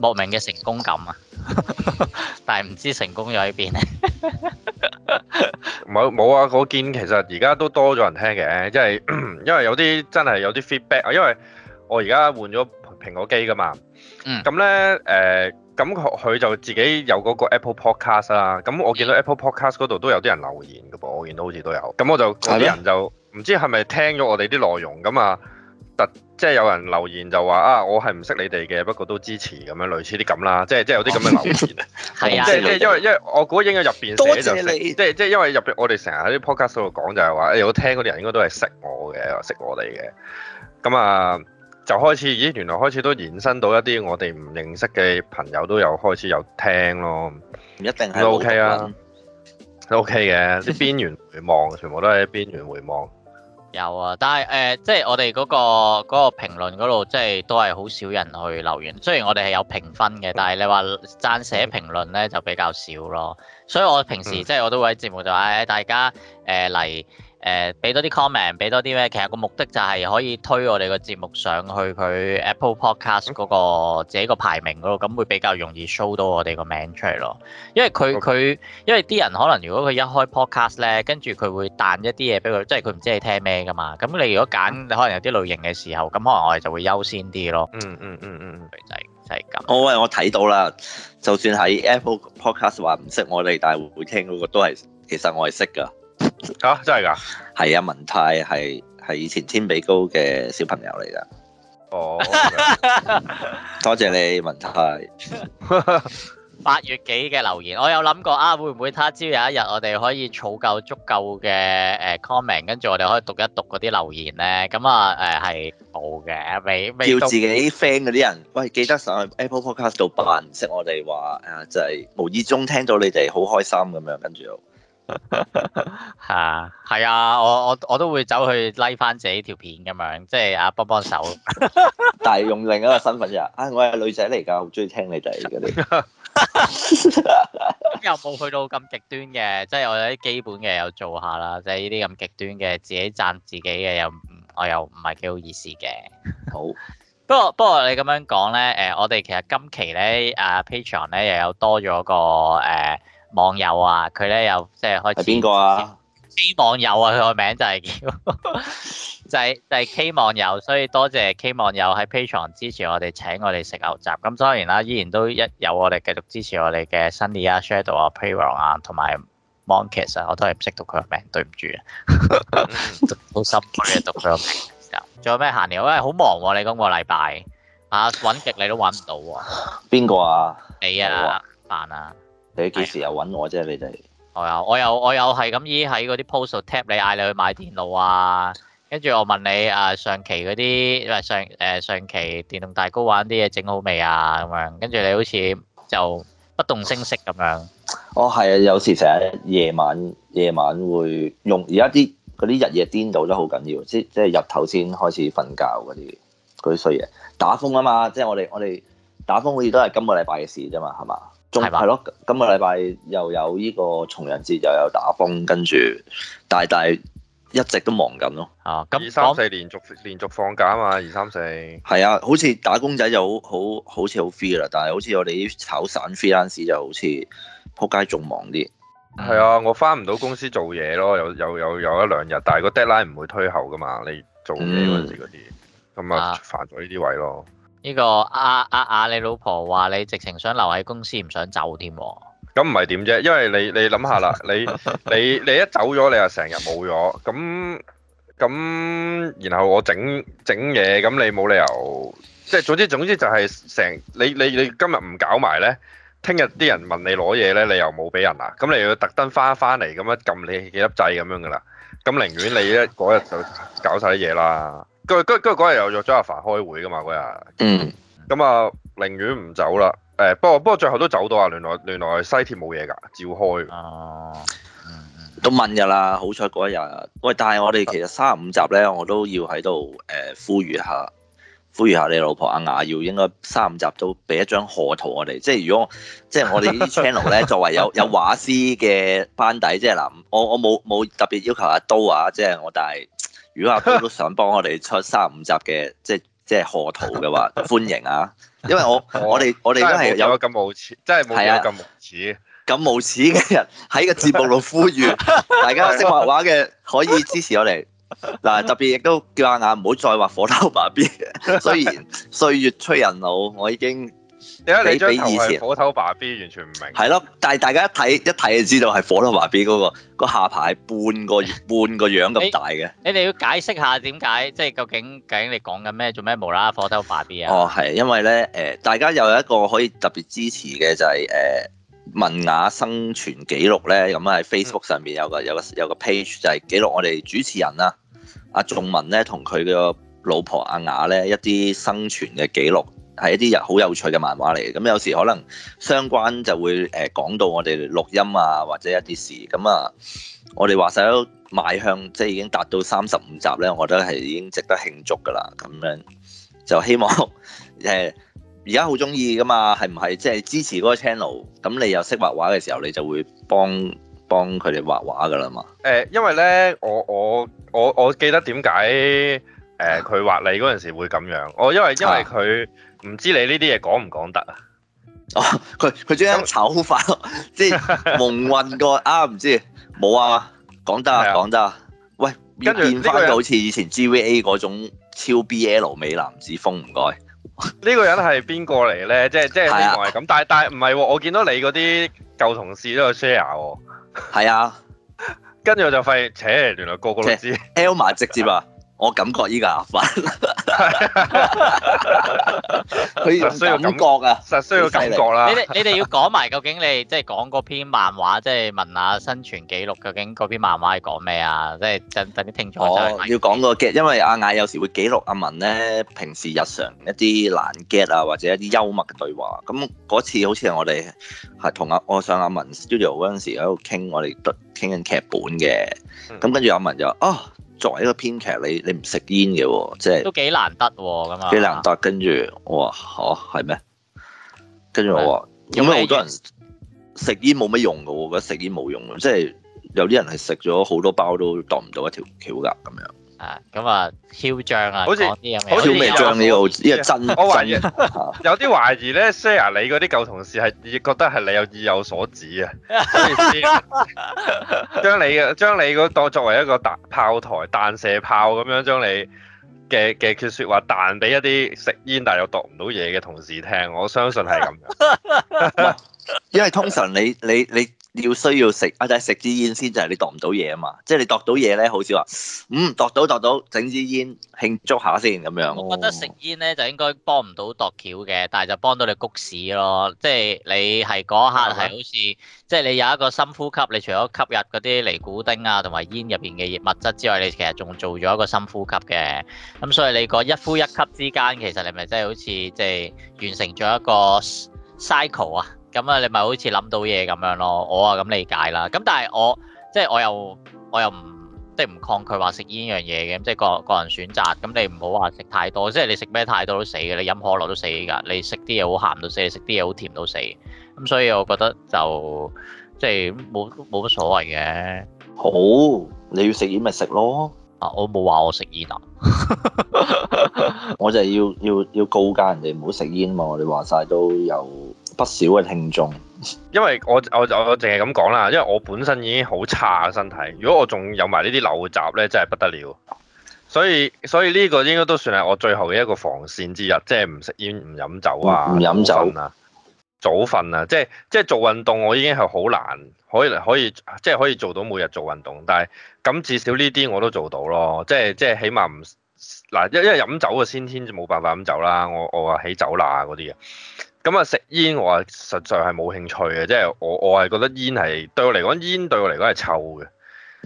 莫名嘅成功感啊，但係唔知成功咗喺邊咧。唔係冇啊，我見其實而家都多咗人聽嘅，因為因為有啲真係有啲 feedback 啊，因為我而家換咗蘋果機噶嘛。嗯。咁咧，誒，咁佢就自己有嗰個 Apple Podcast 啦。咁我見到 Apple Podcast 嗰度都有啲人留言噶噃，我見到好似都有。咁我就嗰啲人就唔知係咪聽咗我哋啲內容咁啊。特即係有人留言就話啊，我係唔識你哋嘅，不過都支持咁樣類似啲咁啦，即係即係有啲咁嘅留言啊。係啊即，即係點因為因為，因為我估應該入邊寫就識，即係即係因為入邊我哋成日喺啲 Podcast 度講就係話有聽嗰啲人應該都係識我嘅，識我哋嘅。咁啊，就開始咦？原來開始都延伸到一啲我哋唔認識嘅朋友都有開始有聽咯。唔一定係 OK 啊， 都 OK 嘅。啲邊緣回望全部都係邊緣回望。有啊，但係誒、呃，即係我哋嗰、嗰個嗰、嗰個評論嗰度，即係都係好少人去留言。雖然我哋係有評分嘅，但係你話贊寫評論咧就比較少咯。所以我平時、嗯、即係我都會喺節目度嗌、哎、大家誒嚟。呃誒，俾、呃、多啲 comment，俾多啲咩？其實個目的就係可以推我哋個節目上去佢 Apple Podcast 嗰個自己個排名嗰度，咁、嗯、會比較容易 show 到我哋個名出嚟咯。因為佢佢，嗯、因為啲人可能如果佢一開 Podcast 咧，跟住佢會彈一啲嘢俾佢，即係佢唔知你聽咩噶嘛。咁你如果揀可能有啲類型嘅時候，咁可能我哋就會優先啲咯。嗯嗯嗯嗯就係、是、就係、是、咁。哦，喂，我睇到啦。就算喺 Apple Podcast 話唔識我哋，但係會唔會聽嗰、那個都係，其實我係識噶。啊！真係噶，係啊，文泰係係以前天比高嘅小朋友嚟噶。哦，多謝你文泰。八月幾嘅留言，我有諗過啊，會唔會他朝有一日我哋可以儲夠足夠嘅誒 comment，跟住我哋可以讀一讀嗰啲留言咧。咁啊誒，係好嘅，未未叫自己 friend 嗰啲人，喂，記得上去 Apple Podcast 度扮唔識我哋話，誒，就係無意中聽到你哋好開心咁樣，跟住又。係 啊，係啊，我我我都會走去拉、like、翻自己條片咁樣，即係啊幫幫手。 但係用另一個身份啫，啊、哎、我係女仔嚟噶，好中意聽你哋嗰啲。 又冇去到咁極端嘅，即係我有啲基本嘅有做下啦，即係呢啲咁極端嘅自己讚自己嘅又，我又唔係幾好意思嘅。 好不，不過不過你咁樣講咧，誒、呃，我哋其實今期咧，啊 Patreon 咧又有多咗個誒。啊網友啊，佢咧又即係開始。係邊個啊？K 網友啊，佢個名就係叫就係就係 K 網友，所以多謝 K 網友喺 Patreon 支持我哋，請我哋食牛雜。咁當然啦，依然都一有我哋繼續支持我哋嘅 Sunny 啊、Shadow 啊、Patreon 啊同埋 Monkeys 啊，我都係唔識讀佢個名，對唔住啊，好心虛啊，讀佢個名。仲有咩閒聊？喂，好忙你今個禮拜啊，揾極你都揾唔到啊？邊個啊？你啊？范啊？你幾時又搵我啫？啊、你哋、哦，我又我又我又係咁依喺嗰啲 post tap 你嗌你去買電腦啊，跟住我問你誒、啊，上期嗰啲唔係上誒上期電動大 GO 玩啲嘢整好未啊？咁樣，跟住你好似就不動聲色咁樣。哦，係啊，有時成日夜晚夜晚會用，而家啲嗰啲日夜顛倒都好緊要，即即係日頭先開始瞓覺嗰啲嗰啲衰嘢。打風啊嘛，即係我哋我哋打風好似都係今個禮拜嘅事啫嘛，係嘛？係咯，今個禮拜又有呢個重陽節，又有打風，跟住大大一直都忙緊咯。啊，啊二三四連續連續放假啊嘛，二三四。係啊，好似打工仔就好好，好似好 free 啦，但係好似我哋啲炒散 freelance 就好似仆街仲忙啲。係、嗯、啊，我翻唔到公司做嘢咯，有有有有，有一兩日，但係個 deadline 唔會推後噶嘛。你做嘢嗰陣時嗰啲，咁啊、嗯嗯、煩咗呢啲位咯。呢個阿阿阿，你老婆話你直情想留喺公司，唔想走添、啊、喎。咁唔係點啫？因為你你諗下啦，你你想想你、你、你一走咗，你又成日冇咗。咁咁，然後我整整嘢，咁你冇理由，即係總之總之就係成你你你今日唔搞埋咧，聽日啲人問你攞嘢咧，你又冇俾人啦。咁你要特登翻翻嚟咁樣撳你幾粒掣咁樣噶啦。咁寧願你一嗰日就搞晒啲嘢啦。佢跟嗰日又約咗阿凡開會㗎嘛嗰日，嗯，咁啊寧願唔走啦，誒不過不過最後都走到啊，原來原來西鐵冇嘢㗎，照開，哦，都問㗎啦，好彩嗰日，喂，但係我哋其實三五集咧，我都要喺度誒呼籲下，呼籲下你老婆阿雅瑤應該三五集都俾一張賀圖我哋，即係如果即係我哋啲 channel 咧作為有有畫師嘅班底，即係嗱，我我冇冇特別要求阿刀啊，即係我但係。如果阿哥都想幫我哋出三五集嘅，即係即係賀圖嘅話，歡迎啊！因為我我哋我哋都係有咁無恥，真係冇係啊！咁無恥咁無恥嘅人喺個節目度呼籲 大家識畫畫嘅可以支持我哋嗱、 啊，特別亦都叫阿雅唔好再畫火頭爸 B。雖然歲月催人老，我已經。你張以前火頭爸 B 完全唔明。係咯，但係大家一睇一睇就知道係火頭爸 B 嗰、那個個下排半個 半個樣咁大嘅。你哋要解釋下點解，即係究竟究竟你講緊咩？做咩無啦啦火頭爸 B 啊？哦，係因為咧誒，大家又有一個可以特別支持嘅就係、是、誒、呃、文雅生存紀錄咧，咁啊喺 Facebook 上面有個有個、嗯、有個 page 就係記錄我哋主持人啦，阿、啊、仲文咧同佢嘅老婆阿雅咧一啲生存嘅記錄。係一啲好有趣嘅漫畫嚟嘅，咁有時可能相關就會誒、呃、講到我哋錄音啊，或者一啲事咁啊。我哋話晒都邁向，即係已經達到三十五集咧，我覺得係已經值得慶祝㗎啦。咁樣就希望誒，而家好中意㗎嘛，係唔係？即係支持嗰個 channel，咁你又識畫畫嘅時候，你就會幫幫佢哋畫畫㗎啦嘛。誒、呃，因為咧，我我我我記得點解誒佢畫你嗰陣時會咁樣，我、啊、因為因為佢。啊。唔知你呢啲嘢講唔講得啊？哦，佢佢中意啲手法，即係 蒙混過啊！唔知冇啊，講得啊，講得。啊。啊的喂，跟著 變變翻個好似以前 GVA 嗰種超 BL 美男子風唔該。呢個人係邊個嚟咧？即係即係希望係咁，但係但係唔係喎？我見到你嗰啲舊同事都有 share 喎、哦。係啊的， 跟住我就費扯嚟原來個個都的。Elma 直接啊！ 我感覺依個阿凡，佢實需要感覺啊！實需要感覺啦。你哋你哋要講埋究竟，你即係講嗰篇漫畫，即係問下生存紀錄究竟嗰篇漫畫係講咩啊？即係等等啲聽眾。哦，要講個 get，因為阿雅有時會記錄阿文咧，平時日常一啲難 get 啊，或者一啲幽默嘅對話。咁嗰次好似係我哋係同阿我上阿文 studio 嗰陣時喺度傾，我哋都傾緊劇本嘅。咁跟住阿文就哦。作為一個編劇，你你唔食煙嘅喎、哦，即係都幾難得喎、哦，咁啊幾難得。跟住我話嚇係咩？跟住我話，因為好多人食煙冇乜用嘅喎，我覺得食煙冇用，即係有啲人係食咗好多包都當唔到一條橋㗎咁樣。啊，咁啊，囂張啊，好似像好似有啲咩張呢？呢個呢真，我懷疑有啲懷疑咧，Share 你嗰啲舊同事係亦覺得係你有意有所指啊，所將 你嘅將你嗰當作為一個彈炮台、彈射炮咁樣將你嘅嘅句說話彈俾一啲食煙但又讀唔到嘢嘅同事聽，我相信係咁。唔 喂 因為通常你你你。你你你要需要食啊！就食支煙先，就係你度唔到嘢啊嘛！即係你度到嘢咧，好似話。嗯，度到度到，整支煙慶祝下先咁樣。我覺得食煙咧、哦、就應該幫唔到度橋嘅，但係就幫到你谷屎咯。即係你係嗰下係好似，吧即係你有一個深呼吸。你除咗吸入嗰啲尼古丁啊同埋煙入邊嘅物質之外，你其實仲做咗一個深呼吸嘅。咁、嗯、所以你個一呼一吸之間，其實你咪真係好似即係完成咗一個 cycle 啊！咁啊，你咪好似諗到嘢咁樣咯，我啊咁理解啦。咁但係我即係我又我又唔即係唔抗拒話食煙呢樣嘢嘅，即係個個人選擇。咁你唔好話食太多，即係你食咩太多都死嘅，你飲可樂都死㗎，你食啲嘢好鹹到死，你食啲嘢好甜到死。咁所以我覺得就即係冇冇乜所謂嘅。好，你要食煙咪食咯。啊，我冇話我食煙啊， 我就係要要要告誡人哋唔好食煙嘛。你話晒都有不少嘅聽眾，因為我我我我淨係咁講啦，因為我本身已經好差嘅身體，如果我仲有埋呢啲陋習咧，真係不得了。所以所以呢個應該都算係我最後嘅一個防線之日，即係唔食煙、唔飲酒啊，唔飲酒啊，早瞓啊，即係即係做運動，我已經係好難可以可以即係可以做到每日做運動，但係咁至少呢啲我都做到咯，即係即係起碼唔嗱，因因為飲酒嘅先天就冇辦法飲酒啦，我我話起酒瀨嗰啲嘅。咁啊食煙我話純粹係冇興趣嘅，即係我我係覺得煙係對我嚟講煙對我嚟講係臭嘅。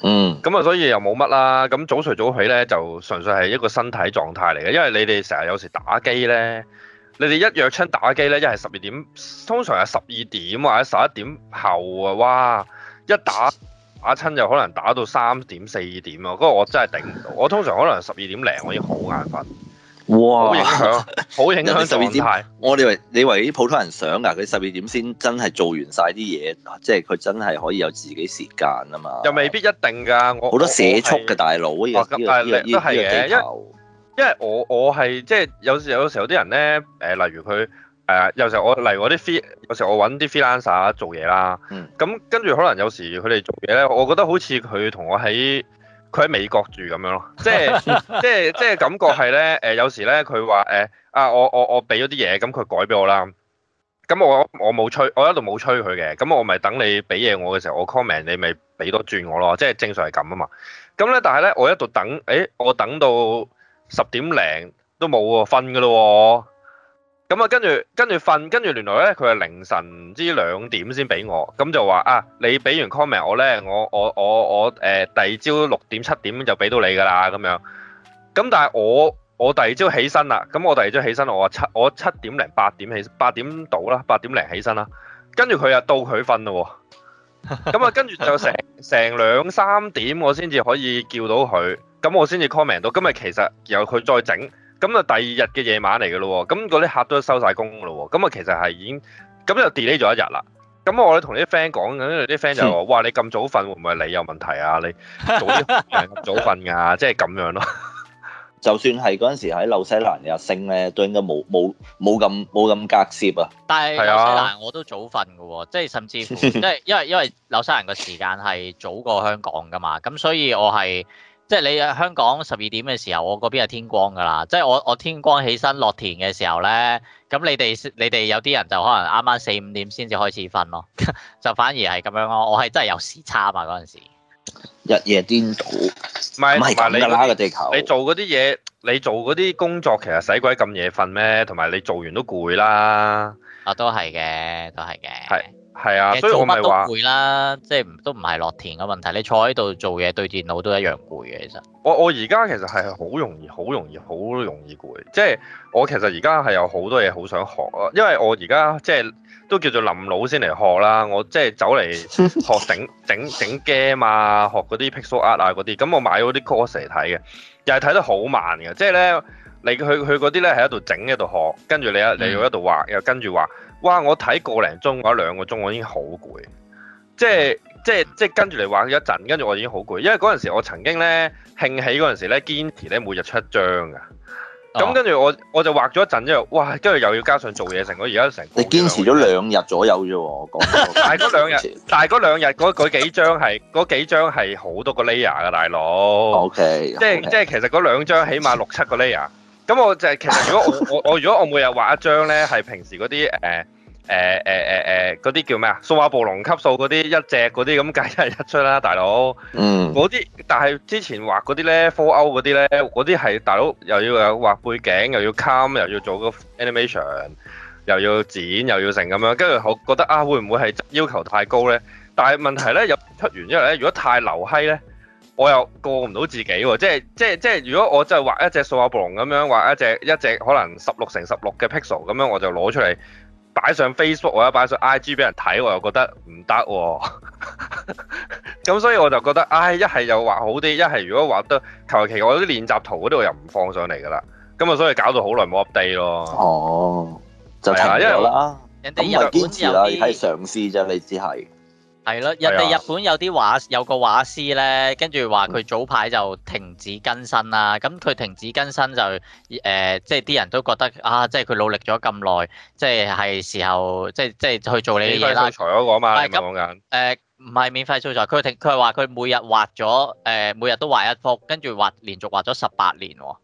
嗯。咁啊所以又冇乜啦。咁早睡早起咧就純粹係一個身體狀態嚟嘅，因為你哋成日有時打機咧，你哋一約親打機咧，一係十二點，通常係十二點或者十一點後啊，哇！一打打親就可能打到三點四點啊，嗰個我真係頂唔到。我通常可能十二點零，我已經好眼瞓。哇！影響好影響狀態。 有冇十二點我哋為你為啲普通人想㗎，佢十二點先真係做完晒啲嘢，即係佢真係可以有自己時間啊嘛。又未必一定㗎，我好多社畜嘅大佬哥。哇、這個！咁但係都係嘅，因為，因為我我係即係有時候有時候有啲人咧，誒、呃、例如佢誒、呃、有時候我嚟我啲 free 有時候我揾啲 freelancer 做嘢啦。咁、嗯、跟住可能有時佢哋做嘢咧，我覺得好似佢同我喺。佢喺美國住咁樣咯，即係即係即係感覺係咧，誒、呃、有時咧佢話誒啊，我我我俾咗啲嘢，咁佢改俾我啦，咁我我冇催，我一路冇催佢嘅，咁我咪等你俾嘢我嘅時候，我 comment 你咪俾多轉我咯，即係正常係咁啊嘛，咁咧但係咧我一路等，誒、欸、我等到十點零都冇喎，瞓嘅咯喎。咁啊，跟住跟住瞓，跟住原來咧，佢係凌晨之兩點先俾我，咁就話啊，你俾完 comment 我咧，我我我、呃、我我第二朝六點七點就俾到你㗎啦，咁樣。咁但係我我第二朝起身啦，咁我第二朝起身，我七我七點零八點起，八點到啦，八點零起身啦。跟住佢就到佢瞓咯喎，咁啊跟住就成成兩三點我先至可以叫到佢，咁我先至 comment 到。今日其實由佢再整。咁啊，第二日嘅夜晚嚟㗎咯喎，咁嗰啲客都收晒工㗎咯喎，咁啊其實係已經咁就 delay 咗一日啦。咁我哋同啲 friend 講緊，啲 friend 就話：哇，你咁早瞓會唔會你有問題啊？你早啲人咁早瞓㗎，即係咁樣咯。就算係嗰陣時喺紐西蘭又升咧，都應該冇冇冇咁冇咁隔涉啊。但係紐西蘭我都早瞓㗎喎，即係甚至即係因為因為紐西蘭嘅時間係早過香港㗎嘛，咁所以我係。即係你喺香港十二點嘅時候，我嗰邊係天光㗎啦。即係我我天光起身落田嘅時候咧，咁你哋你哋有啲人就可能啱啱四五點先至開始瞓咯， 就反而係咁樣咯。我係真係有時差嘛嗰陣時，日夜顛倒，唔係唔係咁啦。個地球，你做嗰啲嘢，你做嗰啲工作其實使鬼咁夜瞓咩？同埋你做完都攰啦。啊，都係嘅，都係嘅。係。係啊，所以我咪話攰啦，即係都唔係落田嘅問題。你坐喺度做嘢對電腦都一樣攰嘅。其實我我而家其實係好容易、好容易、好容易攰。即係我其實而家係有好多嘢好想學啊，因為我而家即係都叫做臨老先嚟學啦。我即係走嚟學整整整 game 啊，學嗰啲 pixel art 啊嗰啲。咁我買咗啲 course 嚟睇嘅，又係睇得好慢嘅。即係咧，你去佢嗰啲咧係喺度整喺度學，跟住你又你又喺度畫，嗯、又跟住畫。哇！我睇個零鐘或者兩個鐘，我已經好攰。即係即係即係跟住嚟畫咗一陣，跟住我已經好攰。因為嗰陣時我曾經咧興起嗰陣時咧堅持咧每日出張噶。咁跟住我我就畫咗一陣之後，哇！跟住又要加上做嘢成，我而家成。你堅持咗兩日左右啫喎，講。 但係嗰兩日， 但係嗰兩日嗰嗰幾張係嗰幾張係好多個 layer 噶大佬。Okay, okay。即係即係其實嗰兩張起碼六七個 layer。咁我就係其實如果我我我如果我每日畫一張咧，係平時嗰啲誒誒誒誒誒嗰啲叫咩啊，數碼暴龍級數嗰啲一隻嗰啲咁，梗係一出啦，大佬。嗯、mm.。嗰啲但係之前畫嗰啲咧科歐嗰啲咧，嗰啲係大佬又要有畫背景，又要 cam，又要做個 animation，又要剪又要成咁樣，跟住我覺得啊，會唔會係要求太高咧？但係問題咧，入出完之後咧，如果太流閪咧。我又過唔到自己喎、哦，即係即係即係，如果我真係畫一隻數碼暴龍咁樣，畫一隻一隻可能十六乘十六嘅 pixel 咁樣，我就攞出嚟擺上 Facebook，或者擺上 IG 俾人睇，我又覺得唔得喎。咁 所以我就覺得，唉、哎，一係又畫好啲，一係如果畫得求其，我啲練習圖嗰啲，我又唔放上嚟㗎啦。咁啊，所以搞到好耐冇 update 咯。哦，就係啦，人哋有堅持啦，係嘗試啫，你只係。係咯，人哋日本有啲畫，有個畫師咧，跟住話佢早排就停止更新啦。咁佢停止更新就誒、呃，即係啲人都覺得啊，即係佢努力咗咁耐，即係係時候，即係即係去做呢啲嘢啦。素材嗰個嘛？咁誒，唔係、呃、免費素材，佢停，佢係話佢每日畫咗誒，每日都畫一幅，跟住畫連續畫咗十八年喎。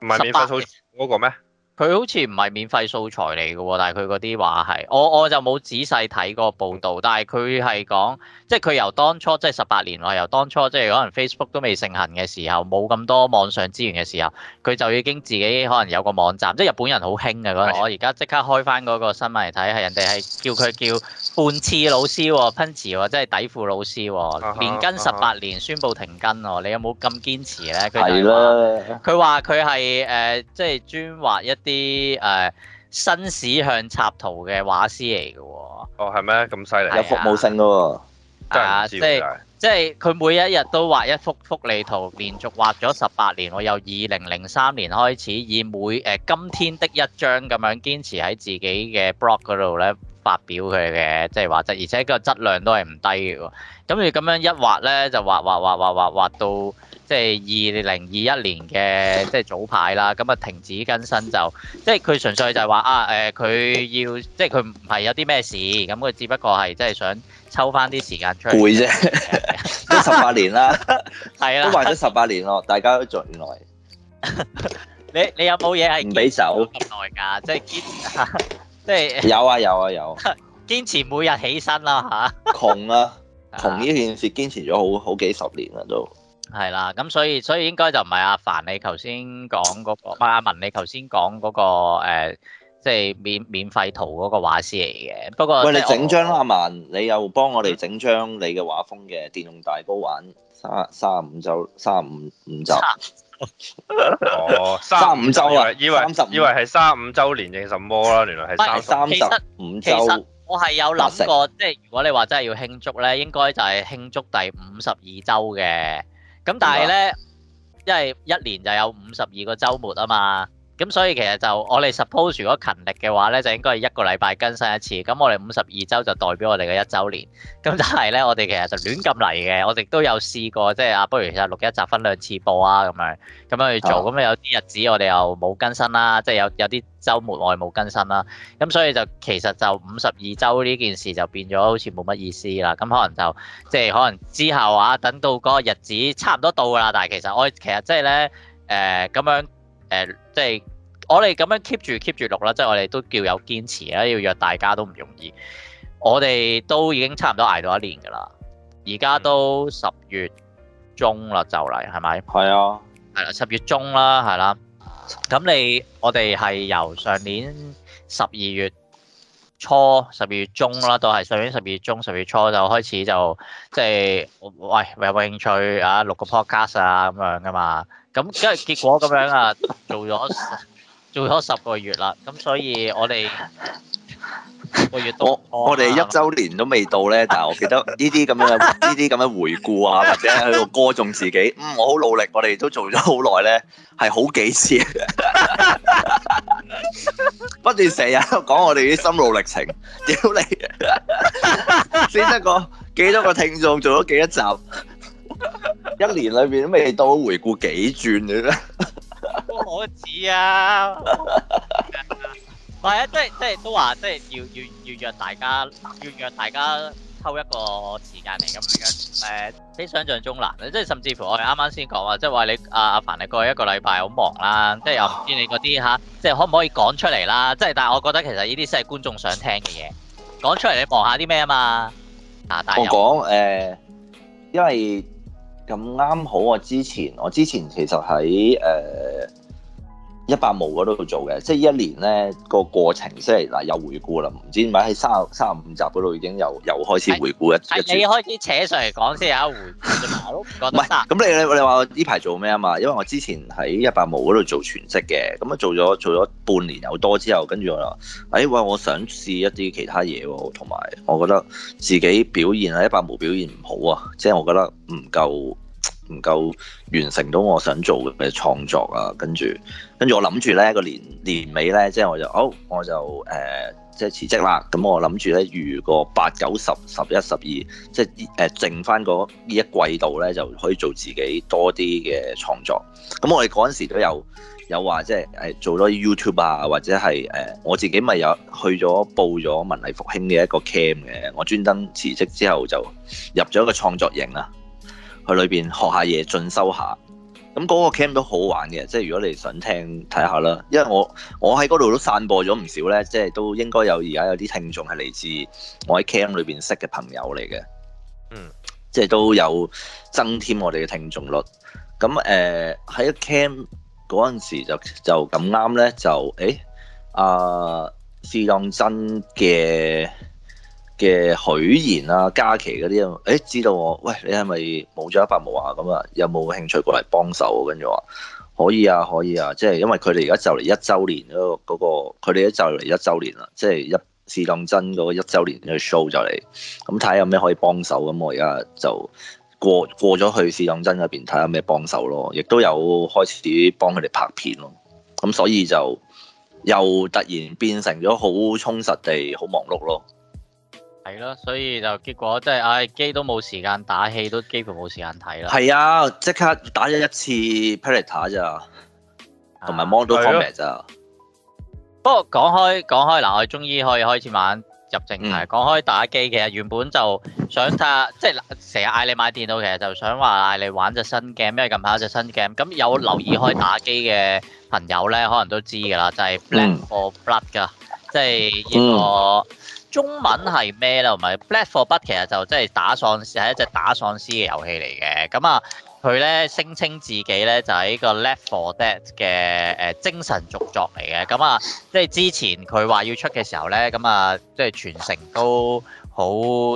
唔係免費素材嗰個咩？佢好似唔係免費素材嚟嘅喎，但係佢嗰啲話係我我就冇仔細睇過報道，但係佢係講即係佢由當初即係十八年來，由當初即係、就是、可能 Facebook 都未盛行嘅時候，冇咁多網上資源嘅時候，佢就已經自己可能有個網站，即、就、係、是、日本人好興嘅嗰陣，的我而家即刻開翻嗰個新聞嚟睇，係人哋係叫佢叫半次老師喎 Penzi 喎即係底褲老師喎、哦，連跟十八年宣布停跟喎、哦，你有冇咁堅持咧？係啦，佢話佢係誒即係專畫一。啲誒紳士向插圖嘅畫師嚟嘅喎，哦係咩咁犀利？啊、有服務性咯，係即係即係佢每一日都畫一幅福利圖，連續畫咗十八年，我由二零零三年開始，以每誒、呃、今天的一張咁樣堅持喺自己嘅 blog 嗰度咧發表佢嘅即係畫質，而且個質量都係唔低嘅喎。咁要咁樣一畫咧，就畫畫畫畫畫畫到。即係二零二一年嘅即係早排啦，咁啊停止更新就即係佢純粹就係話啊誒，佢、呃、要即係佢唔係有啲咩事，咁佢只不過係即係想抽翻啲時間出去攰啫， 都十八年啦，係啊，都話咗十八年咯，大家都做咗咁耐。 你你有冇嘢係唔俾走咁耐㗎？即係堅持，即、啊、係、就是、有啊有啊有， 堅持每日起身啦吓，窮啊窮呢件事堅持咗好好幾十年啦都。係啦，咁所以所以應該就唔係阿凡你頭先講嗰個，唔係阿文你頭先講嗰個誒，即係免免費圖嗰個畫師嚟嘅。不過喂，你整張啦，阿文，你又幫我哋整張你嘅畫風嘅電動大 GO 玩，三三十五週，三十五週。哦，三五週啊，以為以為係三五週年定什麼啦？原來係三十五週。其實我係有諗過，即係如果你話真係要慶祝咧，應該就係慶祝第五十二週嘅。咁但係咧，因為一年就有五十二個週末啊嘛。咁所以其實就我哋 suppose 如果勤力嘅話咧，就應該係一個禮拜更新一次。咁我哋五十二週就代表我哋嘅一週年。咁但係咧，我哋其實就亂咁嚟嘅。我哋都有試過，即係啊，不如其實錄一集分兩次播啊，咁樣咁樣去做。咁好有啲日子我哋又冇更新啦，即係有有啲週末我哋冇更新啦。咁所以就其實就五十二週呢件事就變咗好似冇乜意思啦。咁可能就即係可能之後啊，等到嗰個日子差唔多到啦。但係其實我其實即係咧誒咁樣。誒、呃，即係我哋咁樣 keep 住 keep 住錄啦，即係我哋都叫有堅持啦，要約大家都唔容易。我哋都已經差唔多捱到一年㗎啦，而家都十月中啦就嚟，係咪？係啊，係啦，十月中啦，係啦。咁你我哋係由上年十二月初十二月中啦，都係上年十二月中十二月初就開始就即係、就是，喂，有冇興趣啊，錄個 podcast 啊咁樣噶嘛？咁跟住結果咁樣啊，做咗做咗十個月啦，咁所以我哋。我、啊、我哋一周年都未到咧，但係我記得呢啲咁樣呢啲咁樣回顧啊，或者喺度歌頌自己，嗯，我好努力，我哋都做咗好耐咧，係好幾次， 不斷成日喺度講我哋啲心路歷程，屌 你，先得個幾多個聽眾，做咗幾多集，一年裏邊都未到回顧幾轉嘅，可 恥啊！唔係啊，即係即係都話，即係要要要約大家，要約大家抽一個時間嚟咁樣誒，比、就是、想像中難。即係甚至乎我哋啱啱先講話，即係話你阿阿、啊、凡你過去一個禮拜好忙啦，即係又唔知你嗰啲吓，即係可唔可以講出嚟啦？即係但係我覺得其實呢啲先係觀眾想聽嘅嘢，講出嚟你望下啲咩啊嘛？啊，但係我講、呃、因為咁啱好，好我之前我之前其實喺誒。呃一百毛嗰度做嘅，即係一年咧個過程，即係嗱又回顧啦。唔知點解喺三十三十五集嗰度已經又又開始回顧一，係你開始扯上嚟講先有一回顧，唔係，咁 你你你話我呢排做咩啊嘛？因為我之前喺一百毛嗰度做全職嘅，咁啊做咗做咗半年有多之後，跟住我話，哎，喂，我我想試一啲其他嘢喎、哦，同埋我覺得自己表現喺一百毛表現唔好啊，即係我覺得唔夠。唔夠完成到我想做嘅創作啊！跟住，跟住我諗住呢個年年尾呢，即係我就，好我就誒，即係辭職啦。咁我諗住呢，如果八九十十一十二，即係誒，剩翻嗰呢一季度呢，就可以做自己多啲嘅創作。咁我哋嗰陣時都有有話，即係做咗 YouTube 啊，或者係誒我自己咪有去咗報咗文藝復興嘅一個 camp 嘅。我專登辭職之後就入咗一個創作營啊。去裏邊學下嘢，進修下。咁嗰個 camp 都好玩嘅，即係如果你想聽睇下啦。因為我我喺嗰度都散播咗唔少咧，即係都應該有而家有啲聽眾係嚟自我喺 camp 裏邊識嘅朋友嚟嘅。嗯。即係都有增添我哋嘅聽眾率。咁誒喺 camp 嗰陣時就就咁啱咧，就誒啊試當真嘅。嘅許賢啊，嘉琪嗰啲誒知道我，喂，你係咪冇咗一百毛啊？咁啊，有冇興趣過嚟幫手？跟住話可以啊，可以啊，即係因為佢哋而家就嚟一周年嗰個，佢哋都就嚟一周年啦，即係一試當真嗰個一周年嘅 show 就嚟，咁睇下有咩可以幫手。咁我而家就過過咗去試當真嗰邊睇下有咩幫手咯，亦都有開始幫佢哋拍片咯。咁所以就又突然變成咗好充實地好忙碌咯。係咯，所以就結果即係，唉，機都冇時間打，戲都幾乎冇時間睇啦。係啊，即刻打咗一次 Pallata 咋，同埋 Modern Combat 咋。不過講開講開嗱，我終於可以開始玩入正題。講開打機，嘅原本就想睇下，即係成日嗌你買電腦，其實就想話嗌你玩隻新 game，因為近排有隻新 game。咁有留意開打機嘅朋友咧，可能都知噶啦，就係 Back 4 Blood 噶，即係呢個。中文係咩啦？唔係《Back 4 Blood》其實就即係打，打喪屍，係一隻打喪屍嘅遊戲嚟嘅。咁啊，佢咧聲稱自己咧就喺、是、個《Left for Dead》嘅誒精神續作嚟嘅。咁啊，即係之前佢話要出嘅時候咧，咁啊，即係全城都好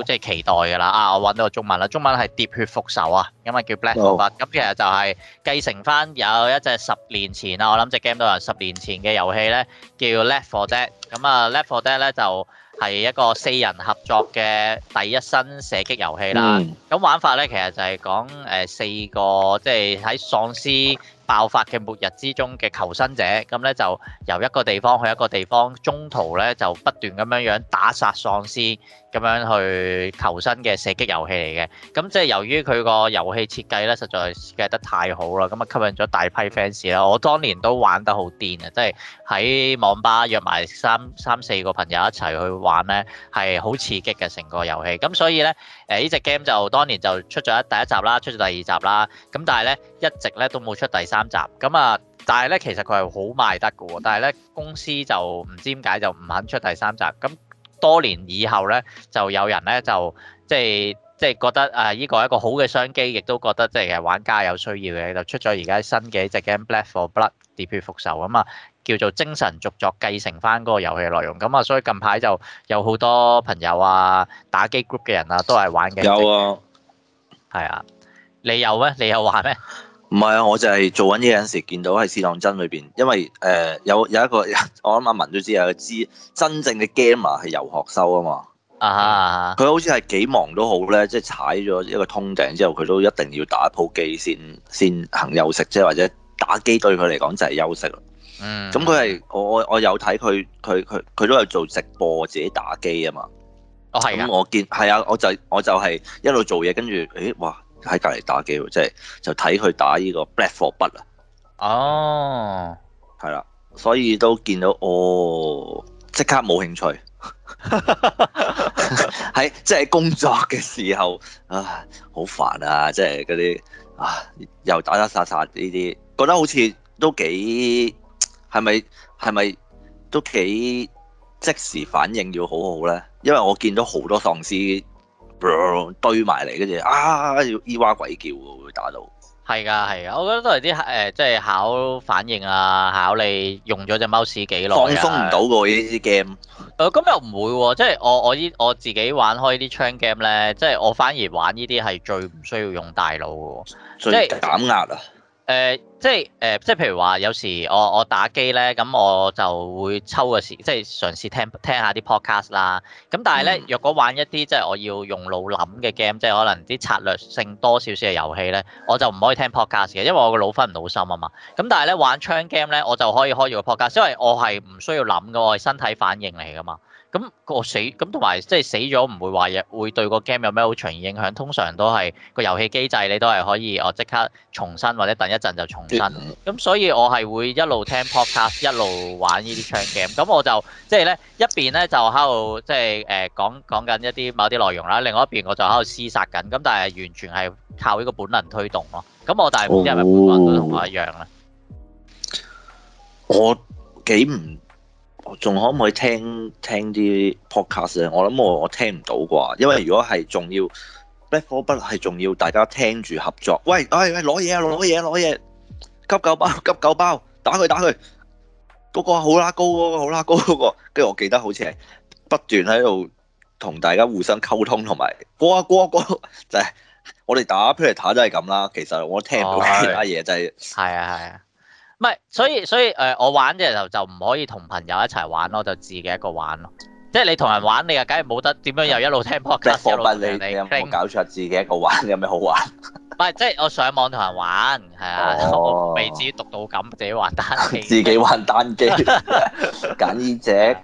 即係期待㗎啦。啊，我揾到個中文啦！中文係《喋血復仇》啊，咁啊叫《Back 4 Blood》。咁其實就係繼承翻有一隻十年前啊，我諗隻 game 都有十年前嘅遊戲咧，叫《Left for Dead》。咁啊，《Left for Dead》咧就～係一個四人合作嘅第一身射擊遊戲啦，咁玩法咧其實就係講誒四個即係喺喪屍爆發嘅末日之中嘅求生者，咁咧就由一個地方去一個地方，中途咧就不斷咁樣樣打殺喪屍，咁樣去求生嘅射擊遊戲嚟嘅。咁即係由於佢個遊戲設計咧，實在設計得太好啦，咁啊吸引咗大批 fans 啦。我當年都玩得好癲啊，即係喺網吧約埋三三四個朋友一齊去玩咧，係好刺激嘅成個遊戲。咁所以咧，誒呢隻 game 就當年就出咗第一集啦，出咗第二集啦。咁但係咧。一直咧都冇出第三集咁啊，但係咧其實佢係好賣得嘅喎，但係咧公司就唔知點解就唔肯出第三集。咁多年以後咧，就有人咧就即係即係覺得啊，呢個係一個好嘅商機，亦都覺得即係玩家有需要嘅，就出咗而家新嘅隻 game《Back 4 Blood：喋血復仇》啊嘛，叫做精神續作，繼承翻嗰個遊戲內容。咁啊，所以近排就有好多朋友啊，打機 group 嘅人啊，都係玩嘅。有啊，係啊，你有咩？你又話咩？唔係啊，我就係做緊嘢嗰陣時，見到喺試當真裏邊，因為誒、呃、有有一個，我諗阿文都知啊，知真正嘅 gamer 係遊學修啊嘛。啊哈！佢、嗯、好似係幾忙都好咧，即係踩咗一個通頂之後，佢都一定要打一鋪機先先行休息，即係或者打機對佢嚟講就係休息咯。咁佢係我我有睇佢佢佢佢都有做直播自己打機啊嘛。咁我見係啊，我就我就係一路做嘢，跟住誒哇。咦嘩嘩喺隔離打機喎，即係就睇、是、佢打呢個 Back 4 Blood 啊。哦，係啦，所以都見到哦，即刻冇興趣。喺即係工作嘅時候啊，好煩啊！即係嗰啲啊，又打打殺殺呢啲，覺得好似都幾係咪係咪都幾即時反應要好好咧？因為我見到好多喪屍。堆埋嚟，跟住啊，咿哇鬼叫嘅會打到。係噶，係啊。我覺得都係啲誒，即、呃、係考反應啊，考你用咗隻 mouse 幾耐啊。放鬆唔到嘅喎呢啲 game。誒，咁又唔會喎、啊，即係我我依我自己玩開啲槍 game 咧，即係我反而玩呢啲係最唔需要用大腦嘅喎，即係減壓啊。誒、呃，即係誒、呃，即係譬如話，有時我我打機咧，咁我就會抽個時，即係嘗試聽聽一下啲 podcast 啦。咁但係咧，若果玩一啲即係我要用腦諗嘅 game，即係可能啲策略性多少少嘅遊戲咧，我就唔可以聽 podcast 嘅，因為我個腦分唔到心啊嘛。咁但係咧，玩槍 game 咧，我就可以開住個 podcast，因為我係唔需要諗嘅，我係身體反應嚟噶嘛。咁個死咁同埋即係死咗唔會話嘢，會對個 game 有咩好長遠影響？通常都係個遊戲機制，你都係可以哦即刻重新或者等一陣就重新。咁所以我係會一路聽 podcast，一路玩呢啲槍 game。咁我就即係、就是、呢一邊呢，就喺度即係誒講講緊一啲某啲內容啦，另外一邊我就喺度廝殺緊。咁但係完全係靠呢個本能推動咯。咁我但係唔知係咪每個人都同我一樣啦。哦、我幾唔～仲可唔可以聽聽啲 podcast 咧？我諗我我聽唔到啩，因為如果係仲要 Back 4 Blood 不如係仲要大家聽住合作。喂，哎喂，攞嘢啊，攞嘢，攞嘢，急救包，急救包，打佢打佢，嗰、嗰個好拉高，嗰個好拉高嗰、嗰個。跟住我記得好似係不斷喺度同大家互相溝通同埋過啊過啊過， 就係我哋打 p l a 都係咁啦。其實我聽唔到其他嘢、哎、就係、係。係啊係啊。唔係，所以所以誒、呃，我玩嘅時候就唔可以同朋友一齊玩咯，就自己一個玩咯。即係你同人玩，你又梗係冇得點樣又一路聽 Podcast Black 你，你，你有冇搞錯，自己一個玩有咩好玩？唔 係，即係我上網同人玩係啊，哦、我未至於毒到咁自己玩單機。自己玩單機，揀易者，係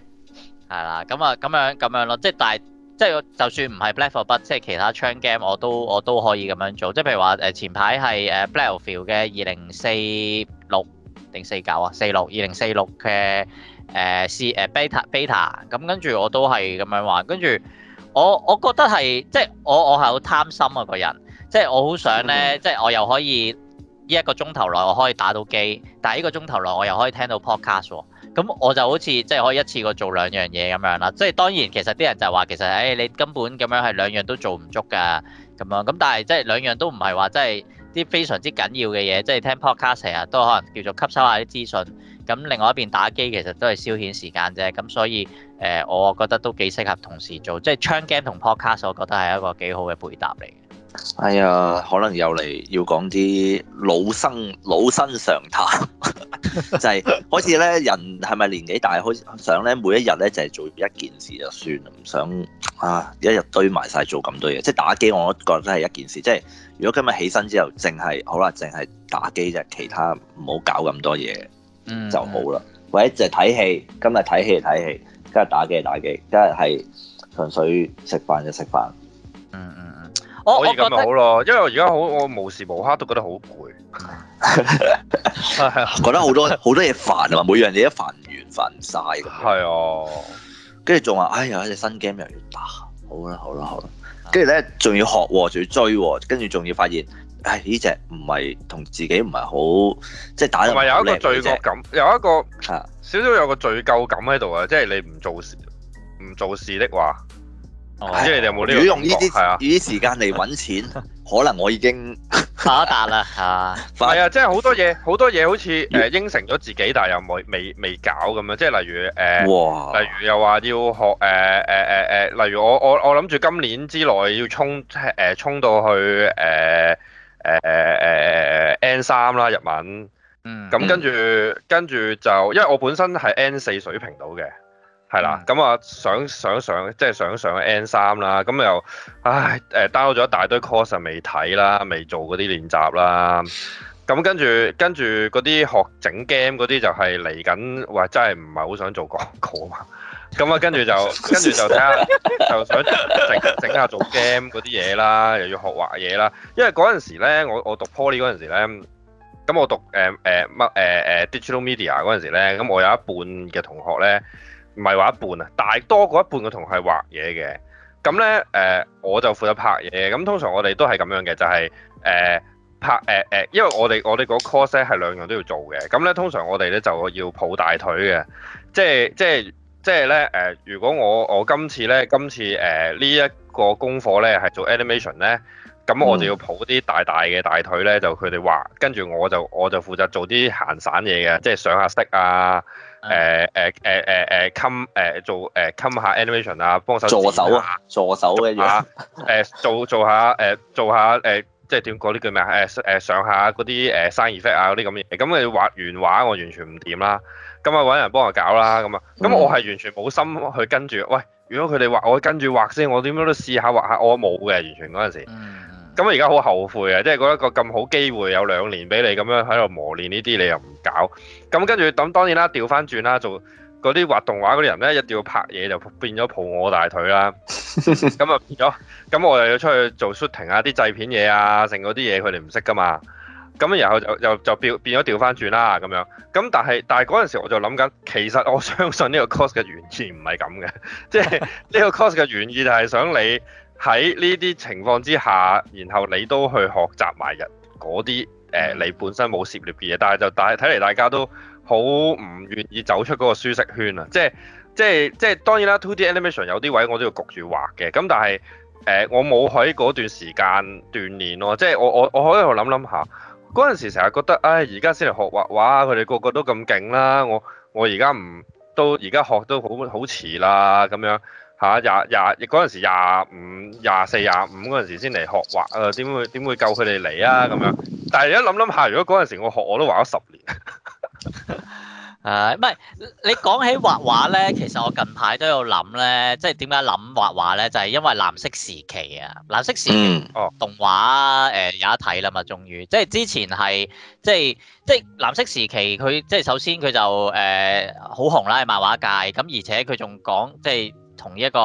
啦、啊，咁啊咁樣咁樣咯。即係但係即係就算唔係 Back 4 Blood，即係其他槍 game 我都我都，我都可以咁樣做。即係譬如話誒前排係誒 Battlefield 嘅二零四六。定四九啊，四六二零四六嘅誒試誒 beta beta，咁跟住我都係咁樣玩，跟住我我覺得係即係我我係好貪心啊個人，即係我好想呢，嗯、即係我又可以依一個鐘頭內我可以打到機，但係依個鐘頭內我又可以聽到 podcast 喎、啊，咁我就好似即係可以一次過做兩樣嘢咁樣啦。即係當然其實啲人就係話其實誒、哎、你根本咁樣係兩樣都做唔足㗎咁樣，咁但係即係兩樣都唔係話即係。啲非常之緊要嘅嘢，即係聽 podcast 成日都可能叫做吸收下啲資訊。咁另外一邊打機，其實都係消遣時間啫，咁所以誒、呃，我覺得都幾適合同時做，即係槍 game 同 podcast，我覺得係一個幾好嘅配搭嚟嘅。係啊、哎，可能又嚟要講啲老生老生常談、 就是，就係 好似咧人係咪年紀大，好想咧每一日咧就係、是、做一件事就算唔想啊，一日堆埋晒做咁多嘢，即係打機我都覺得係一件事，即係如果今日起身之後淨係好啦，淨係打機就其他唔好搞咁多嘢，嗯、就好啦，嗯、或者就睇戲，今日睇戲睇戲，今日打機打機，今日係純粹食飯就食飯。可以咁咪好咯，因為而家好，我無時無刻都覺得好攰，覺得好多好多嘢煩啊嘛，每樣嘢都煩完煩晒。係啊，跟住仲話，哎，有一隻新 game 又要打，好啦好啦好啦，跟住咧仲要學喎，仲要追喎，跟住仲要發現，哎，呢隻唔係同自己唔係好，即係打唔係有，有一個罪惡感，只有一個，啊、有一個少少有個罪疚感喺度啊，即係你唔做事唔做事的話。哦，即係 你有冇呢啲？如果用呢啲呢啲時間嚟揾錢， 可能我已經發一達啦嚇。係 But, 啊，即、就、係、是、好多嘢，好多嘢好似誒應承咗自己，但係又冇未未搞咁樣。即係例如誒，呃、哇 例如又話要學誒誒誒誒，例如我我我諗住今年之內要衝誒衝、呃、到去誒誒誒 N 三啦，日文。嗯，嗯。咁跟住跟住就，因為我本身係 N 四水平到嘅。係啦，咁啊想，想，想，想上想即係上上 N 三啦，咁又、哎、唉誒 download 咗一大堆 course 未睇啦，未做嗰啲練習啦，咁跟住跟住嗰啲學整 game 嗰啲就係嚟緊，話真係唔係好想做廣告啊嘛，咁再啊見、嗯、 跟住就跟住就睇下就想整整下做 game 嗰啲嘢啦，又要學畫嘢啦，因為嗰陣時咧，我我讀 poly 嗰陣時咧，咁我讀誒誒乜誒誒 digital media 嗰陣時咧，咁我有一半嘅同學咧。唔係話一半啊，大多過一半嘅同學係畫嘢嘅。咁咧，誒、呃、我就負責拍嘢。咁通常我哋都係咁樣嘅，就係、是、誒、呃、拍誒誒、呃呃，因為我哋我哋個 course 咧係兩樣都要做嘅。咁咧，通常我哋咧就要抱大腿嘅，即係即係即係咧誒。如果我我次呢今次咧今次誒呢一個功課咧係做 animation 咧，咁我就要抱啲大大嘅大腿咧，就佢哋畫，跟住我就我就負責做啲閒散嘢嘅，即係上下色啊。誒誒誒誒誒襟 o 誒做誒襟、呃、下 animation 啊，幫下手啊，助手嘅嘢，誒、呃、做做下誒、呃、做下誒、呃，即係點講呢句名誒誒上下嗰啲誒，sign、呃、effect 啊嗰啲咁嘅，咁你畫完畫我完全唔掂啦，咁啊搵人幫我搞啦，咁啊，咁我係完全冇心去跟住，喂，如果佢哋畫，我跟住畫先，我點都都試下畫下，我冇嘅，完全嗰陣時。咁而家好後悔啊！即係嗰一個咁好機會，有兩年俾你咁樣喺度磨練呢啲，你又唔搞。咁跟住，咁當然啦，調翻轉啦，做嗰啲畫動畫嗰啲人呢，一定要拍嘢就變咗抱我大腿啦。咁啊 變咗，咁我又要出去做 shooting 啊，啲製片嘢啊，成嗰啲嘢佢哋唔識噶嘛。咁然後就就就變變咗調翻轉啦咁樣。咁但係但係嗰陣時我就諗緊，其實我相信呢個 course 嘅原意唔係咁嘅，即係呢個 course 嘅原意就係想你，喺呢啲情況之下，然後你都去學習埋人嗰啲誒，你本身冇涉獵嘅嘢，但係就但係睇嚟大家都好唔願意走出嗰個舒適圈啊！即係即係即係當然啦，2D animation 有啲位我都要焗住畫嘅，咁但係誒、呃、我冇喺嗰段時間鍛鍊咯，即係我我我喺度諗諗下，嗰陣時成日覺得唉，而家先嚟學畫畫，佢哋個個都咁勁啦，我我而家唔都而家學都好好遲啦咁樣。吓，廿廿亦嗰陣時廿五、廿四、廿五嗰陣時先嚟學畫，誒，點會點會救佢哋嚟啊？咁樣，但係而家諗諗下，如果嗰陣時我學，我都畫咗十年。誒，唔係，你講起畫畫咧，其實我近排都有諗咧，即係點解諗畫畫咧，就係因為藍色時期啊，藍色時期哦，動畫誒有得睇啦嘛，終於，即係之前係即係即係藍色時期，佢即係首先佢就誒好紅啦喺漫畫界，咁而且佢仲講即係。同一個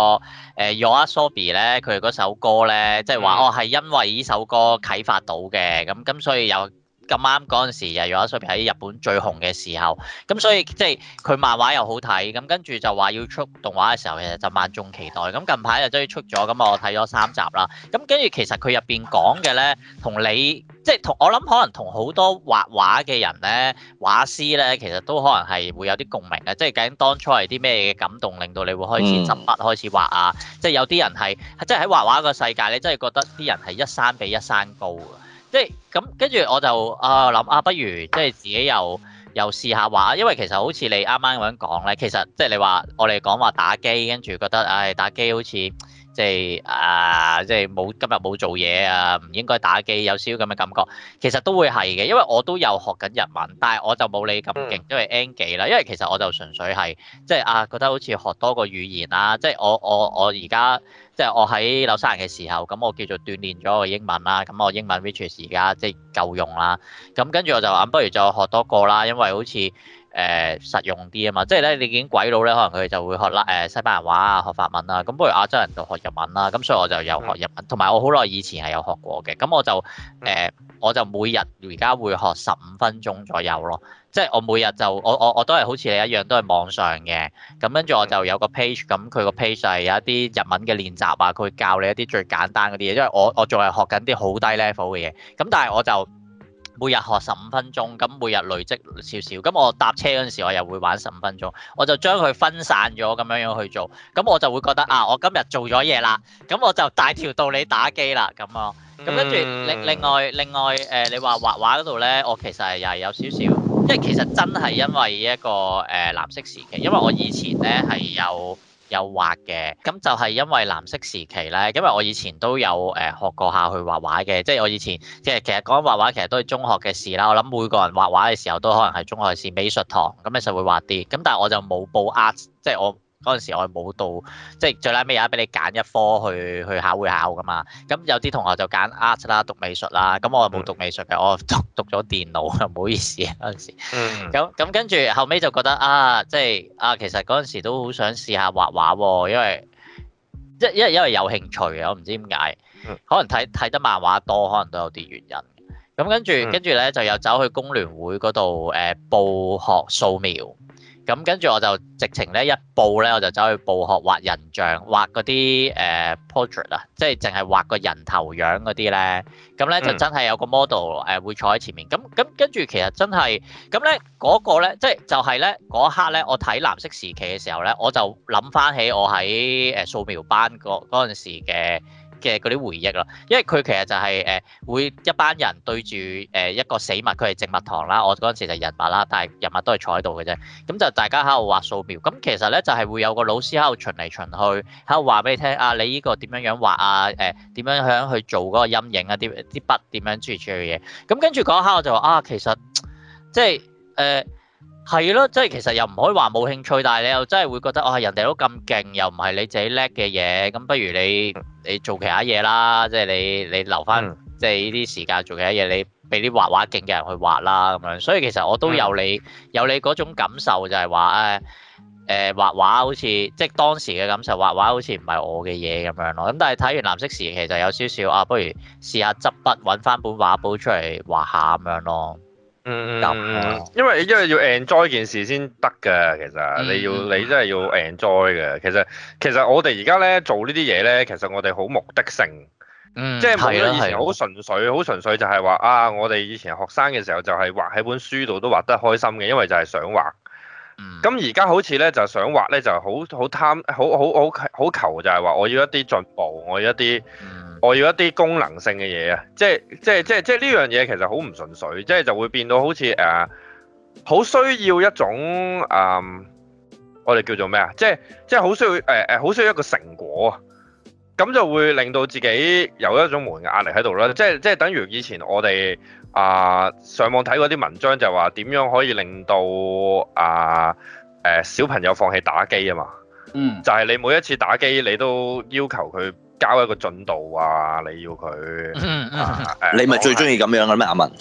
誒 YOASOBI 咧，佢、呃、嗰首歌咧，即係話哦，係因為呢首歌啟發到嘅，咁咁所以有。咁啱嗰陣時又如果水平喺日本最紅嘅時候，咁所以即係佢漫畫又好睇，咁跟住就話要出動畫嘅時候，其實就萬眾期待。咁近排就終於出咗，咁我睇咗三集啦。咁跟住其實佢入邊講嘅咧，同你即係同我諗，可能同好多畫畫嘅人咧，畫師咧，其實都可能係會有啲共鳴嘅。即係究竟當初係啲咩嘅感動，令到你會開始執筆開始畫啊、嗯？即係有啲人係即係喺畫畫個世界你真係覺得啲人係一山比一山高即係咁，跟住我就啊諗、呃、啊，不如即係自己又又試下玩，因為其實好似你啱啱咁樣講咧，其實即係你話我哋講話打機，跟住覺得唉、哎、打機好似。即係啊，即係冇今日冇做嘢啊，唔應該打機有少少咁嘅感覺，其實都會係嘅，因為我都有學緊日文，但係我就冇你咁勁，因為 N 幾啦，因為其實我就純粹係即係啊，覺得好似學多個語言啦，即係我我我而家即係我喺紐西蘭嘅時候，咁我叫做鍛鍊咗個英文啦，咁我英文 virtual 而家即係夠用啦，咁跟住我就話不如就學多個啦，因為好似。誒、呃、實用啲啊嘛，即係咧，你見鬼佬咧，可能佢哋就會學啦，誒、呃、西班牙話啊，學法文啊，咁不如亞洲人就學日文啦，咁所以我就又學日文，同埋我好耐以前係有學過嘅，咁我就誒、呃，我就每日而家會學十五分鐘左右咯，即係我每日就我我我都係好似你一樣都係網上嘅，咁跟住我就有個 page，咁佢個 page 係有一啲日文嘅練習啊，佢教你一啲最簡單嗰啲嘢，因為我我仲係學緊啲好低 level 嘅嘢，咁但係我就。每日學十五分鐘，咁每日累積少少。咁我搭車嗰陣時，我又會玩十五分鐘，我就將佢分散咗咁樣樣去做。咁我就會覺得啊，我今日做咗嘢啦。咁我就大條道理打機啦。咁啊，咁跟住另另外另外誒、呃，你話畫畫嗰度咧，我其實又係有少少，即係其實真係因為一個誒、呃、藍色時期，因為我以前咧係有。有畫嘅，咁就係因為藍色時期咧，因為我以前都有誒、呃、學過下去畫畫嘅，即係我以前其實其實講畫畫其實都係中學嘅事啦。我諗每個人畫畫嘅時候都可能係中學嘅事，美術堂咁你實會畫啲，咁但係我就冇報 Art，即係我。嗰陣時我冇到，即係最 last 尾有俾你揀一科去去考會考㗎嘛，咁有啲同學就揀 art 啦，讀美術啦，咁我係冇讀美術嘅，嗯、我讀讀咗電腦，唔好意思啊嗰陣時。咁咁跟住後尾就覺得啊，即係啊其實嗰陣時都好想試下畫畫喎，因為一因為因為有興趣啊，我唔知點解。可能睇睇得漫畫多，可能都有啲原因。咁跟住跟住咧就有走去工聯會嗰度誒報學素描。咁跟住我就直情咧一報咧我就走去報學畫人像，畫嗰啲誒 portrait 啊，呃、portrait，即係淨係畫個人頭樣嗰啲咧。咁咧就真係有個 model 誒、呃、會坐喺前面。咁咁跟住其實真係咁咧嗰個咧，即係就係咧嗰一刻咧，我睇藍色時期嘅時候咧，我就諗翻起我喺誒素描班嗰嗰陣時嘅。嘅嗰啲回憶咯，因為佢其實就係誒會一班人對住誒、呃、一個死物，佢係植物堂啦。我嗰陣時就人物啦，但係人物都係坐喺度嘅啫。咁、嗯、就大家喺度畫素描。咁、嗯、其實咧就係、是、會有個老師喺度巡嚟巡去，喺度話俾你聽啊，你呢個點樣樣畫啊？誒、呃、點樣響去做嗰個陰影啊？啲啲筆點樣諸如此類嘅嘢。咁跟住嗰一刻我就話啊，其實即係誒。呃係咯，即係其實又唔可以話冇興趣，但係你又真係會覺得哦，人哋都咁勁，又唔係你自己叻嘅嘢，咁不如你你做其他嘢啦，即係你你留翻、嗯、即係呢啲時間做其他嘢，你俾啲畫畫勁嘅人去畫啦咁樣。所以其實我都有你、嗯、有你嗰種感受就，就係話誒誒畫畫好似即係當時嘅感受，畫畫好似唔係我嘅嘢咁樣咯。咁但係睇完藍色時期就有少少啊，不如試下執筆搵翻本畫簿出嚟畫下咁樣咯。嗯嗯，因為因為要 enjoy 件事先得㗎，其實、嗯、你要你真係要 enjoy 嘅。其實其實我哋而家咧做呢啲嘢咧，其實我哋好目的性，嗯、即係冇咗以前好純粹，好純粹就係話啊，我哋以前學生嘅時候就係畫喺本書度都畫得開心嘅，因為就係想畫。咁而家好似咧就想畫咧就好好貪好好好求，就係話我要一啲進步，我要一啲我要一啲功能性嘅嘢啊！即係即係即係即係呢樣嘢其實好唔純粹，即係就會變到好似誒好需要一種誒、呃、我哋叫做咩啊？即係即係好需要誒誒好需要一個成果啊！咁就會令到自己有一種門檻壓力喺度啦，即係即係等於以前我哋啊、呃、上網睇嗰啲文章就話點樣可以令到啊誒、呃呃、小朋友放棄打機啊嘛，嗯，就係你每一次打機你都要求佢交一個進度啊，你要佢，你咪最中意咁樣嘅咩？阿、啊、文，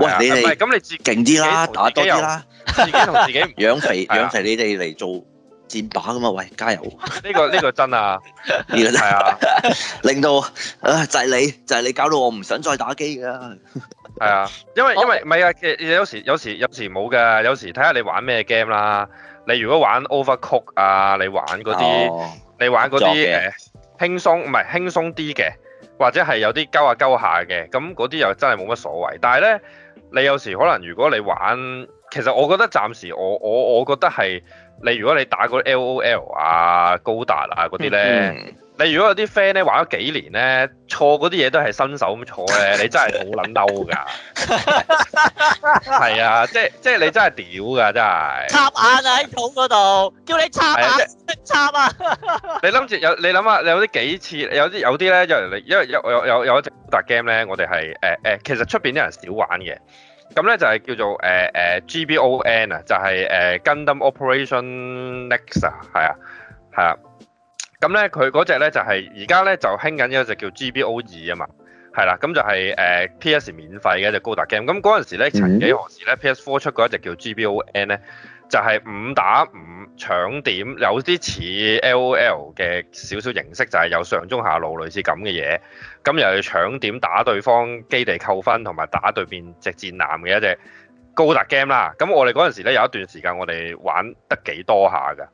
喂，你哋唔係咁，啊、你自己勁啲啦，打多啲啦，自己同自己唔養肥，養肥你哋嚟做。戰靶噶嘛？喂，加油！呢個呢個真啊，係啊，令到啊就係你就係你搞到我唔想再打機噶。係啊，因為因為唔係啊，有時有時有時冇噶，有時睇下你玩咩 game 啦。你如果玩 overcook 啊，你玩嗰啲你玩嗰啲誒輕鬆唔係輕鬆啲嘅，或者係有啲勾下勾下嘅，咁嗰啲又真係冇乜所謂。但係咧，你有時可能如果你玩，其實我覺得暫時我我我覺得係。你如果你打個 LOL 啊、高達啊嗰啲咧，嗯、你如果有啲 friend 咧玩咗幾年咧，錯嗰啲嘢都係新手咁錯咧，你真係好撚嬲㗎！係、就是就是、啊，即係即係你真係屌㗎，真係！插眼啊喺肚嗰度，叫你插插啊！你諗住有你諗下，有啲幾次有啲有啲咧，因為因為有有有有，有，有，有， 有一隻高達 game 咧，我哋係誒誒，其實出邊啲人少玩嘅。咁咧就係叫做誒誒 GBON 啊，就係誒 Gundam Operation Nexus，係啊，係啊，咁咧佢嗰隻咧就係而家咧就興緊一隻叫 GBO 二啊嘛，係啦、啊，咁就係、是、誒、呃、PS 免費嘅一隻高達 game，咁嗰陣時咧，曾幾何時咧 PS4、嗯、出過一隻叫 GBON 咧？就係五打五搶點，有啲似 L.O.L 嘅少少形式，就係、是、有上中下路類似咁嘅嘢，咁又要搶點打對方基地扣分，同埋打對面直隻戰艦嘅一隻高達 game 啦。咁我哋嗰陣時咧有一段時間我哋玩得幾多下㗎。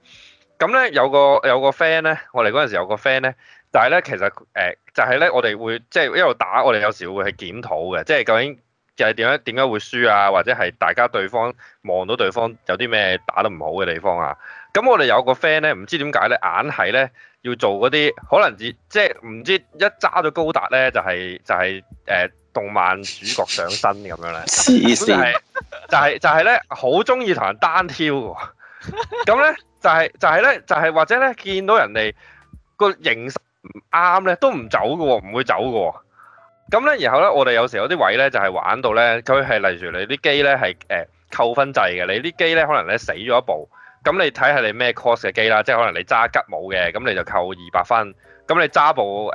咁咧有個有個 friend 咧，我哋嗰陣時有個 friend 咧，但係咧其實誒、呃、就係、是、咧我哋會即係、就是、一路打，我哋有時會去檢討嘅，即、就、係、是、究竟，就係點樣點解會輸啊？或者係大家對方望到對方有啲咩打得唔好嘅地方啊？咁我哋有個 friend 咧，唔知點解咧，硬係咧要做嗰啲可能即係唔知一揸咗高達咧，就係就係誒動漫主角上身咁樣咧。黐線！就係就係咧，好中意同人單挑喎。咁 咧就係就係咧就係或者咧見到人哋個形勢唔啱咧，都唔走嘅喎，唔會走嘅喎。咁咧，然後咧，我哋有時有啲位咧，就係、是、玩到咧，佢係例如你啲機咧係誒扣分制嘅，你啲機咧可能咧死咗一部，咁你睇下你咩 cost 嘅機啦，即係可能你揸吉姆嘅，咁你就扣二百分，咁你揸部誒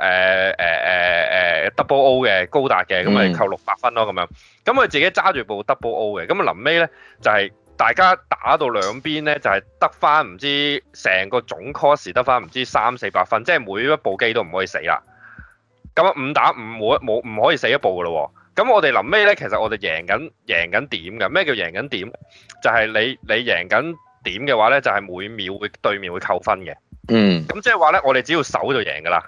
誒誒誒 double o 嘅高達嘅，咁咪扣六百分咯咁樣。咁佢自己揸住部 double o 嘅，咁啊臨尾咧就係、是、大家打到兩邊咧，就係得返唔知成個總 cost 得返唔知三四百分，即係每一部機都唔可以死啦。咁啊，五打五冇一冇唔可以死一步噶咯喎。咁我哋臨尾咧，其實我哋贏緊贏緊點噶。咩叫贏緊點？就係你你贏緊點嘅話咧，就係每秒會對面會扣分嘅。嗯。咁即係話咧，我哋只要守就贏噶啦。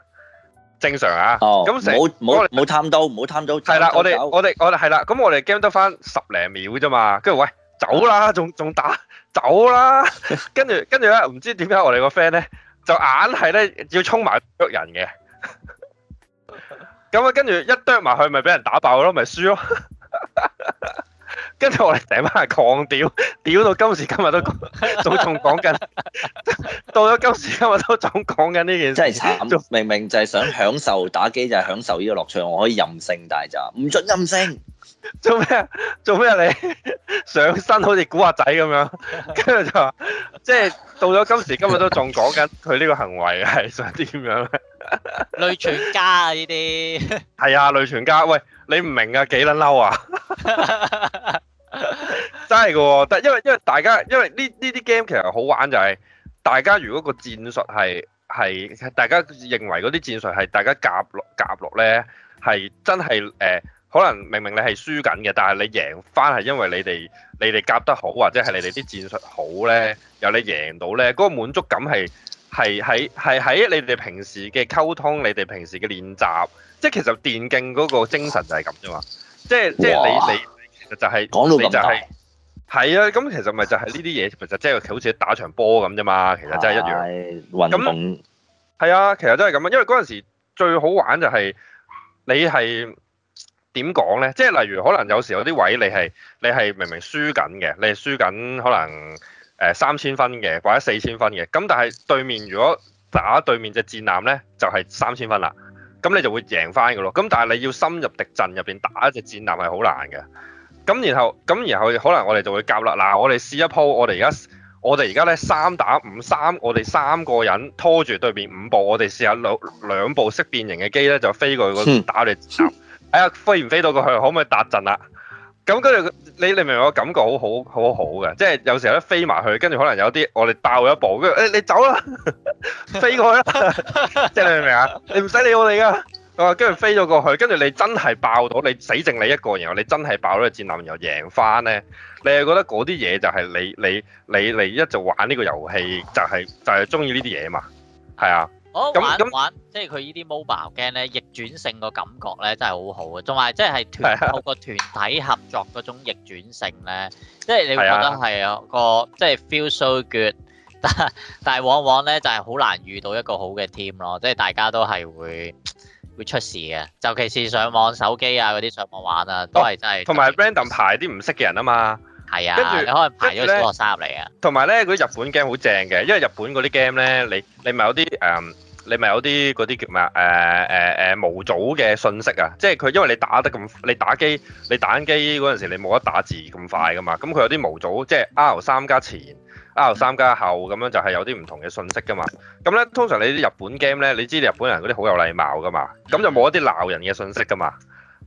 正常啊。哦。咁冇冇冇貪到，冇貪到，係啦，我哋我哋我哋係啦。咁我哋 game 得翻十零秒啫嘛。跟住喂，走啦，仲仲打走啦。 跟住跟住咧，唔知點解我哋個 friend 咧就硬係咧要衝埋郁人嘅。咁啊，跟住一啄埋去，咪俾人打爆咯，咪輸咯。跟住我哋成班人狂屌，屌到今時今日都仲講緊，到咗今時今日都仲講緊呢件事。真係慘！還明明就係想享受打機，就係享受呢個樂趣，我可以任性大咋，唔准任性。做咩啊？做咩啊？你上身好似古惑仔咁樣，跟住就話，即係到咗今時今日都仲講緊佢呢個行為係想點樣咧？累全家啊！呢啲係啊，累全家。喂，你唔明啊？幾撚嬲啊！真係噶喎，但因為因為大家因為呢呢啲 game 其實好玩就係大家，如果個戰術係係大家認為嗰啲戰術係大家夾落夾落咧係真係誒，可能明明你係輸緊嘅，但係你贏翻係因為你哋你哋夾得好或者係你哋啲戰術好咧，由你贏到咧，嗰個滿足感係。係喺係喺你哋平時嘅溝通，你哋平時嘅練習，即係其實電競嗰個精神就係咁啫嘛。即係即係你你其實就係講到咁大，係啊。咁其實咪就係呢啲嘢，其實即係好似打場波咁啫嘛。其實真係一樣運動。係啊，其實都係咁啊。因為嗰陣時最好玩就係、是，你係點講咧？即係例如可能有時有啲位你係你係明明輸緊嘅，你係輸緊可能，誒、呃、三千分嘅或者四千分嘅，咁但係對面如果打對面隻戰艦呢，就係、是、三千分啦，咁你就會贏翻嘅咯。咁但係你要深入敵陣入邊打一隻戰艦係好難嘅。咁然後咁然後可能我哋就會夾啦。嗱、啊，我哋試一鋪，我哋而家我哋而家咧三打五三，三我哋三個人拖住對面五部，我哋試下兩兩部識變形嘅機呢，就飛過去打你戰艦。哎呀，飛唔飛到過去？可唔可以搭陣啊？咁跟住你你明唔明我感覺好，好好好好嘅？即係有時候一飛埋去，跟住可能有啲我哋爆咗一步，跟住誒你走啦， 飛過去啦，即係你明唔明啊？你唔使理我哋噶，啊，跟住飛咗過去，跟住你真係爆到你死剩你一個人，然後你真係爆咗個戰艦然後贏翻咧，你係覺得嗰啲嘢就係你你你你一直玩呢個遊戲就係、是、就係中意呢啲嘢嘛？係啊。咁玩玩即係佢呢啲 mobile game，咧逆轉性個感覺咧真係好好啊！同埋即係團有個團體合作嗰種逆轉性咧，即係你會覺得係個即係 feel so good，但但係往往咧就係好難遇到一個好嘅 team 咯，即係大家都係會會出事嘅，尤其是上網手機啊嗰啲上網玩啊，都係真係同埋 random 排啲唔識嘅人啊嘛，係啊，跟住你可以排咗個小學生入嚟啊！同埋咧嗰啲日本 game 好正嘅，因為日本嗰啲 game 咧，你你咪有啲誒。你咪有啲嗰啲叫咩啊？誒誒誒模組嘅信息啊！即係佢因為你打得咁，你打機你打緊機嗰時，你冇得打字咁快噶嘛。咁佢有啲模組，即係 R 三加前、R 三加後咁樣就係有啲唔同嘅信息噶嘛。咁咧通常你啲日本 game 咧，你知你日本人嗰啲好有禮貌噶嘛，咁就冇一啲鬧人嘅信息噶嘛，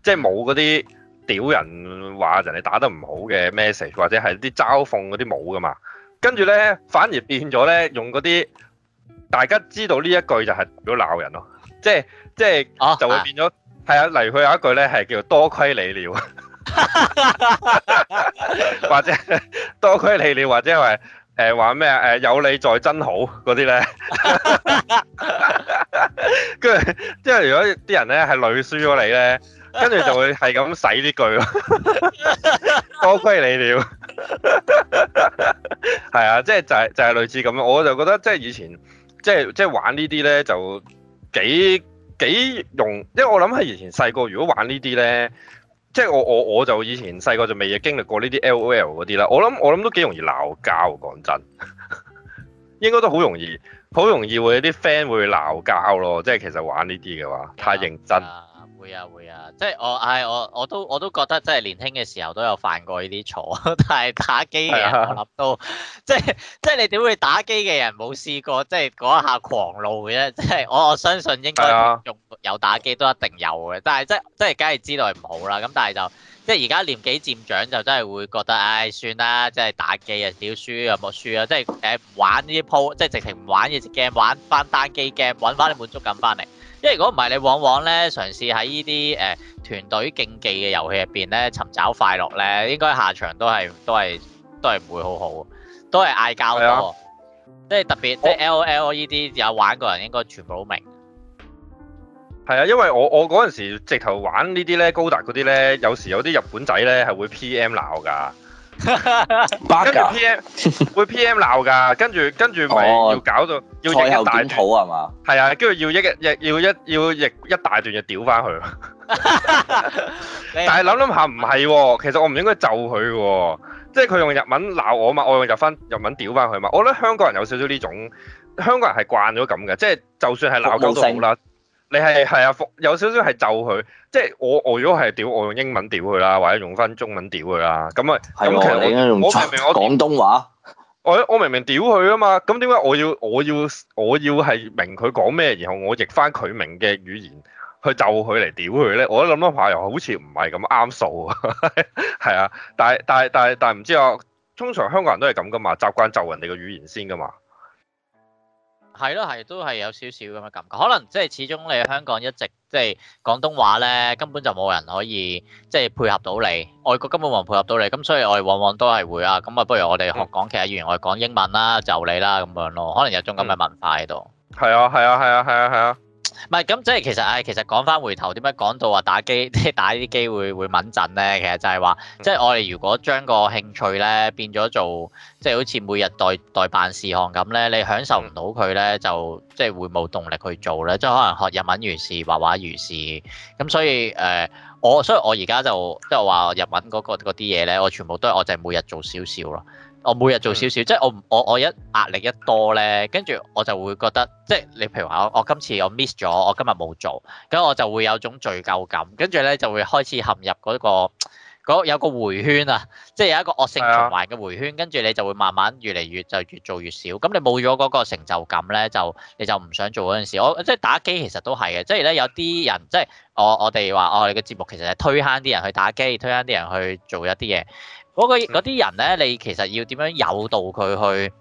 即係冇嗰啲屌人話人哋打得唔好嘅 message，或者係啲嘲諷嗰啲冇噶嘛。跟住咧反而變咗咧用嗰啲。大家知道呢一句就係變咗鬧人咯，即係即係就會變咗，係、哦、啊！例如佢有一句咧係叫多虧， 多虧你了，或者多虧你了，或者係誒話咩啊？誒有你在真好嗰啲咧，跟住 即係如果啲人咧係累輸咗你咧，跟住就會係咁使呢句 多虧你了，係 啊！即係就係、是、就係、是、類似咁樣，我就覺得即係以前。即係即係玩呢啲咧就幾幾容，因為我諗喺以前細個如果玩呢啲咧，即係我我我就以前細個就未經歷過呢啲 L O L 嗰啲啦。我諗我諗都幾容易鬧交，講真， 應該都好容易，好容易會有啲 friend 會鬧交咯。即係其實玩呢啲嘅話，太認真。會啊會啊，即係我唉我我都我都覺得即係年輕嘅時候都有犯過呢啲錯，但係打機嘅人 我諗都即係即係你點會打機嘅人冇試過即係嗰一下狂怒嘅咧？即係我我相信應該用有打機都一定有嘅，但係即係即係梗係知道係唔好啦。咁但係就即係而家年紀漸長就真係會覺得唉、哎、算啦，即係打機啊少輸啊冇輸啊，即係誒玩呢啲 p 即係直情唔玩呢啲 game 玩翻單機 game 搵翻啲滿足感翻嚟。即係如果唔係你，往往咧嘗試喺呢啲誒團隊競技嘅遊戲入邊咧尋找快樂咧，應該下場都係都係都係唔會好好，都係嗌交多。是啊、即係特別我 即係 L O L 呢啲有玩過人應該全部好明。係啊，因為我我嗰陣時直頭玩呢啲咧高達嗰啲咧，有時有啲日本仔咧係會 P M 鬧㗎。跟住 P.M. 會 P.M. 鬧㗎，跟住跟住咪要搞到要譯一大套係嘛？係啊，跟住要譯譯要一要譯一大段嘢屌翻佢。但係諗諗下唔係喎，其實我唔應該就佢喎，即係佢用日文鬧我嘛，我用日翻日文屌翻佢嘛。我覺得香港人有少少呢種，香港人係慣咗咁嘅，即係就算係鬧鳩都好啦。你係係啊，有少少係就佢，即係我我如果係屌，我用英文屌佢啦，或者用翻中文屌佢啦，咁啊，咁其實我，你用 我明明我廣東話，我我明明屌佢啊嘛，咁點解我要我要我要係明佢講咩，然後我譯翻佢明嘅語言去就佢嚟屌佢咧？我諗一排又好似唔係咁啱數啊，係 啊，但係但係但係但係唔知啊，通常香港人都係咁㗎嘛，習慣就人哋嘅語言先㗎嘛。係咯，係都係有少少咁嘅感覺，可能即係始終你香港一直即係廣東話咧，根本就冇人可以即係配合到你，外國根本冇人配合到你，咁所以我哋往往都係會啊，咁啊不如我哋學講其他語言，我哋講英文啦，就你啦咁樣咯，可能有種咁嘅文化喺度。係、嗯、啊，係啊，係啊，係啊，係啊。唔係咁，即係其實，唉，其實講翻回頭，點解講到話打機，即係打呢啲機會會穩陣咧？其實就係話，嗯、即係我哋如果將個興趣咧變咗做，即係好似每日代代辦事項咁咧，你享受唔到佢咧，就即係會冇動力去做咧。即係可能學日文如是，畫畫如是，咁所以誒。呃我所以我，我而家就即係話日文嗰、嗰個嗰啲嘢咧，我全部都係我就係每日做少少咯。我每日做少少，嗯、即係我我我一壓力一多咧，跟住我就會覺得，即係你譬如話我，我今次我 miss 咗，我今日冇做，咁我就會有種罪疚感，跟住咧就會開始陷入嗰、嗰個。有個回圈啊，即係有一個惡性循環嘅回圈，跟住 Yeah. 你就會慢慢越嚟越就越做越少。咁你冇咗嗰個成就感呢，就你就唔想做嗰陣時。我即係打機其實都係嘅，即係呢，有啲人即係我我哋話我哋嘅節目其實係推慳啲人去打機，推慳啲人去做一啲嘢。嗰啲人呢，你其實要點樣誘導佢去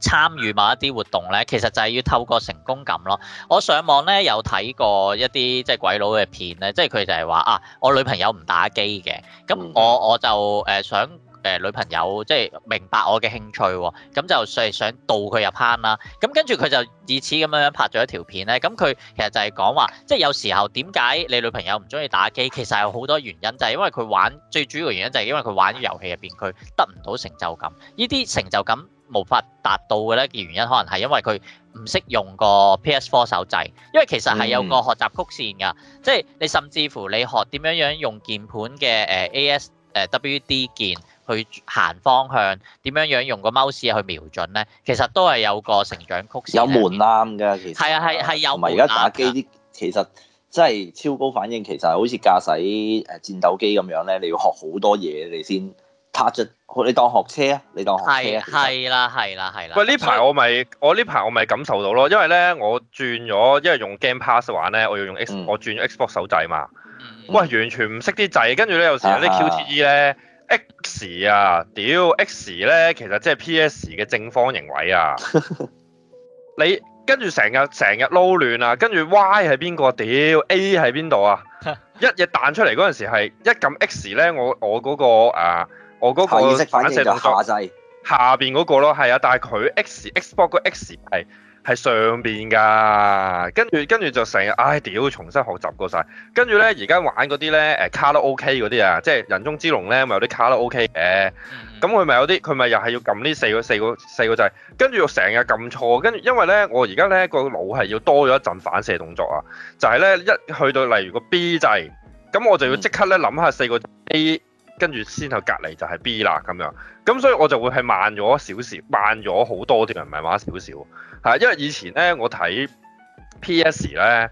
參與某一啲活動咧，其實就係要透過成功感咯。我上網咧有睇過一啲即係鬼佬嘅片咧，即係佢就係話啊，我女朋友唔打機嘅，咁我我就誒、呃、想誒、呃、女朋友即係明白我嘅興趣喎、哦，咁就係想導佢入坑啦。咁跟住佢就以此咁樣樣拍咗一條片咧，咁佢其實就係講話，即係有時候點解你女朋友唔中意打機，其實有好多原因，就係、是、因為佢玩最主要嘅原因就係因為佢玩遊戲入邊佢得唔到成就感，呢啲成就感。無法達到嘅咧嘅原因，可能係因為佢唔識用個 PS4 手掣，因為其實係有個學習曲線㗎，嗯、即係你甚至乎你學點樣樣用鍵盤嘅誒 AS 誒 WD 鍵去行方向，點樣樣用個 mouse 去瞄準咧，其實都係有個成長曲線。有門檻㗎，其實係啊係係有。同埋而家打機啲，其實真係超高反應，其實好似駕駛誒戰鬥機咁樣咧，你要學好多嘢你先。拍你當學車啊！你當學係係啦，係啦，係啦。喂，呢排我咪我呢排我咪感受到咯，因為咧我轉咗，因為用 Game Pass 玩咧，我要用 X，、嗯、我轉咗 Xbox 手掣嘛。喂、嗯，完全唔識啲掣，跟住咧有時有啲 QTE 咧 X 啊，屌 X 咧其實即係 PS 嘅正方形位啊。 你跟住成日成日撈亂啊，跟住 Y 係邊個屌？A 係邊度啊？一嘢彈出嚟嗰陣時係一撳 X 咧，我我嗰個啊。 我嗰個反射動作下、那個，下邊嗰個咯，係啊，但係佢 X Xbox 個 X 係上邊噶，跟住跟住就成日唉屌，重新學習過晒。跟住咧而家玩嗰啲咧誒卡拉 OK 嗰啲啊，即係人中之龍咧咪有啲卡拉 OK 嘅，咁佢咪有啲佢咪又係要撳呢四個四個四個掣，跟住又成日撳錯，跟住因為咧我而家咧個腦係要多咗一陣反射動作啊，就係、是、咧一去到例如個 B 掣，咁我就要即刻咧諗下四個 A。跟住先後隔離就係 B 啦咁樣，咁所以我就會係慢咗少少，慢咗好多啲人。唔係慢少少嚇。因為以前咧我睇 PS 咧，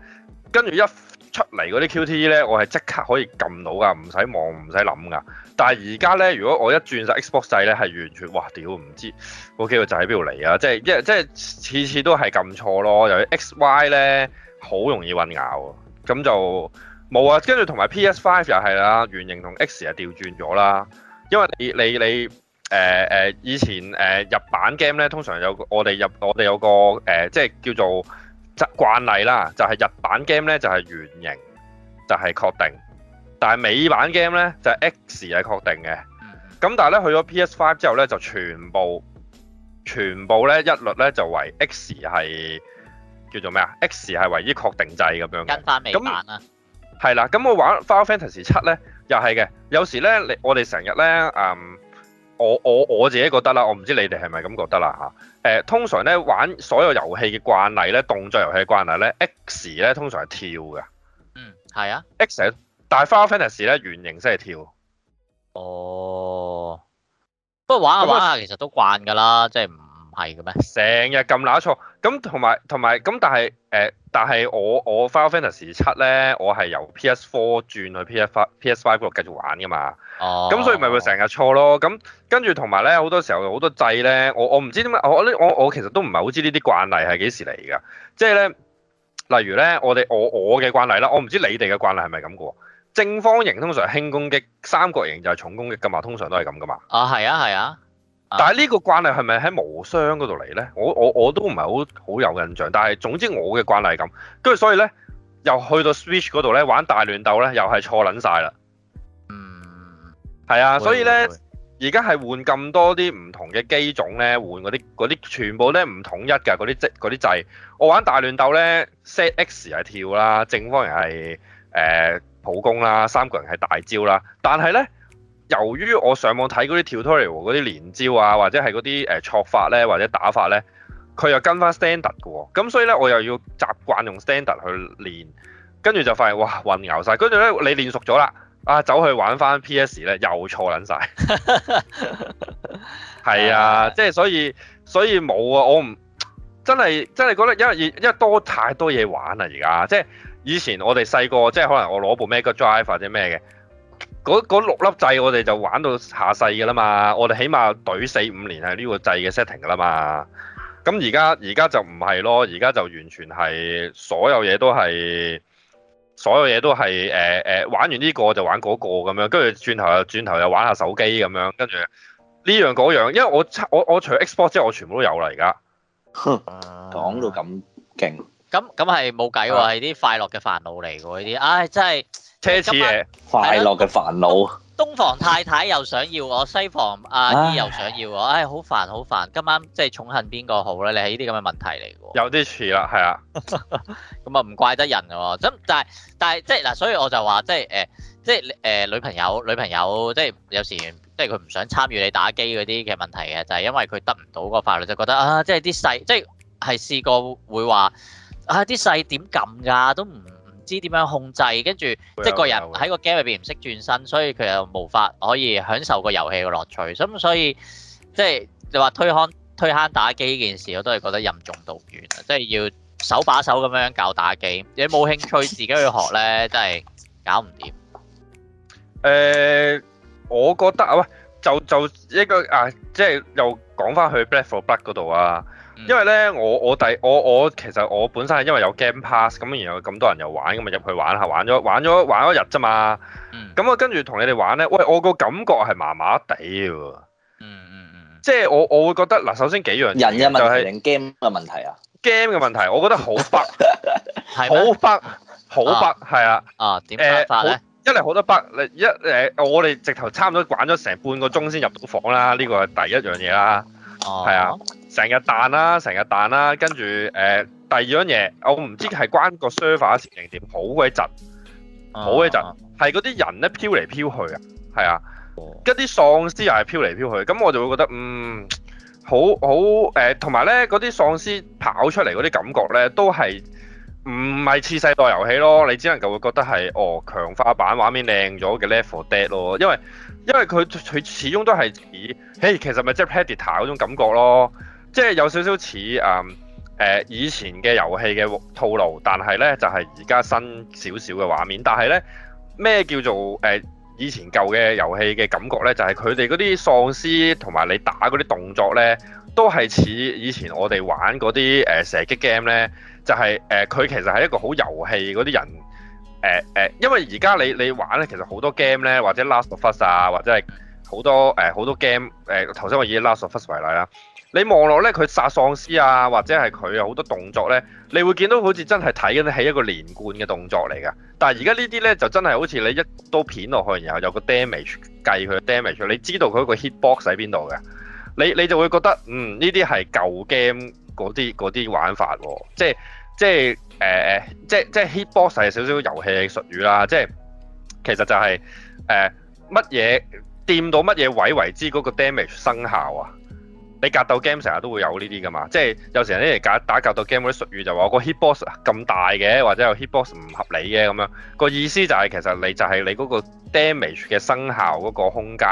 跟住一出嚟嗰啲 QTE 咧，我係即刻可以撳到噶，唔使望，唔使諗噶。但係而家咧，如果我一轉晒 Xbox 掣咧，係完全哇屌唔知個機會就喺邊度嚟啊！即係即係即係次次都係撳錯咯，有啲 X Y 咧好容易混淆，咁就。冇啊，跟住同埋 PS5 又係啦，圓形同 X 又調轉咗啦。因為你你你誒誒、呃、以前誒、呃、日版 game 咧，通常有我哋入我哋有個誒、呃，即係叫做習慣例啦，就係、是、日版 game 咧就係圓形，就係、是就是、確定。但係美版 game 咧就係、是、X 係確定嘅。咁但係咧去咗 PS5 之後咧就全部全部咧一律咧就為 X 係叫做咩啊？X 係唯一確定制咁樣嘅。跟返美版啊。係啦，咁我玩《Final Fantasy 七》咧，又係嘅。有時咧，你我哋成日咧，嗯，我我我自己覺得啦，我唔知你哋係咪咁覺得啦嚇。誒、啊，通常咧玩所有遊戲嘅慣例咧，動作遊戲嘅慣例咧，X 咧通常係跳嘅。嗯，係啊，X，但係嗯啊、《Final Fantasy》咧，圓形先係跳。哦，不過玩下玩下其實都慣㗎啦，即係唔。係嘅咩？成日撳撈錯，咁同埋同埋咁，但係誒、呃，但係我我《Final Fantasy 七》咧，我係由 P S four 轉去 P S five P S five 嗰度繼續玩噶嘛哦哦。哦。咁所以咪會成日錯咯。咁跟住同埋咧，好多時候好多掣咧，我我唔知點解，我呢我我，我其實都唔係好知呢啲慣例係幾時嚟噶。即係咧，例如咧，我哋我我嘅慣例啦，我唔知你哋嘅慣例係咪咁噶。正方形通常輕攻擊，三角形就係重攻擊，咁嘛，通常都係咁噶嘛。哦、啊，係啊，係啊。但係呢個慣例係咪喺無雙嗰度嚟呢？我我我都唔係好好有印象，但係總之我嘅慣例係咁，跟住所以呢又去到 Switch 嗰度呢，玩大亂鬥呢又係錯撚晒啦。嗯，係啊，會所以呢而家係換咁多啲唔同嘅機種呢，換嗰啲啲全部呢唔統一㗎，嗰啲即啲掣。我玩大亂鬥呢 set X 係跳啦，正方人係、呃、普攻啦，三個人係大招啦，但係呢。由於我上網睇嗰啲 tutorial，嗰啲連招啊，或者係嗰啲誒錯法咧，或者打法咧，佢又跟翻 standard 嘅喎、哦，咁所以咧我又要習慣用 standard 去練，跟住就發現哇混淆晒！呢」跟住咧你練熟咗啦，啊走去玩翻 PS 咧又錯撚晒。係 啊， 即係所以所以冇啊，我唔真係真係覺得因為因為，因為多太多嘢玩啊而家，即係以前我哋細個即係可能我攞部 Megadrive 或者咩嘅。嗰嗰六粒掣我哋就玩到下世㗎啦嘛，我哋起碼隊四五年係呢個掣嘅 setting 㗎啦嘛。咁而家而家就唔係咯，而家就完全係所有嘢都係所有嘢都係誒誒玩完呢個就玩嗰個咁樣，跟住轉頭又轉頭又玩下手機咁樣，跟住呢樣嗰樣，因為我我我除 Xbox 之外，我全部都有啦而家。講到咁勁、啊，咁咁係冇計喎，係啲、啊、快樂嘅煩惱嚟喎呢啲，唉、哎、真係。奢侈嘢，快樂嘅煩惱。東房太太又想要我，西房阿姨又想要我，哎，好煩，好煩。今晚即係寵幸邊個好咧？你係呢啲咁嘅問題嚟㗎。有啲似啦，係啊。咁啊，唔怪得人喎。咁但係，但係即係嗱，所以我就話即係誒，即係誒女朋友，女朋友即係有時即係佢唔想參與你打機嗰啲嘅問題嘅，就係因為佢得唔到個快樂，就覺得啊，即係啲細，即係係試過會話啊啲細點撳㗎，都唔知點樣控制，跟住有即係個人喺個 game 入邊唔識轉身，所以佢又無法可以享受個遊戲嘅樂趣。咁所以即係你話推康推慳打機呢件事，我都係覺得任重道遠啊！即係要手把手咁樣教打機，你冇興趣自己去學咧， 真係搞唔掂。誒、呃，我覺得啊，喂、呃，就就應該啊，即係又講翻去 Back 4 Blood 嗰度啊。因為咧，我我第我我其實我本身係因為有 Game Pass，咁然後咁多人又玩，咁咪入去玩下，玩咗玩咗玩一日啫嘛。咁、嗯、我跟住同你哋玩咧，喂，我個感覺係麻麻地喎。嗯嗯，即係我我會覺得嗱，首先幾樣、就係，人嘅問題定 game 嘅問題啊？Game 嘅問題，我覺得好北，好北，好北，係啊。啊？點解咧？一嚟好多北，一嚟我哋直頭差唔多玩咗成半個鐘先入到房啦，呢個係第一樣嘢啦。 係啊，成日彈啦，成日彈啦，跟住誒，第二樣嘢我唔知係關個 server 事定點？好鬼窒，好鬼窒，係嗰啲人咧，飄嚟飄去啊，係啊，跟啲喪屍又係飄嚟飄去，咁我就會覺得嗯，好好誒，同埋咧，嗰啲喪屍跑出嚟嗰啲感覺咧都係。唔係次世代遊戲咯，你只能夠會覺得係哦，強化版畫面靚咗嘅 Left 4 Dead 咯，因為因為佢佢始終都係似，嘿其實咪即係 predictor 嗰種感覺咯，即係有少少似誒誒以前嘅遊戲嘅套路，但係呢就係而家新少少嘅畫面，但係呢，咩叫做誒、呃、以前舊嘅遊戲嘅感覺呢？就係佢哋嗰啲喪屍同埋你打嗰啲動作呢，都係似以前我哋玩嗰啲誒射擊 game 呢。就係、是、誒，佢、呃、其實係一個好遊戲嗰啲人誒誒、呃呃，因為而家你你玩咧，其實好多 game 咧，或者 Last of Us 啊，或者係好多誒好、呃、多 game 誒。頭、呃、先我以 Last of Us 為例啦，你望落咧佢殺喪屍啊，或者係佢有好多動作咧，你會見到好似真係睇緊咧係一個連貫嘅動作嚟㗎。但係而家呢啲咧就真係好似你一刀片落去，然後有個 damage 計佢 damage，你知道佢個 hitbox 喺邊度嘅，你你就會覺得嗯呢啲係舊 game 啲嗰啲玩法喎、啊，即係。即係誒誒，即係即係 hit box 係少少遊戲嘅術語啦。即係其實就係誒乜嘢掂到乜嘢位為之嗰個 damage 生效啊？你格鬥 game 成日都會有呢啲㗎嘛？即係有時人哋打打格鬥 game 嗰啲術語就話個 hit box 咁大嘅，或者有 hit box 唔合理嘅咁樣。個意思就係其實你就係你嗰個 damage 嘅生效嗰個空間。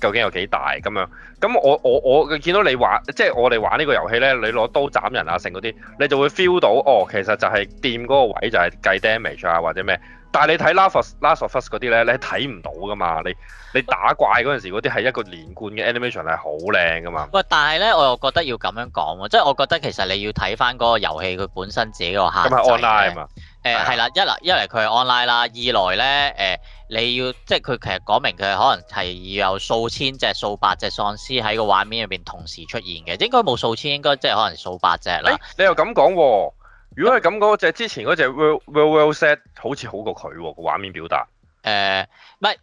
究竟有幾大咁樣？咁我我我見到你玩，即係我哋玩呢個遊戲呢，你攞刀斬人啊，剩嗰啲你就會 feel 到哦，其實就係掂嗰個位就係計 damage 啊或者咩？但係你睇《Last of, Last of Us》嗰啲呢，你睇唔到噶嘛？你你打怪嗰陣時嗰啲係一個連貫嘅 animation 係好靚噶嘛？喂，但係呢，我又覺得要咁樣講喎，即係我覺得其實你要睇翻嗰個遊戲佢本身自己個限制咁係 online 啊。誒係啦，一嗱一嚟佢係 online 啦，二來咧誒、呃、你要即係佢其實講明佢可能係要有數千隻、數百隻喪屍喺個畫面入邊同時出現嘅，應該冇數千，應該即係可能數百隻啦、欸。你又咁講喎？如果係咁講，嗰隻之前嗰隻《Will Will Set》好似好過佢個畫面表達。誒，唔係、呃，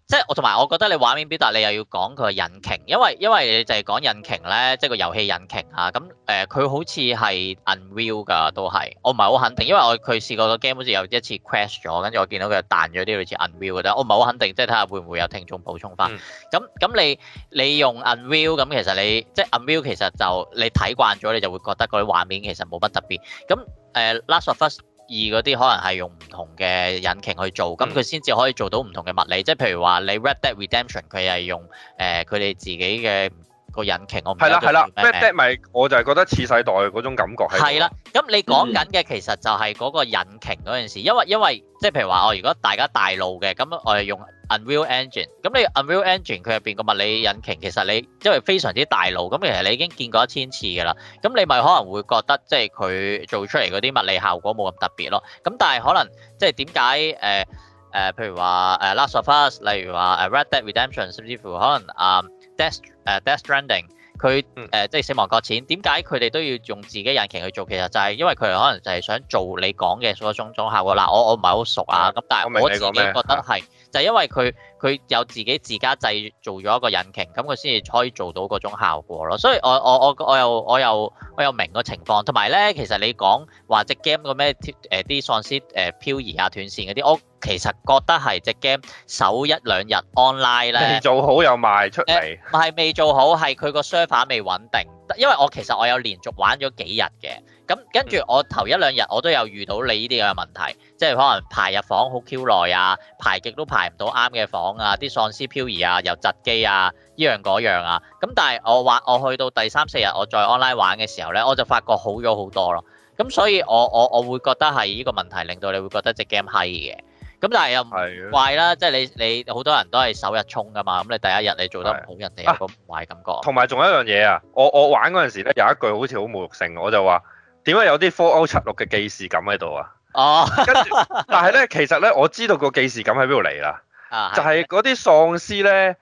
即係我同埋，我覺得你畫面表達你又要講佢嘅引擎，因為因為你就係講引擎咧，即係個遊戲引擎啊。咁、嗯、誒，佢、呃、好似係 Unreal 噶，都係，我唔係好肯定，因為我佢試過個 game 好似有一次 crash 咗，跟住我見到佢彈咗啲類似 Unreal 嘅，我唔係好肯定，即係睇下會唔會有聽眾補充翻。咁咁、嗯、你你用 Unreal，咁其實你即係 Unreal 其實就你睇慣咗，你就會覺得嗰啲畫面其實冇乜特別。咁誒、呃、Last of Us。二嗰啲可能係用唔同嘅引擎去做，咁佢先至可以做到唔同嘅物理，即係譬如話你 Red Dead Redemption 佢係用誒佢哋自己嘅。個引擎我唔係啦係啦，即係 Red Dead 咪，我就係覺得次世代嗰種感覺係。係啦，咁你講緊嘅其實就係嗰個引擎嗰件事，因為因為即係譬如話，我如果大家大路嘅，咁我係用 Unreal Engine，咁你 Unreal Engine 佢入邊個物理引擎，其實你因為非常之大路，咁其實你已經見過一千次㗎啦，咁你咪可能會覺得即係佢做出嚟嗰啲物理效果冇咁特別咯。咁但係可能即係點解誒誒，譬如話誒 Last of Us，例如話誒 Red Dead Redemption，甚至乎可能啊。Death 誒 Death Stranding 佢，誒即係死亡擱淺，點解佢哋都要用自己引擎去做？其實就係因為佢哋可能就係想做你講嘅所有種種效果啦。我我唔係好熟啊，咁但係我自己覺得係就因為佢佢有自己自家製造咗一個引擎，咁佢先至可以做到嗰種效果咯。所以我我我我又我又我又明個情況，同埋咧，其實你講話隻 game 個咩誒啲喪屍誒漂移啊斷線嗰啲我。其實覺得係隻 game 首一兩日 online 咧未做好又賣出嚟，唔係未做好，係佢個 server 未穩定。因為我其實我有連續玩咗幾日嘅，咁跟住我頭一兩日我都有遇到你呢啲嘅問題，即係可能排入房好 Q 耐啊，排極都排唔到啱嘅房啊，啲喪屍漂移啊，又窒機啊，呢樣嗰樣啊。咁但係我玩我去到第三四日我再 online 玩嘅時候呢，我就發覺好咗好多咯。咁所以我我我會覺得係呢個問題令到你會覺得隻 game 閪嘅。咁但係又唔怪啦，是的 即係你你好多人都係首日衝噶嘛，咁你第一日你做得唔好的人哋咁個唔好感覺啊。同埋仲有一樣嘢啊，我我玩嗰陣時咧有一句好似好侮辱性，我就話點解有啲 Four O 七六嘅既時感喺度啊？哦，但係咧其實咧我知道個既時感喺邊度嚟啦，啊、就係嗰啲喪屍咧，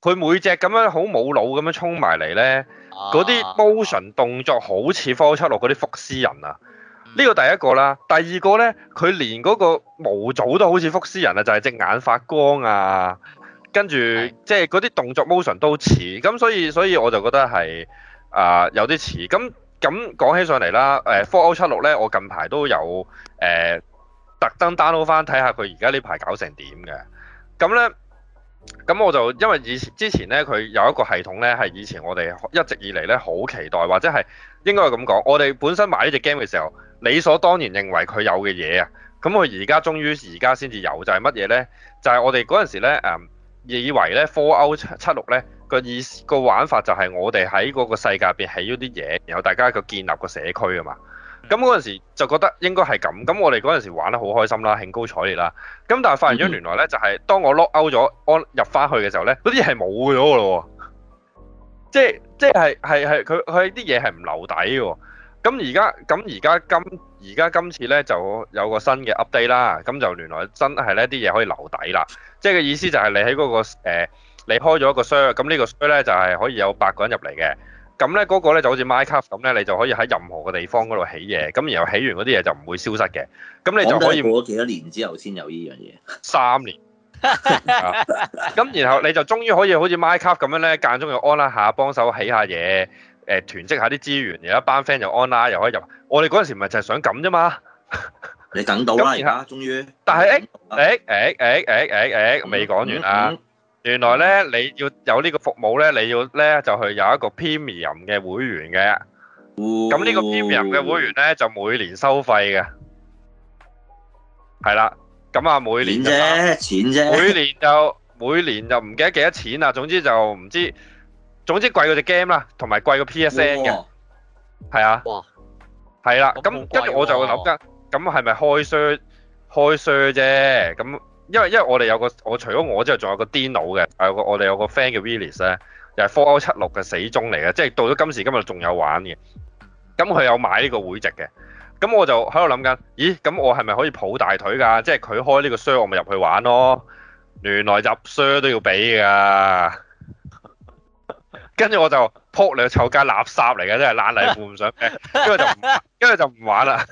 佢每隻咁樣好冇腦咁樣衝埋嚟咧，嗰啲 motion 動作好似 Four O 七六嗰啲復屍人啊。 呢個第一個啦，第二個呢，佢連嗰個模組都好似福斯人啊，就係、是、隻眼發光啊，跟住即係嗰啲動作 motion 都似咁、嗯，所以所以我就覺得係啊、呃、有啲似咁咁講起上嚟啦。誒 Four O 七六呢，我近排都有誒、呃、特登 download 返睇下佢而家呢排搞成點嘅咁呢，咁、嗯嗯嗯、我就因為以前之前呢，佢有一個系統呢，係以前我哋一直以嚟呢好期待或者係應該係咁講，我哋本身買呢隻 game 嘅時候。理所當然認為佢有嘅嘢啊，咁我而家終於而家先至有就係乜嘢呢？就係、是、我哋嗰陣時呢、嗯、以為呢 Fallout 76呢個意思個玩法就係我哋喺嗰個世界入邊起咗啲嘢，然後大家個建立一個社區啊嘛。咁嗰陣時就覺得應該係咁，咁我哋嗰陣時玩得好開心啦，興高采烈啦。咁但係發現咗原來呢、嗯、就係當我 lock 歐咗安入返去嘅時候呢，嗰啲嘢係冇咗嘅喎，即係即係係係係佢佢啲嘢係唔留底嘅。咁而家咁而家今而家今次咧就有個新嘅 update 啦，咁就原來真係呢啲嘢可以留底啦，即係嘅意思就係你喺嗰、嗰個、呃、你開咗一個箱，咁呢個箱 e 咧就係、係、可以有八個人入嚟嘅，咁咧嗰個咧就好似 my cup 咁咧，你就可以喺任何嘅地方嗰度起嘢，咁然後起完嗰啲嘢就唔會消失嘅，咁你就可以我幾多年之後先有呢樣嘢？三年。咁、 啊、然後你就終於可以好似 my cup 咁樣咧間中又 online 下，幫手起下嘢。誒囤積下啲資源，有一班 friend 就 online，又可以入。我哋嗰陣時唔係就係想咁啫嘛。你等到啦，終於。但係誒誒誒誒誒誒誒，未講完啊。原來咧你要有呢個服務咧，你要咧就去有一個 premium 嘅會員嘅。咁呢個 premium 嘅會員咧就每年收費嘅。係啦，咁啊每年啫，錢啫，每年就每年就唔記得幾多錢啊。總之就唔知。總之貴嗰隻 game 啦，同埋貴個 PSN 嘅。係哇啊，係啦哇，咁跟住我就會諗緊，咁係咪開 share 開 share 啫？咁因為因為我哋有個我除咗我之外，仲有個癲佬嘅，係個我哋有個 friend 叫 Willis 咧，又係 Fallout 76嘅死忠嚟嘅，即係到咗今時今日仲有玩嘅。咁佢有買呢個會籍嘅，咁我就喺度諗緊，咦？咁我係咪可以抱大腿噶？即係佢開呢個 share，我咪入去玩咯？原來入 share 都要俾噶。跟住我就撲你個臭街垃圾嚟嘅，真係爛泥扶唔上腳，跟住就跟住就唔玩啦。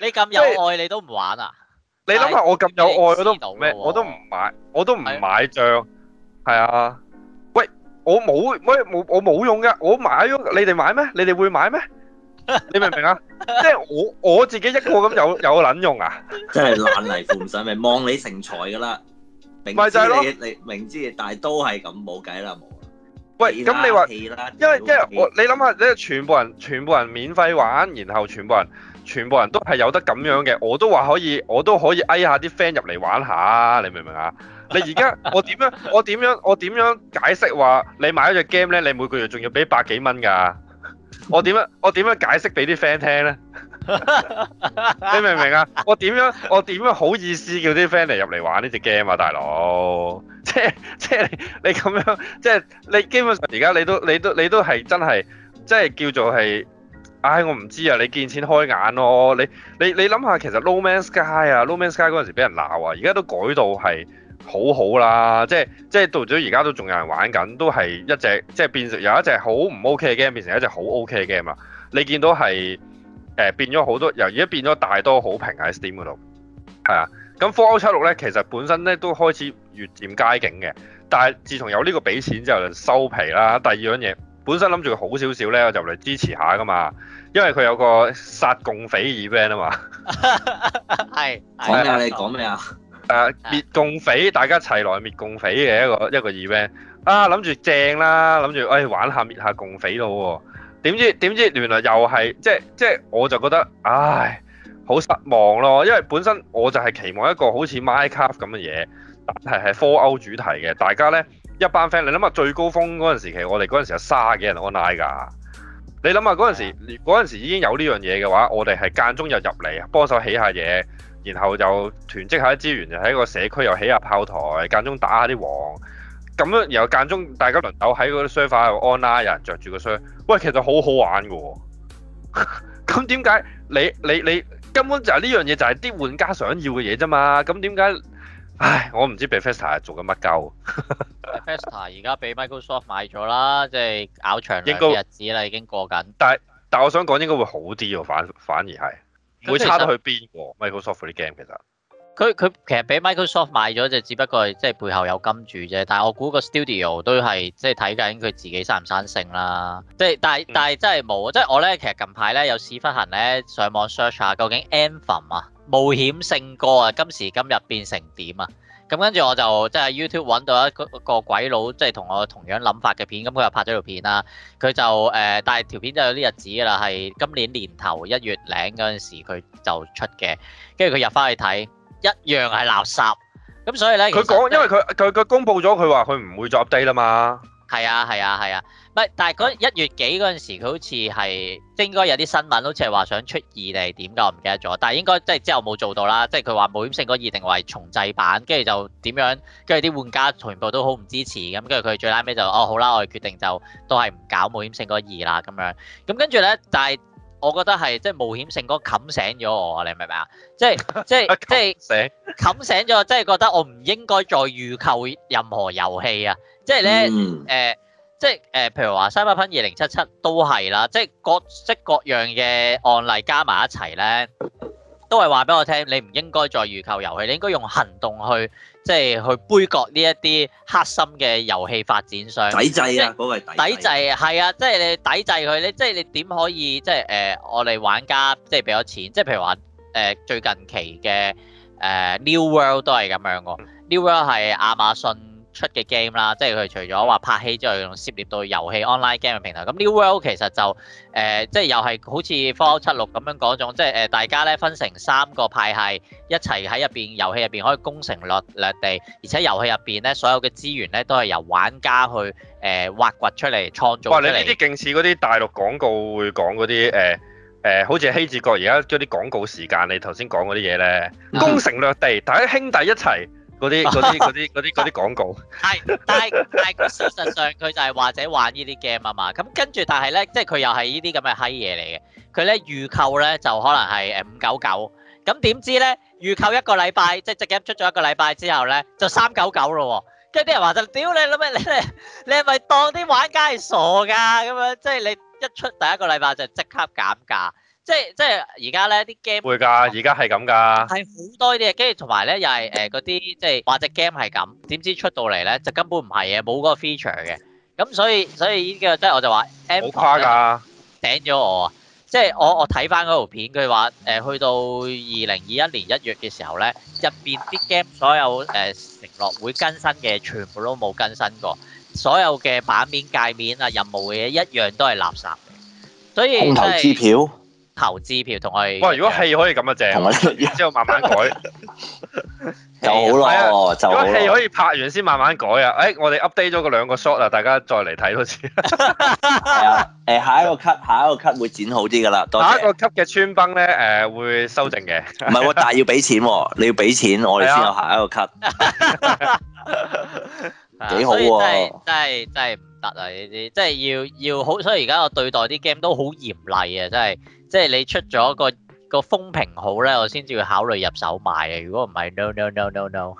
你咁有愛，你都唔玩啊？你諗下，我咁有愛，我都咩？我都唔買，我都唔買帳，係啊。喂，我冇咩，我我冇用嘅，我買咗，你哋買咩？你哋會買咩？你明唔明啊？即係我我自己一個咁有有撚用啊！真係爛泥扶唔上腳，咪望你成才㗎啦。明知你你明知，但係都係咁冇計啦。喂，咁 你話，因為因為我你諗下，你全部人全部人免費玩，然後全部人全部人都係有得咁樣嘅，我都話可以，我都可以拉下啲 friend 入嚟玩下，你明唔明啊？你而家我點樣， 樣？我點樣？我點樣解釋話你買一隻 game 咧？你每個月仲要俾百幾蚊㗎？我點樣？我點樣解釋俾啲 friend 聽咧？ 你明唔明啊？我點樣？我點樣好意思叫啲 friend 嚟入嚟玩呢隻 game 啊，大佬？即係即係你咁樣，即係你基本上而家你都你都你都係真係，即係叫做係，唉、哎，我唔知啊！你見錢開眼咯、啊，你你你諗下，其實《No Man's Sky》啊，《No Man's Sky》嗰陣時俾人鬧啊，而家都改到係。好好啦，即係即係到咗而家都仲有人玩緊，都係一隻即係變成有一隻好唔 OK 嘅 game 變成一隻好 OK 嘅 game 啦。你見到係誒、呃、變咗好多，由而家變咗大多好評喺 Steam 嗰度，係啊。咁《Fallout 76》咧，其實本身咧都開始越漸佳境嘅，但係自從有呢個俾錢之後就收皮啦。第二樣嘢本身諗住好少少咧，我就嚟支持下噶嘛，因為佢有個殺共匪 event 啊嘛。係講咩你講咩啊？ 誒、啊、滅共匪，大家一齊來滅共匪嘅一個一個 event。啊，諗住正啦，諗住誒玩下滅下共匪咯喎、哦。點知點知，知原來又係即即係我就覺得，唉，好失望咯。因為本身我就係期望一個好似 Minecraft 咁嘅嘢，但係係科歐主題嘅。大家呢，一班 friend，你諗下最高峰嗰陣時期，我哋嗰陣時有卅幾人 online 㗎。你諗下嗰陣時，嗰陣時已經有呢樣嘢嘅話，我哋係間中又入嚟幫手起下嘢。然後又囤積下啲資源，就喺個社區又起下炮台，間中打下啲王，咁樣，然後間中大家輪流喺嗰啲沙發度安啦，有人着住個箱。喂，其實好好玩噶、哦。咁點解你你你根本就係呢樣嘢就係啲玩家想要嘅嘢啫嘛？咁點解？唉，我唔知 Bethesda 做緊乜鳩。Bethesda 而家俾 Microsoft 買咗啦，即係咬長日子啦，已經過緊。但係但係，我想講應該會好啲喎、哦，反反而係。會差得去邊喎？Microsoft 啲 game 其實佢佢其實俾 Microsoft 買咗，就只不過係即係背後有金主啫。但係我估個 studio 都係即係睇緊佢自己生唔生性啦、啊。即係但係、嗯、但係真係冇。即、就、係、是、我咧，其實近排咧有屎忽痕咧，上網 search 下，究竟 Anthem 啊，冒險聖歌啊，今時今日變成點啊？咁跟住我就即係 YouTube 揾到一個鬼佬，即係同我同樣諗法嘅片，咁佢又拍咗條片啦。佢就誒、呃，但係條片都有啲日子㗎啦，係今年年頭一月零嗰陣時佢就出嘅。跟住佢入翻去睇，一樣係垃圾。咁所以咧，佢講其實因為佢佢佢公佈咗，佢話佢唔會再 update 啦嘛。係啊係啊係啊，唔係但係嗰一月幾嗰陣時，佢好似係應該有啲新聞，好似係話想出二定係點㗎，我唔記得咗。但係應該即係之後冇做到啦，即係佢話冒險聖歌二定為重製版，跟住就點樣？跟住啲玩家全部都好唔支持，咁跟住佢最 last 尾就哦，好啦，我決定就都係唔搞冒險聖歌二啦咁樣。咁跟住咧，但係我覺得係即係冒險聖歌冚醒咗我啊！你明唔明啊？即係即係即係冚醒咗，即係覺得我唔應該再預購任何遊戲啊！即係咧，誒，即係誒，譬如話《賽博朋克二零七七》都係啦，即係各式各樣嘅案例加埋一齊咧，都係話俾我聽，你唔應該再預購遊戲，你應該用行動去，即係去杯葛呢一啲黑心嘅遊戲發展商。抵制啊！嗰個係抵，抵，抵制啊，係啊，即係你抵制佢咧，即係你點可以，即係誒，我哋玩家即係俾咗錢，即係譬如話誒、呃、最近期嘅誒、呃《New World》都係咁樣喎，《New World》係亞馬遜。出嘅 game 啦，即係佢除咗話拍戲之外，又涉獵到遊戲 online game 嘅平台。咁 New World 其實就誒，即係又係好似 Fallout 76咁樣嗰種，即係誒，大家咧分成三個派系，一齊喺入邊遊戲入邊可以攻城掠掠地，而且遊戲入邊咧所有嘅資源咧都係由玩家去誒挖掘出嚟創造。哇！你呢啲勁似嗰啲大陸廣告會講嗰啲誒誒，好似希志國而家嗰啲廣告時間，你頭先講嗰啲嘢咧，攻城掠地，大家兄弟一齊。嗰啲啲啲啲啲廣告，係 但係但係，事實上佢就係或者玩呢啲 game 啊嘛，咁跟住但係咧，即係佢又係呢啲咁嘅閪嘢嚟嘅，佢咧預購咧就可能係誒五九九，咁點知咧預購一個禮拜，即係隻 game 出咗一個禮拜之後咧就三九九咯喎，跟住啲人話就屌你諗咩，你你你係咪當啲玩家係傻㗎咁樣？即係你一出第一個禮拜就即刻減價。即係即係而家咧啲 game 會㗎，而家係咁㗎，係好多呢啲嘅。跟住同埋咧又係誒嗰啲即係話隻 game 係咁，點知出到嚟咧就根本唔係嘢，冇嗰個 feature 嘅。咁所以所以呢個即係我就話，好誇㗎，頂咗我啊！即係我我睇翻嗰條片，佢話誒去到二零二一年一月嘅時候咧，入邊啲 game 所有誒承諾會更新嘅全部都冇更新過，所有嘅版面界面啊任務嘅嘢一樣都係垃圾。所以，空頭支票。投資票同我哋哇！如果戲可以咁啊正，之後慢慢改就好耐喎。就，果戲可以拍完先慢慢改啊！誒，我哋 update 咗個兩個 shot 啊，大家再嚟睇多次。係啊，誒下一個 cut，下一個 cut 會剪好啲㗎啦。下一個 cut 嘅穿崩咧誒會修正嘅，唔係喎，但係要俾錢喎，你要俾錢我哋先有下一個 cut。幾好喎！真係真係真係唔得啊！呢啲即係要要好，所以而家我對待啲 game 都好嚴厲啊！真係。即係你出咗個個風評好咧，我先至會考慮入手買啊！如果唔係，no no no no no。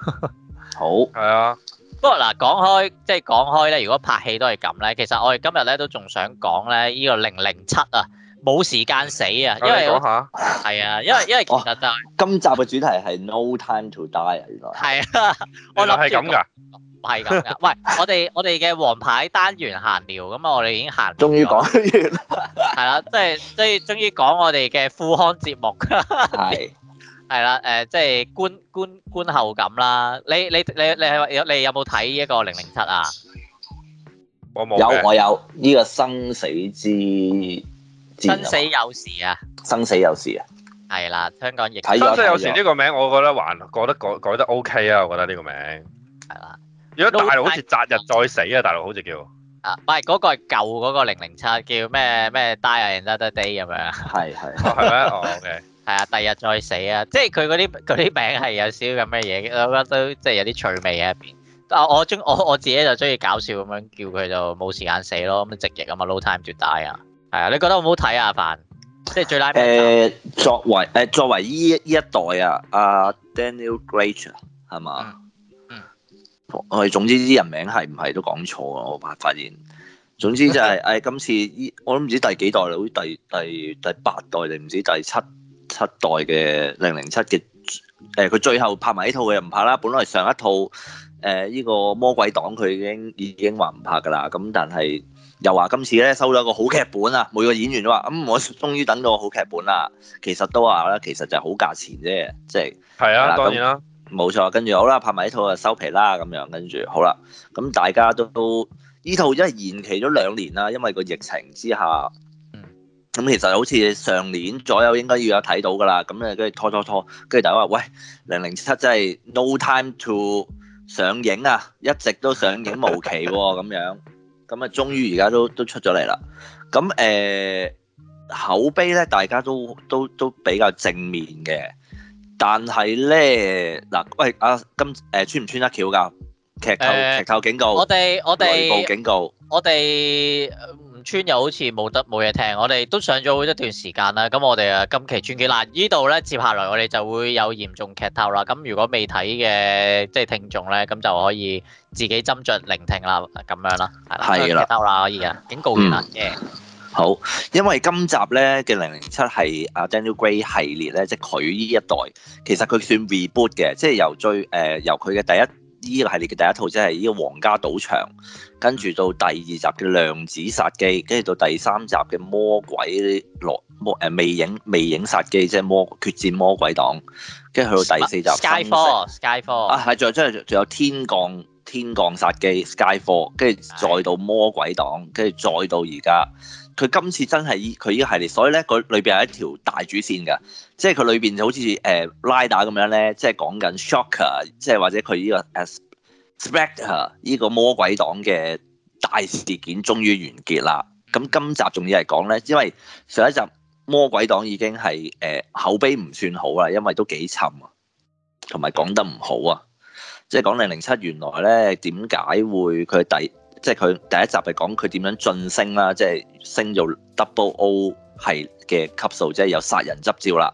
好。係啊。不過嗱，講開即係講開咧，如果拍戲都係咁咧，其實我哋今日咧都仲想講咧呢個零零七啊，冇時間死啊，因為講下，係啊，因為因為其實今集嘅主題係 No Time to Die 啊，原來係啊，我諗。原來係咁㗎。係咁嘅，喂，我哋我哋嘅黃牌單元閒聊，咁啊，我哋已經閒聊咗。終於講完啦。係啦，即係即係終於講我哋嘅富康節目。係。係啦，誒，即係觀觀觀後感啦。你你你你係有你有冇睇依個零零七啊？我冇。有我有依個生死之之。生死有時啊。生死有時啊。係啦，香港疫。睇咗。生死有時呢個名，我覺得還改得改改得 OK 啊！我覺得呢個名。係啦。如果大陸好似擇日再死啊，大陸好似叫啊，唔係嗰個係舊嗰個零零七叫咩咩，Die Another Day 咁樣，係係係咩？OK，係啊，第日再死啊，即係佢嗰啲佢啲名係有少少咁嘅嘢，我覺得都即係有啲趣味喺入邊。但係我中我我自己就中意搞笑咁樣叫佢就冇時間死咯，咁直譯啊嘛，No Time to Die 啊，係啊，你覺得好唔好睇啊？凡，即係最拉。誒，作為誒作為依依一代啊，阿 Daniel Granger 係嘛？我係總之啲人名係唔係都講錯啊！我怕發現。總之就係、是、誒、哎，今次我都唔知第幾代啦，好似第第第八代定唔知第七七代嘅零零七嘅誒，佢、呃、最後拍埋呢套嘅又唔拍啦。本來上一套誒呢、呃這個魔鬼黨佢已經已經話唔拍㗎啦。咁但係又話今次咧收咗一個好劇本啊！每個演員都話：，咁、嗯、我終於等到個好劇本啦！其實都話啦，其實就係好價錢啫，即係係啊，當然啦。冇錯，跟住好啦，拍埋呢套啊收皮啦咁樣，跟住好啦，咁大家都呢套因為延期咗兩年啦，因為個疫情之下，咁其實好似上年左右應該要有睇到㗎啦，咁咧跟住拖拖拖，跟住大家話喂，零零七七真係 no time to 上映啊，一直都上映無期喎、啊、咁樣，咁啊終於而家都都出咗嚟啦，咁誒、呃、口碑咧大家都都都比較正面嘅。但係咧嗱，喂啊，今誒、呃、穿唔穿得巧噶劇透，欸、劇透警告，我哋我哋警告，我哋唔穿又好似冇得冇嘢聽，我哋都上咗一段時間啦，咁我哋啊今期穿嘅，嗱依度咧接下來我哋就會有嚴重劇透啦，咁如果未睇嘅即係聽眾咧，咁就可以自己斟酌聆聽啦，咁樣啦，係啦的，劇透啦，依家警告完嘅。好，因為今集咧嘅零零七係阿 Daniel Gray 系列咧，即係佢依一代，其實佢算 reboot 嘅，即係由最誒由佢嘅第一依個系列嘅第一套，即係呢個皇家賭場，跟住到第二集嘅量子殺機，跟住到第三集嘅魔鬼落魔誒魅影魅影殺機，即係魔決戰魔鬼黨，跟住去到第四集。sky f o r c 啊，係仲有即係仲有天降天降殺機 sky f o r c，跟住再到魔鬼黨，跟住再到而家。佢今次真係依佢呢個系列，所以咧佢裏邊有一條大主線㗎，即係佢裏邊就好似誒、呃、拉打咁樣咧，即係講緊 shocker，即係或者佢呢個 as Spectre 呢個魔鬼黨嘅大事件終於完結啦。咁今集仲要係講咧，因為上一集魔鬼黨已經係誒口碑唔算好啦，因為都幾沉啊，同埋講得唔好啊，即係講零零七原來咧點解會佢第即係佢第一集係講佢點樣晉升啦，即係升到 Double O 係嘅級數，即係有殺人執照啦。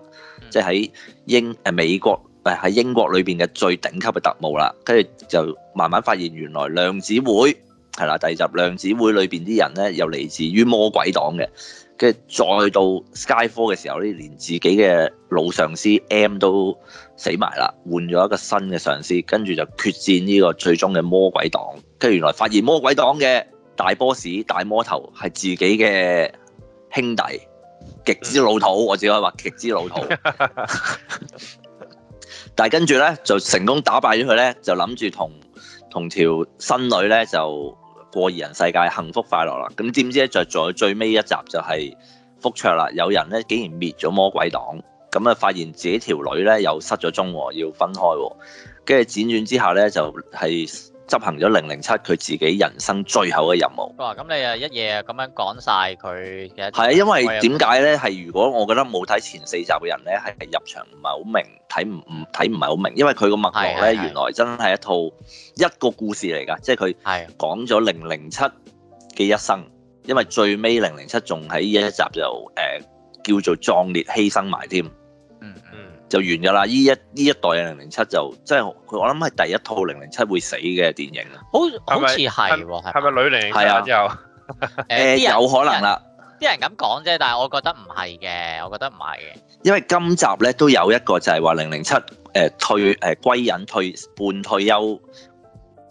即係喺英誒美國誒喺英國裏邊嘅最頂級嘅特務啦，跟住就慢慢發現原來量子會係啦。第二集量子會裏邊啲人咧，又嚟自於魔鬼黨嘅。即係再到 Skyfall 嘅時候，呢連自己嘅老上司 M 都死埋啦，換咗一個新嘅上司，跟住就決戰呢個最終嘅魔鬼黨。跟住原來發現魔鬼黨嘅大 boss 大魔頭係自己嘅兄弟，極之老土，我只可以話極之老土。 但係跟住咧就成功打敗咗佢咧，就諗住同同條新女咧就過二人世界幸福快樂啦，咁唔知咧就做最尾一集就係復出啦！有人咧竟然滅咗魔鬼黨，咁啊發現自己條女咧又失咗蹤，要分開，跟住輾轉之下咧就係、是。執行咗零零七佢自己人生最後嘅任務。哇！咁你啊一夜啊咁樣講晒佢嘅一係啊，因為點解咧？係如果我覺得冇睇前四集嘅人咧，係入場唔係好明，睇唔唔睇唔係好明。因為佢個脈絡咧，原來真係一套一個故事嚟㗎，即係佢講咗零零七嘅一生。因為最尾零零七仲喺呢一集就誒叫做壯烈犧牲埋添。嗯嗯。就完咗啦！呢一呢一代嘅零零七就即係佢，我諗係第一套零零七會死嘅電影，好好似係喎。係咪女嚟？零七之後？誒有可能啦。啲人咁講啫，但係我覺得唔係嘅，我覺得唔係嘅。因為今集咧都有一個就係話零零七誒退誒、呃、歸隱退半退休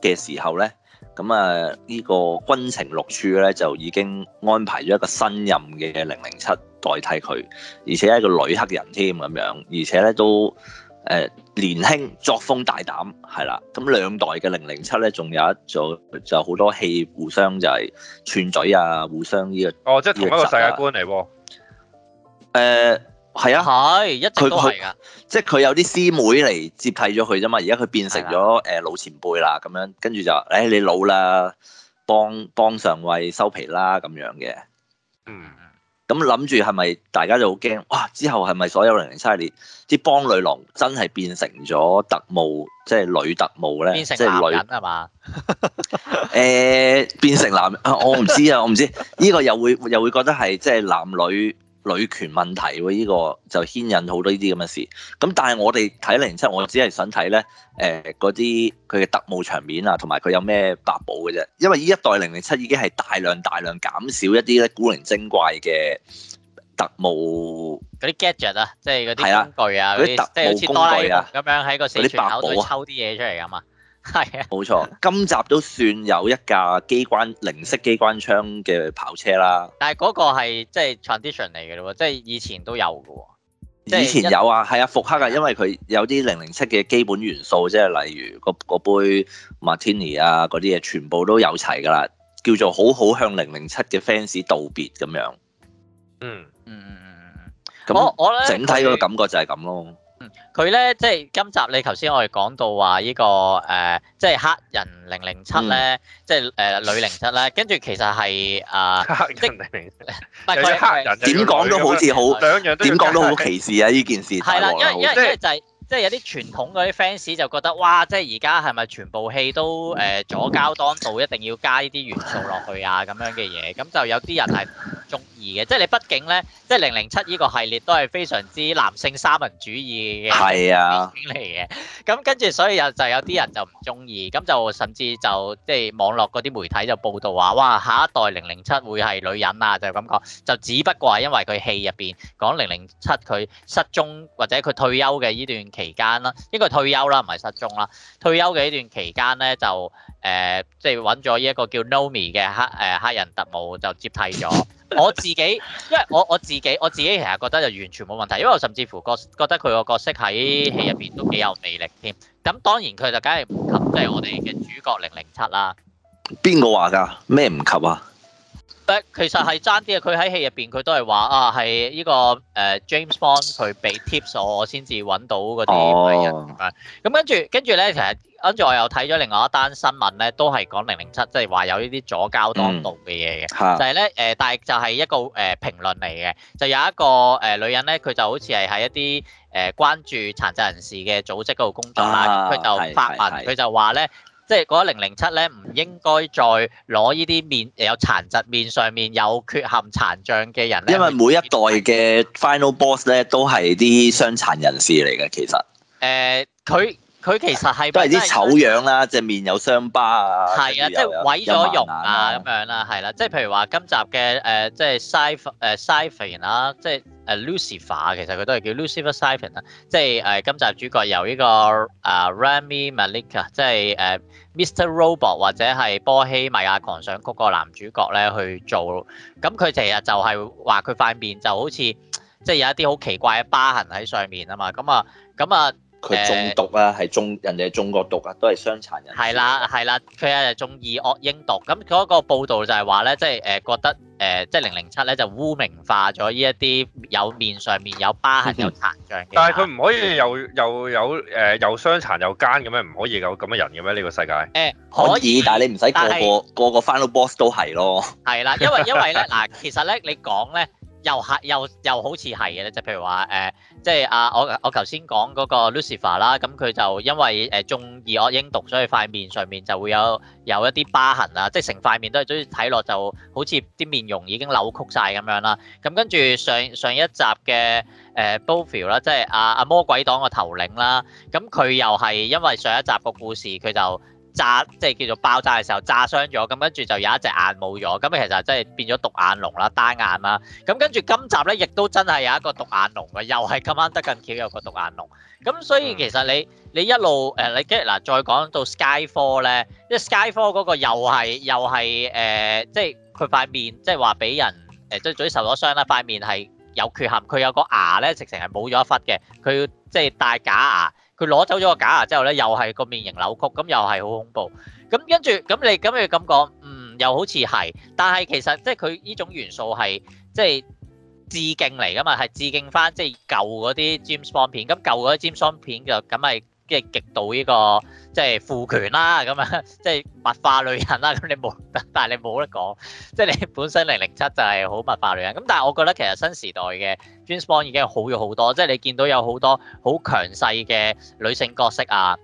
嘅時候咧，咁啊呢個軍情六處咧就已經安排咗一個新任嘅零零七。代替佢，而且係一個女黑人添咁樣，而且咧都誒、呃、年輕，作風大膽，係啦。咁兩代嘅零零七咧，仲有一組就好多戲互相就係串嘴啊，互相呢個、啊、哦，即係同一個世界觀嚟喎。誒，係啊，係、呃，一直都係㗎。即係佢有啲師妹嚟接替咗佢啫嘛。而家佢變成咗誒的、呃、老前輩啦，咁樣跟住就誒、欸、你老啦，幫幫上位收皮啦咁樣嘅。嗯。咁諗住係咪大家就好驚？哇！之後係咪所有零零七列啲幫女郎真係變成咗特務，即係女特務咧，即係女，係嘛？誒，變成男啊！我唔知啊，我唔知，呢個又會又會覺得係即係男女。女權問題喎，依、呢個就牽引好多呢啲咁嘅事。咁但係我哋睇零零七，我只係想睇咧，誒嗰啲佢嘅特務場面啊，同埋佢有咩百寶嘅啫。因為依一代零零七已經係大量大量減少一啲咧古靈精怪嘅特務嗰啲 gadget 啊，即係嗰啲工具啊，嗰啲即係好似哆啦 A 夢咁樣喺個死荃度抽啲嘢出嚟㗎嘛。係啊，冇錯。 今集都算有一架機關零式機關槍嘅跑車啦。但係嗰個係即係 tradition 嚟嘅咯，即係以前都有嘅喎。以前有啊，係啊，復刻啊，因為佢有啲零零七嘅基本元素，即係例如嗰杯 Martini 啊嗰啲嘢，全部都有齊㗎啦，叫做好好向零零七嘅 fans 道別咁樣。嗯嗯嗯嗯，咁我我整體個感覺就係咁咯。佢咧即係今集你，這個，你頭先我哋講到話呢個誒，即係黑人零零七咧，嗯、即係誒女零七咧，跟住其實係啊，黑人零零七，但係 是黑人點講都好似好，點講都好歧視啊！呢件事係啦， 因為因為因為就係即係有啲傳統嗰啲 fans 就覺得哇，即係而家係咪全部戲都誒、呃、左膠當道，一定要加呢啲元素落去啊咁樣嘅嘢，咁就有啲人係中。 即係你畢竟咧，即係零零七依個系列都係非常之男性沙文主義嘅，係啊，嚟嘅，咁跟住所以有就有啲人就唔中意，咁就甚至就即係網絡嗰啲媒體就報道話，哇，下一代零零七會係女人啊，就咁講，就只不過係因為佢戲入邊講零零七佢失蹤或者佢退休嘅依段期間啦，應該係退休啦，唔係失蹤啦，退休嘅依段期間咧就誒，即係揾咗依一個叫 Nomi 嘅黑誒黑人特務就接替咗，我自。自己，因為我我自己我自己其實覺得就完全冇問題，因為我甚至乎覺覺得佢個角色喺戲入邊都幾有魅力添。咁當然佢就梗係唔及，即係我哋嘅主角零零七啦。邊個話㗎？咩唔及啊？其實係爭啲啊！佢喺戲入邊佢都係話啊，係呢個誒 James Bond 佢俾 tips 我，先至揾到嗰啲人，咁跟住跟住咧，其實～跟住我又睇咗另外一單新聞咧，都係講零零七，即係話有呢啲左膠當道嘅嘢嘅，就係咧誒，但係就係一個誒、呃、評論嚟嘅，就有一個誒、呃、女人咧，佢就好似係喺一啲誒、呃、關注殘疾人士嘅組織嗰度工作啦，佢、啊、就發文，佢是就話咧，即係嗰零零七咧，唔應該再攞呢啲面有殘疾，面上面有缺陷殘障嘅人咧，因為每一代嘅 Final Boss 咧都係啲傷殘人士嚟嘅，其實誒佢。呃佢其實係都係啲醜樣啦，隻面有傷疤啊，係啊，即係毀咗容啊咁樣啦、啊，係啦、嗯啊啊呃，即係譬如話今集嘅誒，即係 Safin 誒 Safin 啦，即係誒 Lucifer，其實佢都係叫 Lucifer Safin 啦、啊，即係誒今集主角由呢、這個啊 Rami Malek 啊，ika, 即係、啊、誒 Mr. Robot 或者係波希米亞狂想曲個男主角咧去做，咁佢其實就係話佢塊面就好似即係有一啲好奇怪嘅疤痕喺上面啊嘛，咁啊咁啊。佢中毒啊，係中人哋中過毒啊，都係傷殘人、啊。係啦，係啦，佢係中二惡英毒。咁嗰個報道就係話咧，即係誒覺得誒，即係零零七咧就污名化咗呢一啲有面上面有疤痕 有殘障。但係佢唔可以又又有誒又傷殘又奸嘅咩？唔可以有咁嘅人嘅咩？呢、呢個世界誒、呃、可，可以，但係你唔使個是個 Final boss 都係咯。係啦，因為因為咧嗱，其實咧你講咧。又係又又好似係嘅咧，即係譬如話誒，即係啊，我我頭先講嗰個 Lucifer 啦，咁佢就因為誒中二噁英毒，所以塊面上面就會有有一啲疤痕啊，即係成塊面都係總之睇落就好似啲面容已經扭曲晒咁樣啦。咁跟住上上一集嘅誒 Blofeld 啦，即係阿阿魔鬼黨嘅頭領啦，咁佢又係因為上一集個故事佢就炸即係叫做爆炸嘅時候炸傷咗，咁跟住就有一隻眼冇咗，咁其實真係變咗獨眼龍啦，單眼啦。咁跟住今集咧，亦都真係有一個獨眼龍嘅，又係咁啱得咁巧有個獨眼龍。咁所以其實你你一路誒，你跟住嗱，再講到 Skyfall 咧，即係 Skyfall 嗰個又係又係誒、呃，即係佢塊面即係話俾人誒，即係嘴受咗傷啦，塊面係有缺陷，佢有個牙咧直情係冇咗一忽嘅，佢即係戴假牙。佢攞走咗個假牙之後咧，又係個面型扭曲，咁又係好恐怖。咁跟住，咁你咁你咁講，嗯，又好似係，但係其實即係佢呢種元素係即係致敬嚟噶嘛，係致敬翻即係舊嗰啲 James Bond 片。咁舊嗰啲 James Bond 片就咁、係、咪。即係極度呢、呢個即係父權啦，咁樣即係物化女人啦，咁你冇但係你冇得講，即係你本身零零七就係好物化女人。咁但係我覺得其實新時代嘅 James Bond 已經好咗好多，即係你見到有好多好強勢嘅女性角色啊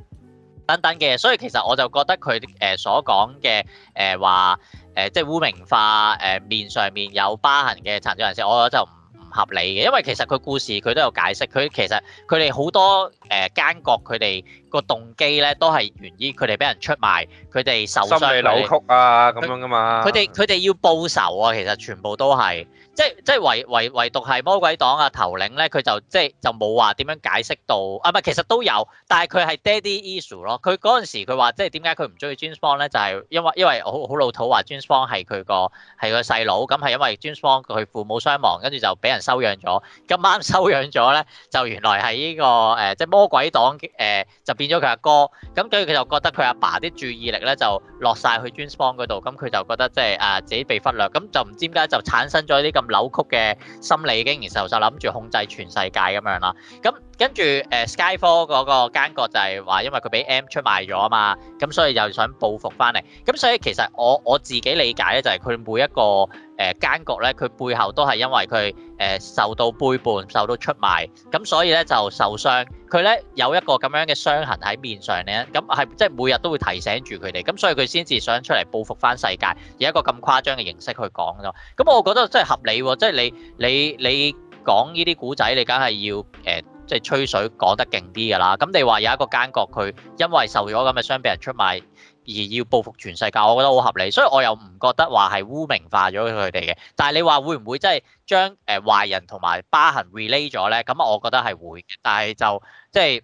等等嘅，所以其實我就覺得佢誒、呃、所講嘅誒話誒即係污名化誒、呃、面上面有疤痕嘅殘障人士，我就唔合理嘅，因為其實佢故事佢都有解釋，佢其實佢哋好多誒、呃、奸角，佢哋個動機咧都係源於佢哋俾人出賣，佢哋受傷心理扭曲啊咁他樣噶嘛，佢哋佢哋要報仇啊，其實全部都係。即係即係唯唯唯獨係魔鬼黨啊頭領咧，佢就即係就冇話點樣解釋到啊？唔係其實都有，但係佢係 Daddy issue 咯。佢嗰陣時佢話即係點解佢唔中意 James Bond 咧？就係、是、因為因為好好老土話 James Bond 係佢個係個細佬咁，係因為 James Bond 佢父母雙亡，跟住就俾人收養咗。咁啱收養咗咧，就原來係呢、這個誒、呃、即係魔鬼黨誒、呃、就變咗佢阿哥。咁跟住佢就覺得佢阿爸啲注意力咧就落晒去 James Bond 嗰度，咁佢就覺得即係誒、啊、自己被忽略，咁就唔知點解就產生咗啲咁。扭曲嘅心理已經完受受，諗住控制全世界咁樣啦。咁跟住誒 Skyfall 嗰個奸角就係話，因為佢俾 M 出賣咗啊嘛，咁所以又想報復翻嚟。咁所以其實我我自己理解咧，就係佢每一個。誒、呃、奸角咧，佢背後都係因為佢誒、呃、受到背叛、受到出賣，咁所以咧就受傷。佢咧有一個咁樣嘅傷痕喺面上咧，咁係即係每日都會提醒住佢哋，咁所以佢先至想出嚟報復翻世界，以一個咁誇張嘅形式去講咯。咁我覺得真係合理喎、哦，即係你你你講呢啲古仔，你梗係要誒、呃、即係吹水講得勁啲㗎啦。咁你話有一個奸角，佢因為受咗咁嘅傷，畀人出賣。而要報復全世界，我覺得好合理，所以我又唔覺得話係污名化咗佢哋嘅。但係你話會唔會真係將誒壞人同埋疤痕 relay 咗咧？咁我覺得係會嘅，但係就即係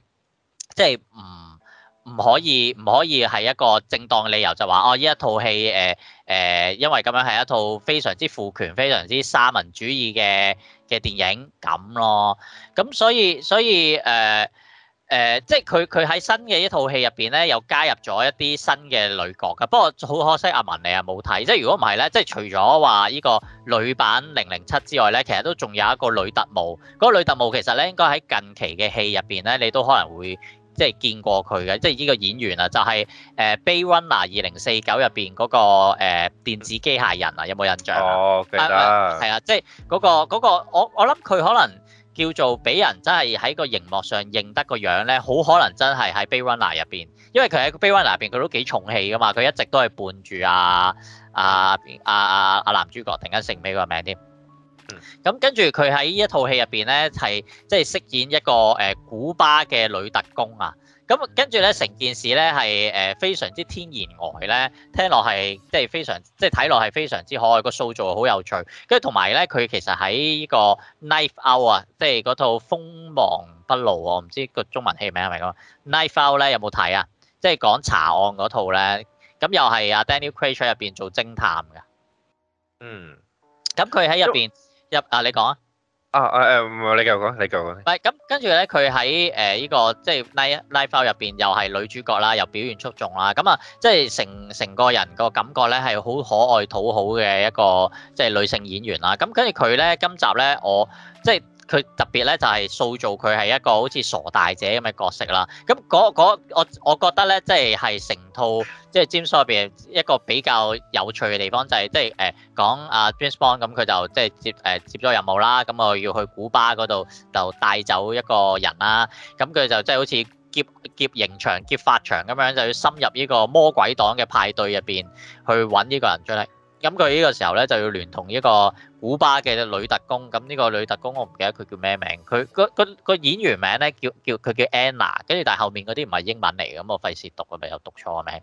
即係唔唔可以唔可以係一個正當理由，就話哦呢一套戲誒誒、呃呃，因為咁樣係一套非常之父權、非常之沙文主義嘅嘅電影咁咯。咁所以所以誒。呃誒，即係佢佢喺新嘅一套戲入邊咧，又加入咗一啲新嘅女角噶。不過好可惜，阿文你啊冇睇。即係如果唔係咧，即係除咗話依個女版零零七之外咧，其實都仲有一個女特務。嗰個女特務其實咧，應該喺近期嘅戲入邊咧，你都可能會即係見過佢嘅。即係依個演員啊，就係誒《Blade Runner 二零四九》入邊嗰個誒電子機械人啊，有冇印象？哦，記得。係啊，即係嗰個嗰個，我我諗佢可能。叫做俾人真係喺個熒幕上認得個樣咧，好可能真係喺《Blade Runner》入邊，因為佢喺《Blade Runner》入邊佢都幾重氣噶嘛，佢一直都係伴住阿阿阿阿阿男主角，突然間成咗個名添。咁、嗯嗯、跟住佢喺呢一套戲入邊咧，係即係飾演一個誒、呃、古巴嘅女特工啊！咁跟住咧，成件事咧係誒非常之天然呆咧，聽落係即係非常即係睇落係非常之可愛，個塑造好有趣。跟住同埋咧，佢其實喺個《Knife Out》啊，即係嗰套《鋒芒不露》，我唔知個中文戲名係咪啊，《Knife Out》咧有冇睇啊？即係講查案嗰套咧，咁又係阿 Daniel Craig 入邊做偵探㗎。嗯。咁佢喺入邊入啊？你講啊？啊啊誒你繼續講，你繼續講。唔係咁跟住咧，佢喺誒呢個即係 Knives Out 入邊又係女主角啦，又表現出眾啦。咁啊，即係成成個人個感覺咧係好可愛討好嘅一個即係、就是、女性演員啦。咁跟住佢咧今集咧我即係。就是佢特別咧就係、是、塑造佢係一個好似傻大姐咁嘅角色啦。咁我我覺得咧，即係係成套即係 James Bond 入邊一個比較有趣嘅地方就係、是、即係誒、呃、講阿、啊、James Bond 咁佢就即係接誒、呃、接咗任務啦。咁我要去古巴嗰度就帶走一個人啦。咁佢就即係好似劫劫刑場、劫法場咁樣，就要深入呢個魔鬼黨嘅派對入邊去搵呢個人出嚟。咁佢呢個時候咧就要聯同呢個古巴嘅女特工，咁呢個女特工我唔記得佢叫咩名，佢個個個演員名咧叫叫佢叫 Anna，跟住但係後面嗰啲唔係英文嚟嘅，咁我費事讀，咪又讀錯名。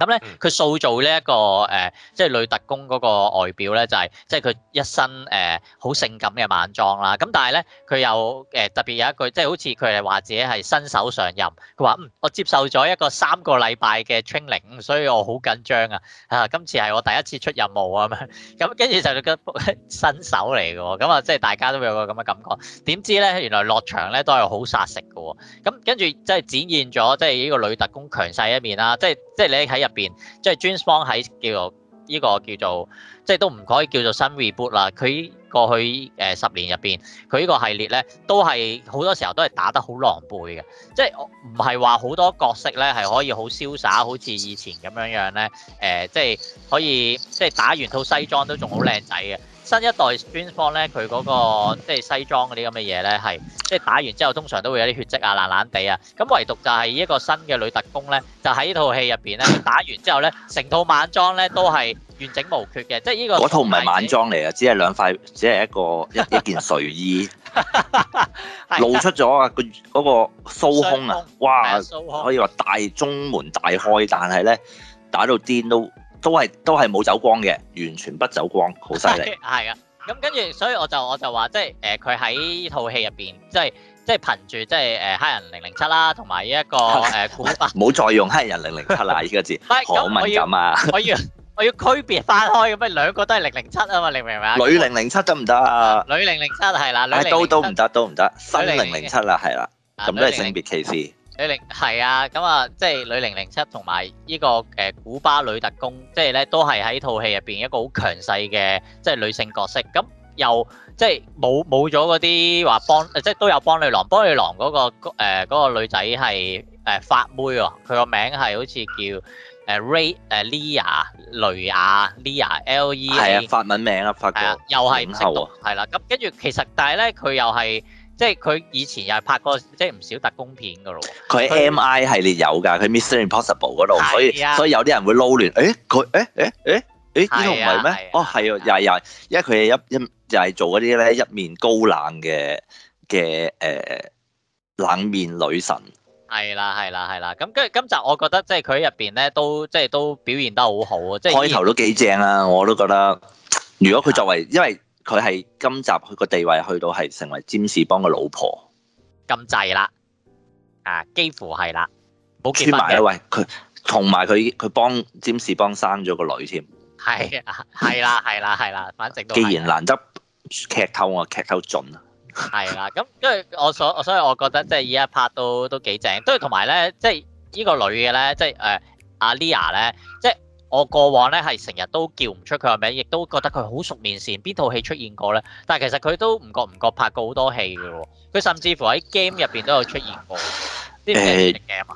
咁咧，佢塑造呢一個誒，即係女特工嗰個外表咧，就係即係佢一身誒好性感嘅晚裝啦。咁但係咧，佢又誒特別有一句，即係好似佢係話自己係新手上任，佢話：嗯，我接受咗一個三個禮拜嘅 training，所以我好緊張啊！啊，今次係我第一次出任務啊咁樣。咁跟住就個新手嚟嘅喎，咁啊，即係大家都會有個咁嘅感覺。點知咧，原來落場咧都係好殺食㗎喎。咁跟住即係展現咗即係呢個女特工強勢一面啦。即係即係你喺入。邊即係 James Bond 喺叫做呢、呢個叫做即係都唔可以叫做新 reboot 啦。佢過去誒、呃、十年入邊，佢呢個系列咧都係好多時候都係打得好狼狽嘅，即係唔係話好多角色咧係可以好瀟灑，好似以前咁樣樣咧誒，即係可以即係打完套西裝都仲好靚仔嘅。新一代官方咧，佢嗰個即係西裝嗰啲咁嘅嘢咧，係即係打完之後通常都會有啲血跡啊、爛爛地啊。咁唯獨就係一個新嘅女特工咧，就喺呢套戲入邊咧，打完之後咧，成套晚裝咧都係完整無缺嘅。即係呢個嗰套唔係晚裝嚟嘅，只係兩塊，只係一個一一件睡衣，露出咗啊個嗰個酥胸啊，哇！可以話大中門大開，但係咧打到癲都都係都係冇走光嘅，完全不走光，好犀利。係啊，咁跟住所以我就我就話即係誒佢喺套戲入邊，即係即係憑住即係誒黑人零零七啦，同埋呢一個誒古巴。冇再用黑人零零七啦，呢個字好敏感啊！ 我要我要區別翻開咁樣，兩個都係零零七啊嘛，你明唔明啊？女零零七得唔得啊？女零零七係啦，女零零都都唔得，都唔得，新零零七啦，係啦，咁都係性別歧視。女零係啊，咁、嗯、啊，即係女零零七同埋呢個誒古巴女特工，即係咧都係喺套戲入邊一個好強勢嘅即係女性角色。咁、嗯、又即係冇冇咗嗰啲話幫，即係都有邦女郎。邦女郎嗰、那個誒、呃那個、女仔係誒法妹喎，佢個名係好似叫誒 Ray 誒 l e a 雷亞 l e a L E A 啊法文名，啊法國又係唔識喎，係啦、啊，咁跟住其實但係咧佢又係。即係佢以前又係拍過即係唔少特工片噶咯喎。佢 M I 系列有㗎，佢 Mission Impossible 嗰度，所以所以有啲人會撈亂。誒佢誒誒誒誒呢個唔係咩？哦係啊，又係又係，因為佢係一一又係做嗰啲咧一面高冷嘅嘅誒冷面女神。係啦係啦係啦，咁跟住今集我覺得即係佢喺入邊咧都即係都表現得好好啊！即係開頭都幾正啊，我都覺得。如果佢作為因為。佢係今集佢個地位去到係成為占士邦嘅老婆，咁滯啦，啊幾乎係啦，冇結婚嘅喂，佢同埋佢佢幫占士邦生咗個女添，係 啊係啦係啦係啦，反正既然難執劇透我，我劇透盡啦。係 啦、啊，咁因為我所我所以我覺得即係依一 part 都都幾正，都係同埋咧，即係呢個女嘅咧，即係誒、呃、阿 Liya 咧，即係。我過往咧係成日都叫唔出佢個名，亦都覺得佢好熟面線。邊套戲出現過咧？但係其實佢都唔覺唔覺拍過好多戲嘅喎。佢甚至乎喺 game 入邊都有出現過。誒，game 啊？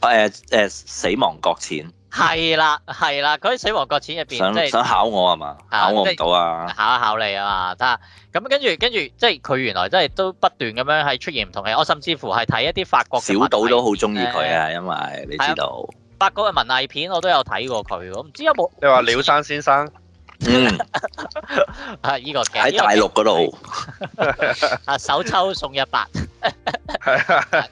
誒誒，死亡擱淺係啦係啦，佢喺死亡擱淺入邊，即係想考我係嘛？考我唔到啊！考一考你啊嘛，得啊。咁跟住跟住，即係佢原來真係都不斷咁樣喺出現唔同戲。我甚至乎係睇一啲法國小島都好中意佢啊，因為你知道。拍嗰個文藝片我都有睇過佢，我唔知有冇你話鳥山先生？嗯，係依個喺大陸嗰度。啊，首抽送一百。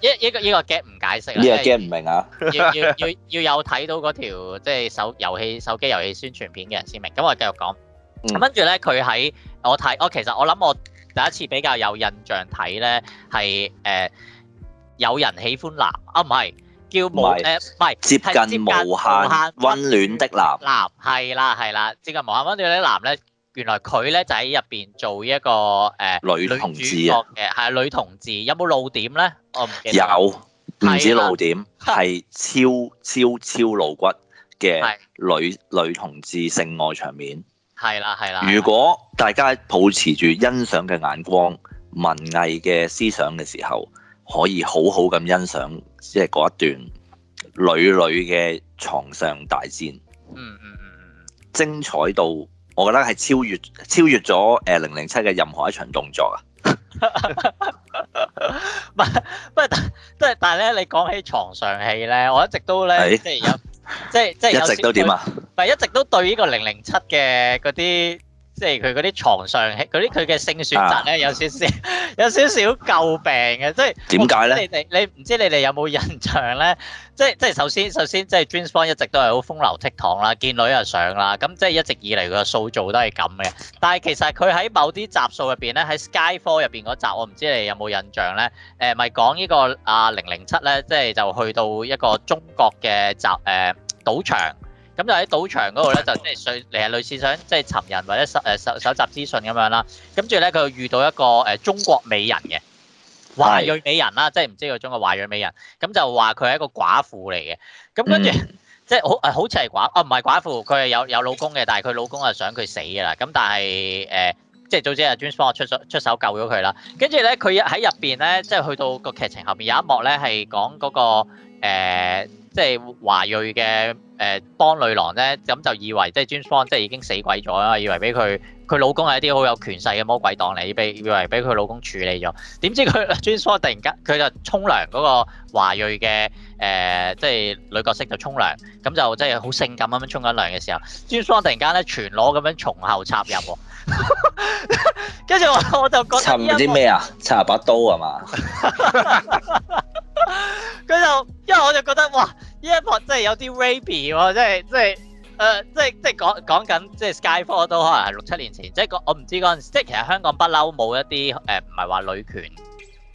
依依個依個 game 唔解釋啊！依個 game 唔明啊！要要要要有睇到嗰條即係手遊戲手機遊戲宣傳片嘅人先明。咁我繼續講。咁跟住咧，佢喺我睇，我其實我諗我第一次比較有印象睇咧，係誒有人喜歡男啊，唔係。叫無誒，唔係接近無限溫暖的男男，係啦係啦，接近無限溫暖的男咧，原來佢咧就喺入邊做一個誒女同志嘅，係女同志。有冇露點咧？我唔記得，有，唔止露點，係超超超露骨嘅女女同志性愛場面。係啦係啦。如果大家保持住欣賞嘅眼光，文藝嘅思想嘅時候，可以好好咁欣賞。即係嗰一段女女嘅床上大戰，嗯嗯嗯，精彩到我覺得係超越超越咗誒零零七嘅任何一場動作啊！唔係不過即係但係咧，你講起床上戲咧，我一直都咧，即係有即係即係一直都點啊？唔係一直都對呢個零零七嘅嗰啲。即係佢嗰啲床上，嗰啲佢嘅性選擇咧，有少少，有少少詬病嘅，即係點解咧？你你唔知你哋有冇印象咧？即係即係首先首先即係 James Bond 一直都係好風流倜儻啦，見女又上啦，咁即係一直以嚟佢嘅塑造都係咁嘅。但係其實佢喺某啲集數入邊咧，喺 Skyfall 入邊嗰集，我唔知你有冇印象咧？誒，咪講呢個阿零零七咧，即係就去到一個中國嘅集誒賭場。咁就喺賭場嗰度咧，就即係類，係類似想即係尋人或者搜誒搜蒐集資訊咁樣啦。咁跟住咧，佢遇到一個誒中國美人嘅華裔美人啦，即係唔知個中國華裔美人。咁就話佢係一個寡婦嚟嘅。咁跟住即係好誒，好似係寡啊，唔係寡婦，佢係有有老公嘅，但係佢老公係想佢死嘅啦。咁但係誒，即係早知阿占士邦出手出手救咗佢啦。跟住咧，佢喺入邊咧，即係去到個劇情後邊有一幕咧，係講嗰個誒。即係華裔嘅誒邦女郎咧，咁就以為即係占士邦即係已經死鬼咗啦，以為俾佢佢老公係一啲好有權勢嘅魔鬼黨嚟，以為俾佢老公處理咗。點知佢占士邦突然間佢就沖涼嗰個華裔嘅誒、呃，即係女角色就沖涼，咁就即係好性感咁樣沖緊涼嘅時候占士邦突然間咧全裸咁樣從後插入喎，跟住 我我就覺得係啲咩啊？插把刀啊嘛？佢就， 因為我就覺得哇，呢一 part 真係有啲 rapy 喎、啊，即係即係，誒、呃，即係即係講講緊即係 Skyfall 都可能係六七年前，即係我唔知嗰陣時，即係其實香港、呃、不嬲冇一啲誒唔係話女權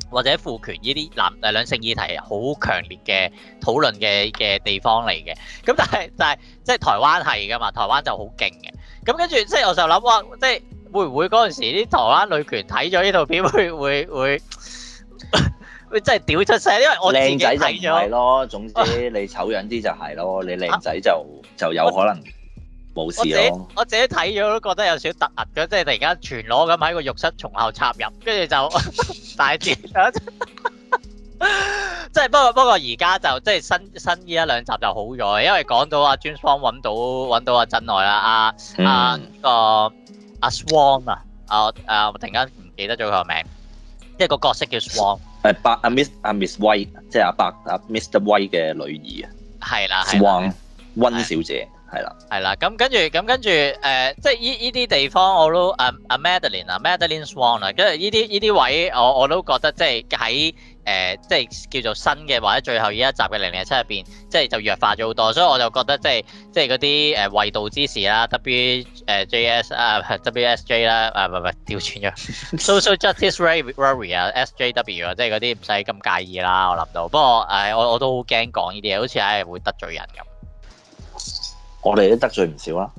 或者父權呢啲男誒兩、呃、性議題好強烈嘅討論嘅嘅地方嚟嘅。咁但係但係即係台灣係噶嘛，台灣就好勁嘅，咁跟住即係我就諗話，即係會唔會嗰陣時啲台灣女權睇咗呢套片會會會？會會會會 佢真係屌出聲，因為我自仔睇咗。咯，總之你醜樣啲就係咯、ah，你靚仔就就有可能冇事咯。我自己睇咗都覺得有少少突兀，咁即係突然間全裸咁喺個浴室從後插入，跟住就大戰。即係不過不過而家就即係、就是、新新依一兩集就好咗，因為講到阿 j a n 揾到揾到阿珍奈啦，阿阿個阿 Swan 啊，啊啊，啊，啊，啊我突然間唔記得咗佢個名，一係個角色叫 Swan。誒，白阿 Miss 阿 Miss White，即係阿白阿 Mr. White 嘅 uh, 女兒啊，係啦，Swan 溫小姐係啦，係啦，咁跟住咁跟住誒，即係依依啲地方我都誒誒 Madeline 啊，Madeline Swan 啊，跟住依啲依啲位我我都覺得即係喺。誒、呃，即係叫做新嘅或者最後呢一集嘅零零七入邊，即係就弱化咗好多，所以我就覺得即係即係嗰啲誒衛道之士啦，W 誒、呃、JS 啊，WSJ 啦，啊唔係唔係調轉咗，Social Justice Warrior 啊，SJW 啊，即係嗰啲唔使咁介意啦，我諗到。不過誒、呃，我我都好驚講呢啲嘢，好似係會得罪人咁。我哋都得罪唔少啦。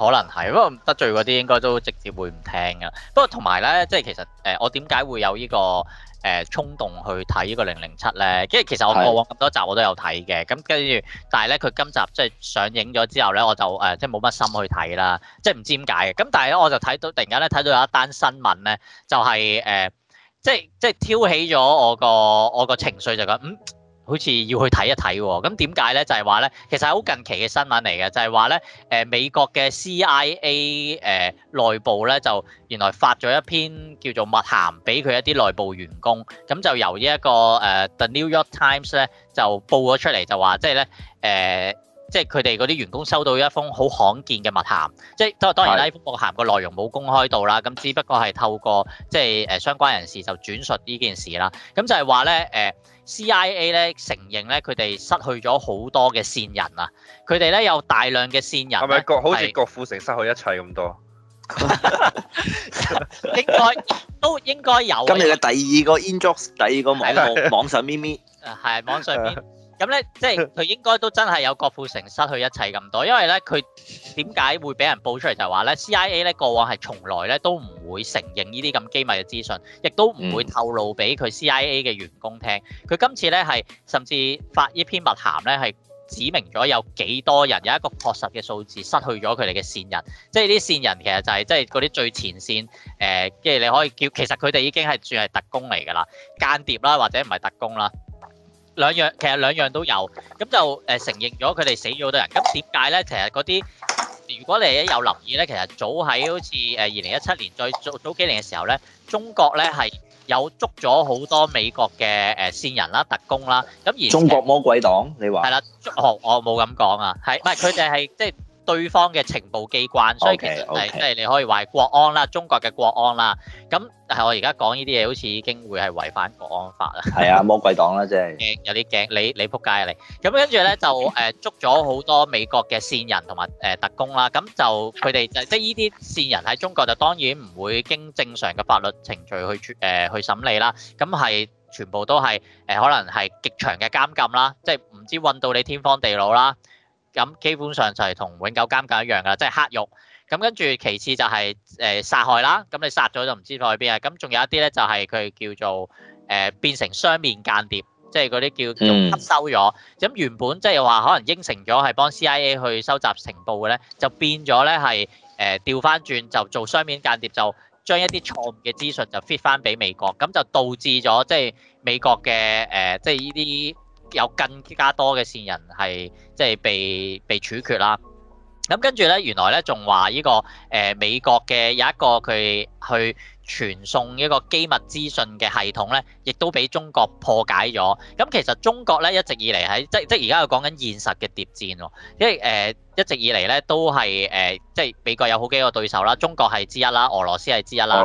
可能係，不過得罪嗰啲應該都直接會唔聽嘅。不過同埋咧，即係其實誒、呃，我點解會有呢、呢個誒、呃、衝動去睇呢個零零七咧？跟住其實我過往咁多集我都有睇嘅，咁跟住，但係咧佢今集即係上映咗之後咧，我就誒、呃、即係冇乜心去睇啦，即係唔知點解嘅。咁但係咧，我就睇到突然間咧睇到有一單新聞咧，就係、是、誒、呃，即係即係挑起咗我個我個情緒就覺得、是、嗯。好似要去睇一睇喎，咁點解呢？就係話呢，其實好近期嘅新聞嚟嘅，就係話呢，誒美國嘅 CIA 誒內部呢，就原來發咗一篇叫做密函俾佢一啲內部員工，咁就由呢一個誒 The New York Times 呢，就報咗出嚟，就話即係呢。誒。即係佢哋嗰啲員工收到一封好罕見嘅密函，即係當當然啦，呢封密函個內容冇公開到啦，咁只不過係透過即係誒、呃、相關人士就轉述呢件事啦。咁就係話咧誒，CIA 咧承認咧佢哋失去咗好多嘅線人啊，佢哋咧有大量嘅線人。係咪郭好似郭富城失去一切咁多？ 應該都應該有。 應該有今日嘅第二個 in 第二個網 網上咪咪。誒係網上咪。咁咧，即係佢應該都真係有郭富城失去一切咁多，因為咧佢點解會俾人報出嚟就係話咧，CIA 咧過往係從來咧都唔會承認呢啲咁機密嘅資訊，亦都唔會透露俾佢 CIA 嘅員工聽。佢今次咧係甚至發呢篇密函咧係指明咗有幾多人有一個確實嘅數字失去咗佢哋嘅線人，即係啲線人其實就係即係嗰啲最前線誒，即係你可以叫其實佢哋已經係算係特工嚟㗎啦，間諜啦或者唔係特工啦。兩樣其實兩樣都有，咁就誒承認咗佢哋死咗好多人。咁點解咧？其實嗰啲如果你有留意咧，其實早喺好似誒二零一七年最早早幾年嘅時候咧，中國咧係有捉咗好多美國嘅誒線人啦、特工啦。咁而中國魔鬼黨，你話？係啦，哦，我冇咁講啊，係唔係佢哋係即係？對方嘅情報機關，所以其實係即係你可以話係國安啦，中國嘅國安啦。咁係我而家講呢啲嘢，好似已經會係違反國安法啊。係啊，魔鬼黨啦，即係有啲驚，你你仆街啊你！咁跟住咧就誒捉咗好多美國嘅線人同埋誒特工啦。咁就佢哋就即係呢啲線人喺中國就當然唔會經正常嘅法律程序去誒、呃、去審理啦。咁係全部都係誒、呃、可能係極長嘅監禁啦，即係唔知韞到你天荒地老啦。咁基本上就係同永久監禁一樣㗎啦，即係黑獄。咁跟住其次就係誒殺害啦。咁你殺咗就唔知放去邊啊。咁仲有一啲咧就係佢叫做誒變成雙面間諜，即係嗰啲叫，叫做吸收咗。咁原本即係話可能應承咗係幫 CIA 去收集情報嘅咧，就變咗咧係誒調翻轉就做雙面間諜，就將一啲錯誤嘅資訊就 fit 翻俾美國，咁就導致咗即係美國嘅誒即係呢啲。呃就是有更加多嘅線人係即係被被處決啦。咁跟住呢，原來呢仲話呢個誒、呃、美國嘅有一個佢去傳送一個機密資訊嘅系統呢，亦都俾中國破解咗。咁、嗯、其實中國呢，一直以嚟喺即即而家又講緊現實嘅諜戰喎，因為誒、呃、一直以嚟呢都係誒、呃、即係美國有好幾個對手啦，中國係之一啦，俄羅斯係之一啦，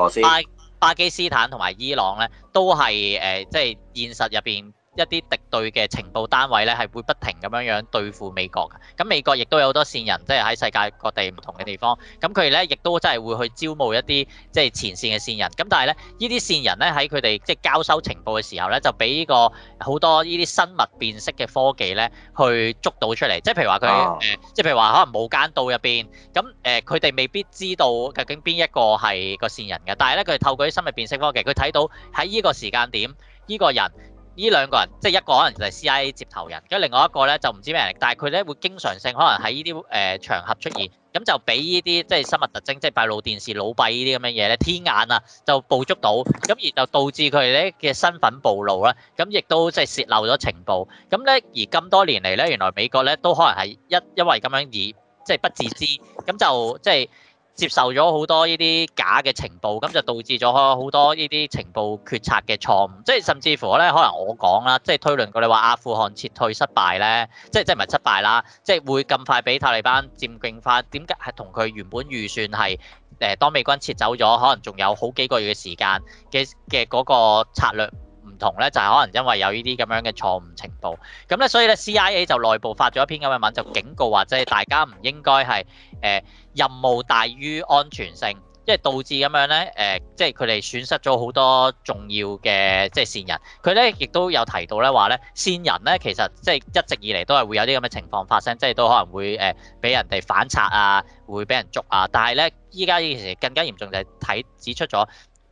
巴基斯坦同埋伊朗呢都係誒、呃、即係現實入邊。一啲敵對嘅情報單位呢，係會不停咁樣樣對付美國嘅。咁美國亦都有好多線人，即係喺世界各地唔同嘅地方。咁佢呢，亦都真係會去招募一啲即係前線嘅線人。咁但係呢，呢啲線人呢，喺佢哋即係交收情報嘅時候呢，就俾個好多呢啲生物辨識嘅科技呢去捉到出嚟啊。即係譬如話佢誒，即係譬如話可能無間道入邊咁誒，佢哋未必知道究竟邊一個係個線人嘅。但係呢，佢哋透過啲生物辨識科技，佢睇到喺呢個時間點呢個人。呢兩個人，即係一個可能就係 CIA 接頭人，咁另外一個咧就唔知咩人，但係佢咧會經常性可能喺呢啲誒場合出現，咁就俾呢啲即係生物特徵，即係閉路電視、老閉呢啲咁嘅嘢咧，天眼啊，就捕捉到，咁而就導致佢哋咧嘅身份暴露啦，咁亦都即係洩漏咗情報，咁咧而咁多年嚟咧，原來美國咧都可能係一因為咁樣而即係不自知，咁就即係。接受咗好多呢啲假嘅情報，咁就導致咗好多呢啲情報決策嘅錯誤，即係甚至乎咧，可能我講啦，即係推論過你話阿富汗撤退失敗咧，即係即係唔係失敗啦，即係會咁快俾塔利班佔領翻？點解係同佢原本預算係誒、呃、當美軍撤走咗，可能仲有好幾個月嘅時間嘅嘅嗰個策略？唔同咧，就係、是、可能因為有呢啲咁樣嘅錯誤情報，咁咧所以咧 CIA 就內部發咗一篇咁嘅文，就警告話即係大家唔應該係誒、呃、任務大於安全性，即係導致咁樣咧誒，即係佢哋損失咗好多重要嘅即係線人。佢咧亦都有提到咧話咧線人咧其實即係一直以嚟都係會有啲咁嘅情況發生，即、就、係、是、都可能會誒俾、呃、人哋反察啊，會俾人捉啊。但係咧依家呢件事更加嚴重就係睇指出咗。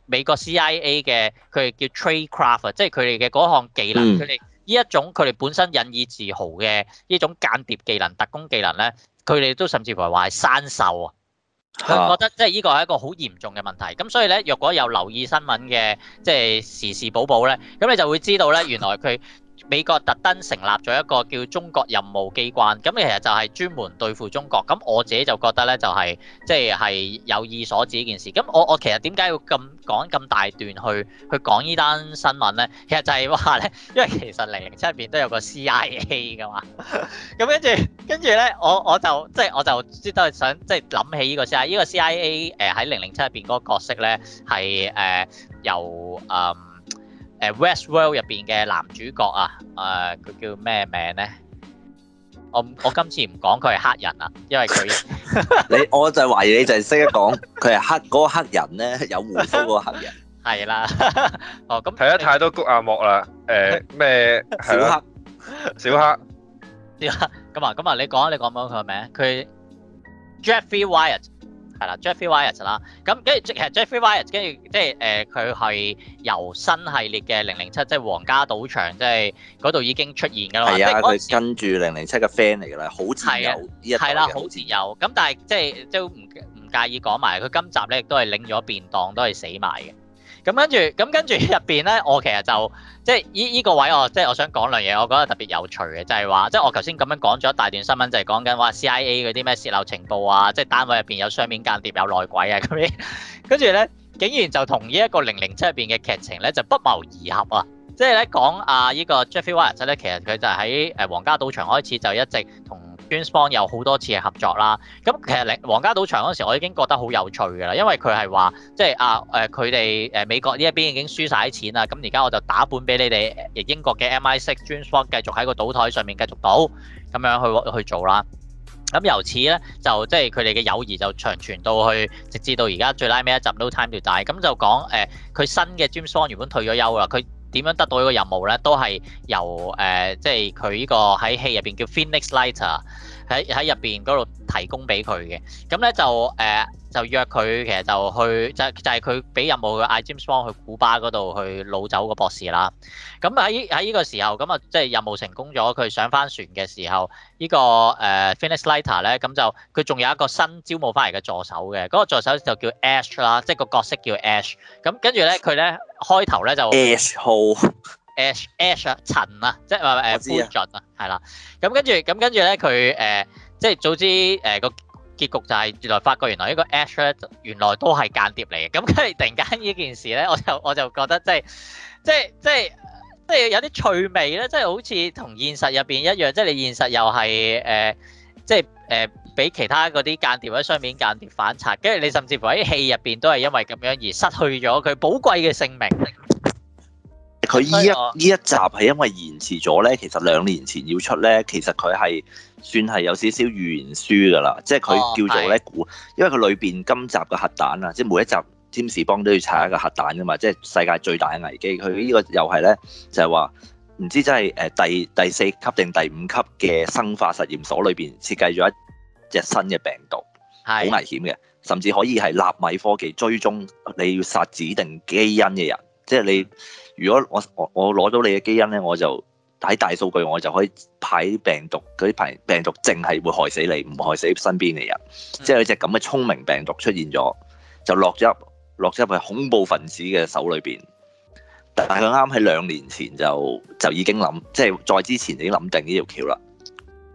美國 CIA 嘅佢哋叫 Tradecraft 即係佢哋嘅嗰項技能，佢哋依一種佢哋本身引以自豪嘅呢種間諜技能、特工技能咧，佢哋都甚至乎係話係生鏽啊！佢覺得即係依個係一個好嚴重嘅問題。咁所以咧，若果有留意新聞嘅，即係時事寶寶咧，咁你就會知道咧，原來佢。美國特登成立咗一個叫中國任務機關，咁其實就係專門對付中國。咁我自己就覺得呢，就係即係有意所指呢件事。咁我我其實點解要咁講咁大段去去講呢單新聞呢？其實就係話呢，因為其實零零七入邊都有個 CIA 噶嘛。咁 跟住跟住呢，我我就即係、就係、我就即都係想即係諗起呢個 CIA、呃。呢個 CIA 誒喺零零七入邊嗰個角色呢，係誒由嗯。誒 Westworld 入邊嘅男主角啊，誒佢叫咩名咧？我我今次唔講佢係黑人啦，因為佢你我就係懷疑你就係識得講佢係黑嗰個黑人咧，有鬍鬚嗰個黑人。係啦，哦咁睇得太多谷阿莫啦。誒咩小黑小黑點啊？咁啊咁啊，你講你講講佢個名，佢 Jeffrey Wright。啦，Jeffrey Wright 啦，咁跟住其實 Jeffrey Wright 跟住即係誒，佢係由新系列嘅零零七，即係皇家賭場，即係嗰度已經出現噶啦，係啊，佢跟住零零七嘅 friend 嚟噶啦，好似，有依一個係啦，好似有。咁但係即係都唔唔介意講埋，佢今集咧亦都係領咗便當，都係死埋嘅。咁跟住，咁跟住入邊咧，我其實就即係依依個位我即係我想講兩嘢，我覺得特別有趣嘅就係話，即係我頭先咁樣講咗一大段新聞，就係講緊話 CIA 嗰啲咩洩漏情報啊，即係單位入邊有雙面間諜，有內鬼啊咁樣，跟住咧竟然就同依一個零零七入邊嘅劇情咧就不謀而合啊！即係咧講啊呢、這個 Jeffrey Wright 咧，其實佢就喺誒皇家賭場開始就一直同。James Bond 有好多次嘅合作啦，咁其實零皇家賭場嗰時，我已經覺得好有趣㗎啦，因為佢係話即係啊誒，佢哋誒美國呢一邊已經輸晒啲錢啦，咁而家我就打本俾你哋，英國嘅 M I Six James Bond 繼續喺個賭台上面繼續賭，咁樣去去做啦。咁由此呢，就即係佢哋嘅友誼就長存到去，直至到而家最拉尾一集《No Time To Die》咁就講誒佢新嘅 James Bond 原本退咗休啦，佢。點樣得到呢個任務咧？都係由誒、呃，即係佢呢個喺戲入邊叫 Phoenix Lighter 喺喺入邊嗰度提供俾佢嘅，咁咧就誒、呃、就約佢其實就去就就係佢俾任務叫 James Bond 去古巴嗰度去攞走個博士啦。咁喺喺依個時候，咁啊即係任務成功咗，佢上翻船嘅時候，呢個呃 Leiter、呢個誒 Felix Leiter 咧，咁就佢仲有一個新招募翻嚟嘅助手嘅，嗰、嗰個助手就叫 Ash 啦，即係個角色叫 Ash。咁跟住咧，佢咧開頭咧就 Ash Ash 啊，塵啊，即係誒誒灰塵啊，係啦。咁、呃、跟住，咁跟住咧，佢誒、呃，即係早知誒個、呃、結局就係原來發覺原來呢個 Ash、啊、原來都係間諜嚟嘅。咁跟住突然間呢件事咧，我就我就覺得即係即係即係即係有啲趣味咧，即係好似同現實入邊一樣，即係你現實又係誒即係誒俾其他嗰啲間諜喺雙面間諜反賊，跟住你甚至乎喺戲入邊都係因為咁樣而失去咗佢寶貴嘅性命。佢呢一呢一集係因為延遲咗咧，其實兩年前要出咧，其實佢係算係有少少預言書噶啦，即係佢叫做咧估，因為佢裏邊今集嘅核彈啊，即係每一集占士邦都要查一個核彈噶嘛，即係世界最大嘅危機。佢呢個又係咧，就係話唔知真係誒第第四級定第五級嘅生化實驗所裏邊設計咗一隻新嘅病毒，好危險嘅，甚至可以係納米科技追蹤你要殺指定基因嘅人。即係你，如果我我我攞到你嘅基因咧，我就喺大數據，我就可以派病毒，嗰啲排病毒淨係會害死你，唔害死身邊嘅人。即係有隻咁嘅聰明病毒出現咗，就落咗落咗入恐怖分子嘅手裏邊。但係佢啱喺兩年前就就已經諗，即係再之前已經諗定呢條橋啦。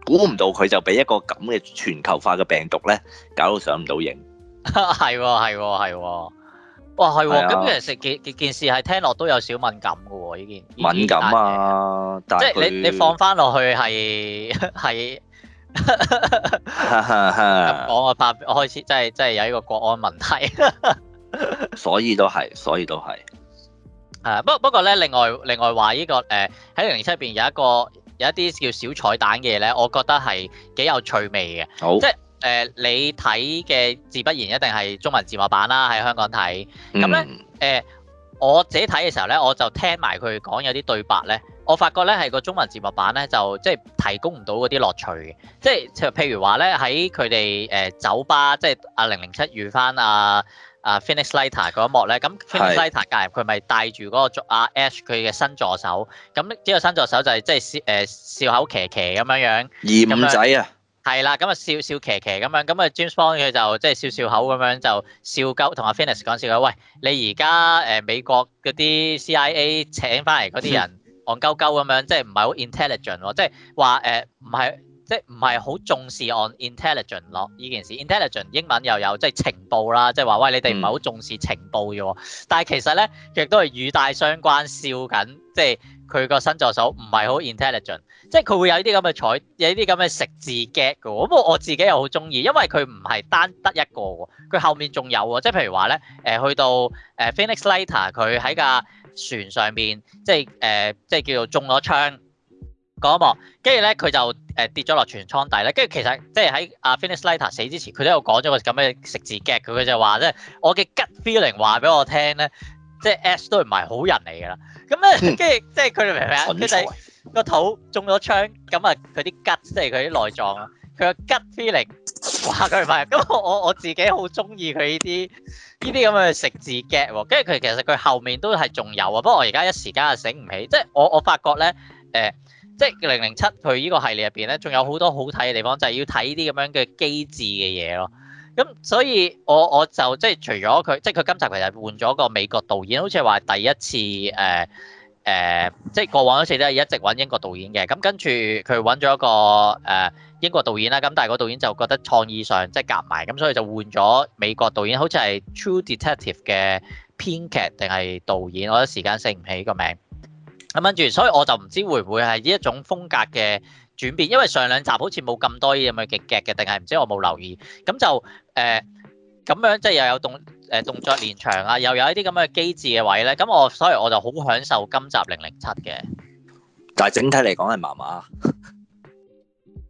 估唔到佢就俾一個咁嘅全球化嘅病毒咧，搞到上唔到映。係喎、 哦，係喎、哦，係喎、哦。哇係喎，咁其實成件件事係聽落都有少敏感嘅喎，依件敏感啊，但即係你你放翻落去係係咁講啊，怕開始即係真係有一個國安問題。所以都係，所以都係。係，不不過咧，另外另外話呢個誒喺零零七入邊有一個有一啲叫小彩蛋嘅嘢咧，我覺得係幾有趣味嘅。好。即係。誒，你睇嘅自不然一定係中文字幕版啦，喺香港睇。咁咧，誒、嗯呃、我自己睇嘅時候咧，我就聽埋佢講有啲對白咧，我發覺咧係個中文字幕版咧就即係提供唔到嗰啲樂趣嘅，即係譬如話咧喺佢哋誒酒吧，即係阿零零七遇翻啊阿、啊、Felix Leiter 嗰一幕咧，咁 Felix Leiter 隔籬佢咪帶住嗰個 Ash 佢嘅新助手，咁呢個新助手就係、是、即係笑、啊、笑口騎騎咁樣樣，二五仔樣啊！啊係啦，咁啊笑笑騎騎咁樣，咁啊 James Bond 佢就即係笑笑口咁樣就笑鳩，同阿 Finnis 講笑啦。喂，你而家誒美國嗰啲 CIA 請翻嚟嗰啲人戇鳩鳩咁樣，即係唔係好 intelligent 喎？即係話誒唔係，即係唔係好重視 on intelligence 囉呢件事。intelligence 英文又有即係情報啦，即係話喂你哋唔係好重視情報啫喎。但係其實咧，亦都係語帶相關笑緊，即係佢個新助手唔係好 intelligent。即係佢會有啲咁嘅彩，有啲咁嘅食字 get 嘅。咁我自己又好中意，因為佢唔係單得一個喎，佢後面仲有喎。即係譬如話咧，誒、呃、去到誒 Phoenix Lighter，佢喺架船上面，即係誒、呃、即係叫做中咗槍嗰一幕，跟住咧佢就誒跌咗落船倉底咧。跟住其實即係喺阿 Phoenix Lighter 死之前，佢都有講咗個咁嘅食字 get。佢佢就話咧，我嘅骨 feeling 話俾我聽咧，即係 Ash 都唔係好人嚟嘅啦。咁咧，跟住即係佢哋明唔明？ 個肚中咗槍，咁啊佢啲吉，即係佢啲內臟啊，佢個吉飛嚟，哇佢唔係，咁 我我自己好中意佢呢啲呢啲咁嘅食字 gag 喎，跟住佢其實佢後面都係仲有啊，不過我而家一時間又醒唔起，即係我我發覺咧誒、呃，即係零零七佢呢個系列入邊咧，仲有好多好睇嘅地方，就係、是、要睇呢啲咁樣嘅機智嘅嘢咯。咁、嗯、所以我我就即係除咗佢，即係佢今集其實換咗個美國導演，好似係話第一次誒。呃誒、呃，即係過往好似都係一直揾英國導演嘅，咁跟住佢揾咗一個誒、呃、英國導演啦，咁但係個導演就覺得創意上即係夾埋，咁所以就換咗美國導演，好似係 True Detective 嘅編劇定係導演，我一時間醒唔起個名。咁跟住，所以我就唔知會唔會係呢一種風格嘅轉變，因為上兩集好似冇咁多咁嘅極劇嘅，定係唔知我冇留意。咁就誒咁、呃、樣即係又有動。誒動作連場啊，又有一啲咁嘅機智嘅位咧，咁我所以我就好享受今集零零七嘅。但係整體嚟講係麻麻。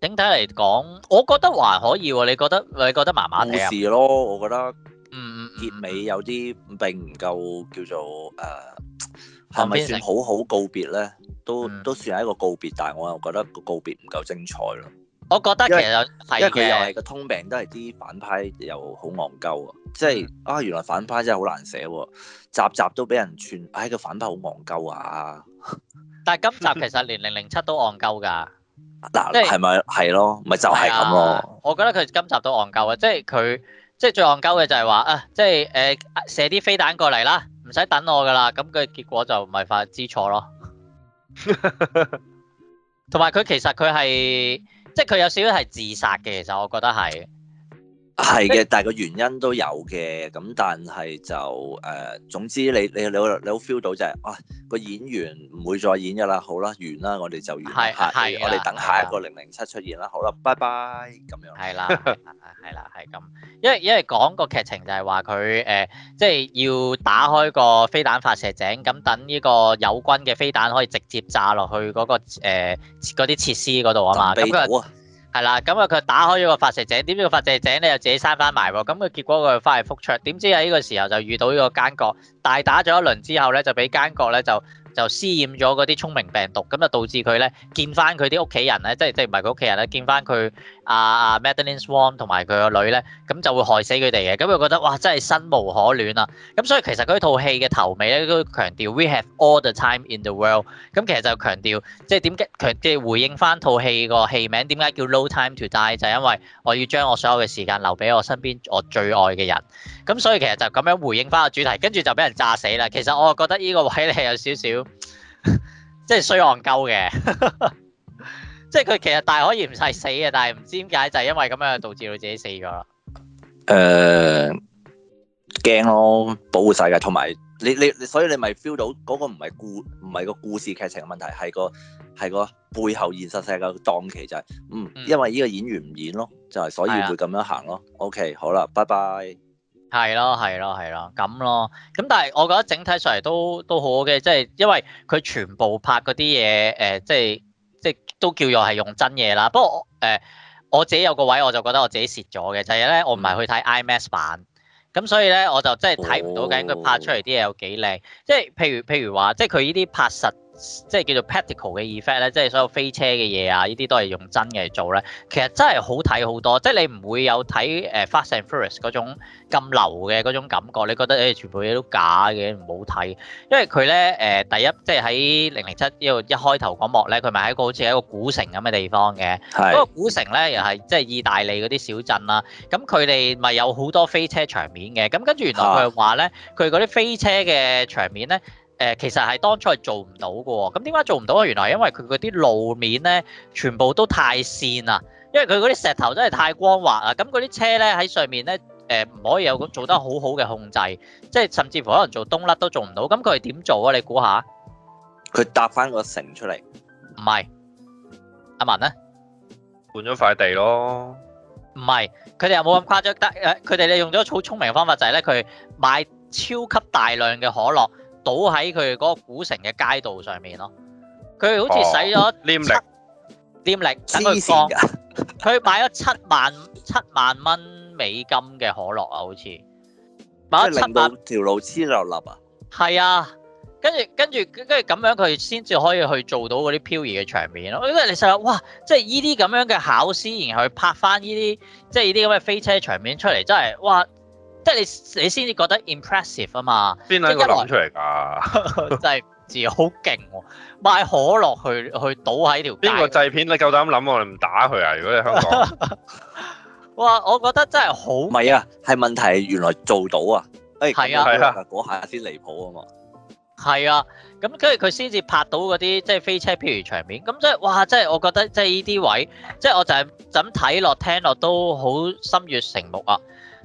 整體嚟講，我覺得還可以喎。你覺得你覺得麻麻嘅？故事咯，我覺得。嗯嗯嗯。結尾有啲並唔夠叫做誒，係咪算好好告別咧？都都算係一個告別，但係我又覺得個告別唔夠精彩咯。我覺得其實係嘅，因為佢又係個通病，都係啲反派又好戇鳩啊。即係啊，原來反派真係好難寫喎，啊，集集都俾人串，唉，哎、個反派好戇鳩啊！但係今集其實連零零七都戇鳩㗎，嗱 是，即係咪係咯，咪就係咁咯，哎。我覺得佢今集都戇鳩啊，即係佢即係最戇鳩嘅就係話啊，即係誒射啲飛彈過嚟啦，唔使等我㗎啦，咁佢結果就唔係法知錯咯。同埋佢其實佢係即係佢有少少係自殺嘅，其實我覺得係。係嘅，但係個原因都有嘅，咁但係就誒，總之你你你你好 feel 到就係啊個演員唔會再演㗎啦，好啦，完啦，我哋就完啦，係，係，我哋等下一個零零七出現啦，好啦，拜拜咁樣。係啦，係啦，係咁，因為因為講個劇情就係話佢誒，即係要打開個飛彈發射井，咁等呢個友軍嘅飛彈可以直接炸落去嗰個誒啲設施嗰度啊嘛，係啦，咁啊佢打開咗個發射井，點知個發射井咧又自己閂翻埋喎，咁佢結果佢翻嚟復出，點知喺呢個時候就遇到呢個奸角，大打咗一輪之後咧，就俾奸角咧就。就施展咗嗰啲聰明病毒，咁就導致佢咧見翻佢啲屋企人咧，即係即係唔係佢屋企人咧，見翻佢阿、啊、Madeline Swan 同埋佢個女咧，咁就會害死佢哋嘅。咁佢覺得哇，真係生無可戀啊！咁所以其實嗰套戲嘅頭尾咧都強調，We have all the time in the world。咁其實就強調，即係點解即係回應翻套戲個戲名點解叫 No Time to Die 就係因為我要將我所有嘅時間留俾我身邊我最愛嘅人。咁所以其實就咁樣回應翻個主題，跟住就俾人炸死啦。其實我覺得呢個位咧 有少少。即係衰戇鳩嘅，即係佢其實大可以唔使死嘅，但係唔知點解就係因為咁樣導致佢自己死咗啦。誒驚、呃、咯，保護世界同埋你你，所以你咪 feel 到嗰個唔係故唔係個故事劇情嘅問題，係個係個背後現實世界檔期就係、是、嗯，嗯因為呢個演員唔演咯，就係、是、所以會咁樣行咯。啊、OK，好啦，拜拜。係咯，係咯，係咯，咁咯，咁，但係我覺得整體上嚟都都好嘅，即係因為佢全部拍嗰啲嘢誒，即係即係都叫做係用真嘢啦。不過誒、呃，我自己有個位我就覺得我自己蝕咗嘅，就係咧我唔係去睇 IMAX 版，咁所以咧我就真係睇唔到緊佢拍出嚟啲嘢有幾靚、哦，即係譬如譬如話即係佢呢啲拍實。即係叫做 practical 嘅 effect 咧，即係所有飛車嘅嘢啊，呢啲都係用真嘅嚟做咧。其實真係好睇好多，即係你唔會有睇誒 Fast and Furious 嗰種咁流嘅嗰種感覺。你覺得誒、欸、全部嘢都假嘅，唔好睇。因為佢咧誒第一，即係喺零零七呢度一開頭嗰幕咧，佢咪喺一個好似係一個古城咁嘅地方嘅。係是。嗰個古城咧又係即係意大利嗰啲小鎮啦、啊。咁佢哋咪有好多飛車場面嘅。咁跟住原來佢話咧，佢嗰啲飛車嘅場面咧。誒，其實係當初係做唔到嘅喎。咁點解做唔到啊？原來係因為佢嗰啲路面咧，全部都太跣啦。因為佢嗰啲石頭真係太光滑啦。咁嗰啲車咧喺上面咧，誒唔可以有咁做得好好嘅控制，即係甚至乎可能做冬甩都做唔到。咁佢係點做啊？你估下？佢搭翻個城出嚟。唔係，阿文咧？換咗塊地咯。唔係，佢哋又冇咁誇張得誒？佢哋咧用咗好聰明嘅方法，就係咧佢買超級大量嘅可樂，倒喺佢嗰個古城嘅街道上面咯，佢好似使咗黏力，黏力等佢放，佢、啊、買咗七萬七萬蚊美金嘅可樂啊，好似買咗七萬條路黐落笠啊，係啊，跟住跟住跟住咁樣佢先至可以去做到嗰啲漂移嘅場面咯，因為你實話，哇，即係依啲咁樣嘅考試，然後去拍翻呢啲即係呢啲咁嘅飛車場面出嚟，真係哇！即係你你先至覺得 impressive 啊嘛，邊兩個諗出嚟㗎？真係字好勁喎，賣可樂去去倒喺條片。邊個製片？你夠膽諗我唔打佢啊！如果你香港， 哇！我覺得真係好唔係啊，係問題原來做到啊，係、哎、啊，嗰、啊、下先離譜啊嘛，係啊，咁跟住佢先至拍到嗰啲即係飛車，譬如場面咁即係哇！即係我覺得即係呢啲位，即係我就係咁睇落聽落都好心悅誠服啊！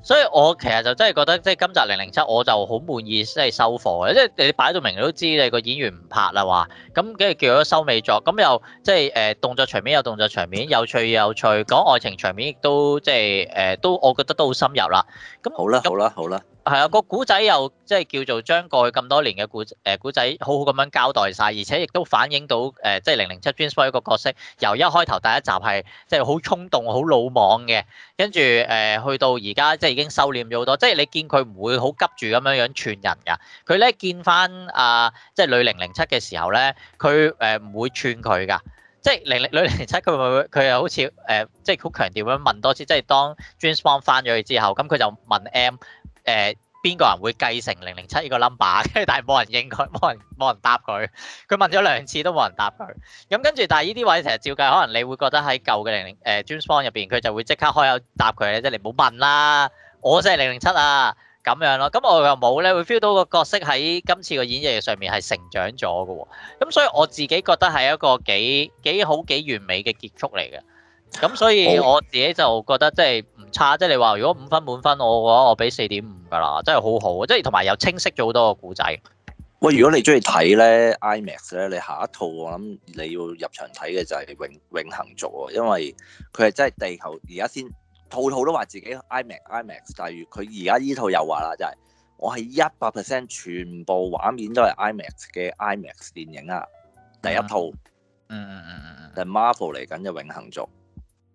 所以我其實就真係覺得，即係今集零零七，我就好滿意，即係收貨嘅。即係你擺到明，你都知你個演員唔拍啦話，咁跟住叫咗收尾作，咁又即係誒動作場面有動作場面，有趣又有趣，講愛情場面亦都即係誒都，我覺得都好深入啦。咁好啦，好啦，好啦，係啊，個古仔又即係叫做將過去咁多年嘅古誒古仔好好咁樣交代晒，而且亦都反映到誒、呃、即係零零七 James Bond 一個角色由一開頭第一集係即係好衝動、好魯莽嘅，跟住誒去到而家即係已經收斂咗好多，即係你見佢唔會好急住咁樣樣串人㗎，佢咧見翻啊即係女零零七嘅時候咧，佢誒唔會串佢㗎。即係零零零零七，佢會佢又好似誒、呃，即係好強調咁問多次。即係當 James Bond 翻咗去之後，咁佢就問 M 誒、呃、邊個人會繼承零零七呢個 number，但係冇人應佢，冇人冇人答佢。佢問咗兩次都冇人答佢。咁跟住，但係呢啲位成日照計，可能你會覺得喺舊嘅零零誒 James Bond 入邊，佢就會即刻開口答佢，即、就、係、是、你唔好問啦，我即係零零七啊。咁樣咯，咁我又冇咧，會 feel 到個角色喺今次個演繹上面係成長咗嘅喎。咁所以我自己覺得係一個幾幾好幾完美嘅結束嚟嘅。咁所以我自己就覺得即係唔差。即係你話如果五分滿分，我話我俾四點五㗎啦，真係好好。即係同埋又清晰咗好多個故仔。喂，如果你中意睇咧 IMAX 咧，你下一套我諗你要入場睇嘅就係《永永恆族》啊，因為佢係真係地球而家先。套套都話自己 IMAX IMAX，但係佢而家依套又話啦，就係、是、我係一百 percent 全部畫面都係 IMAX 嘅 IMAX 電影啊，第一套。嗯嗯嗯嗯嗯。就 Marvel 嚟緊就永恆族。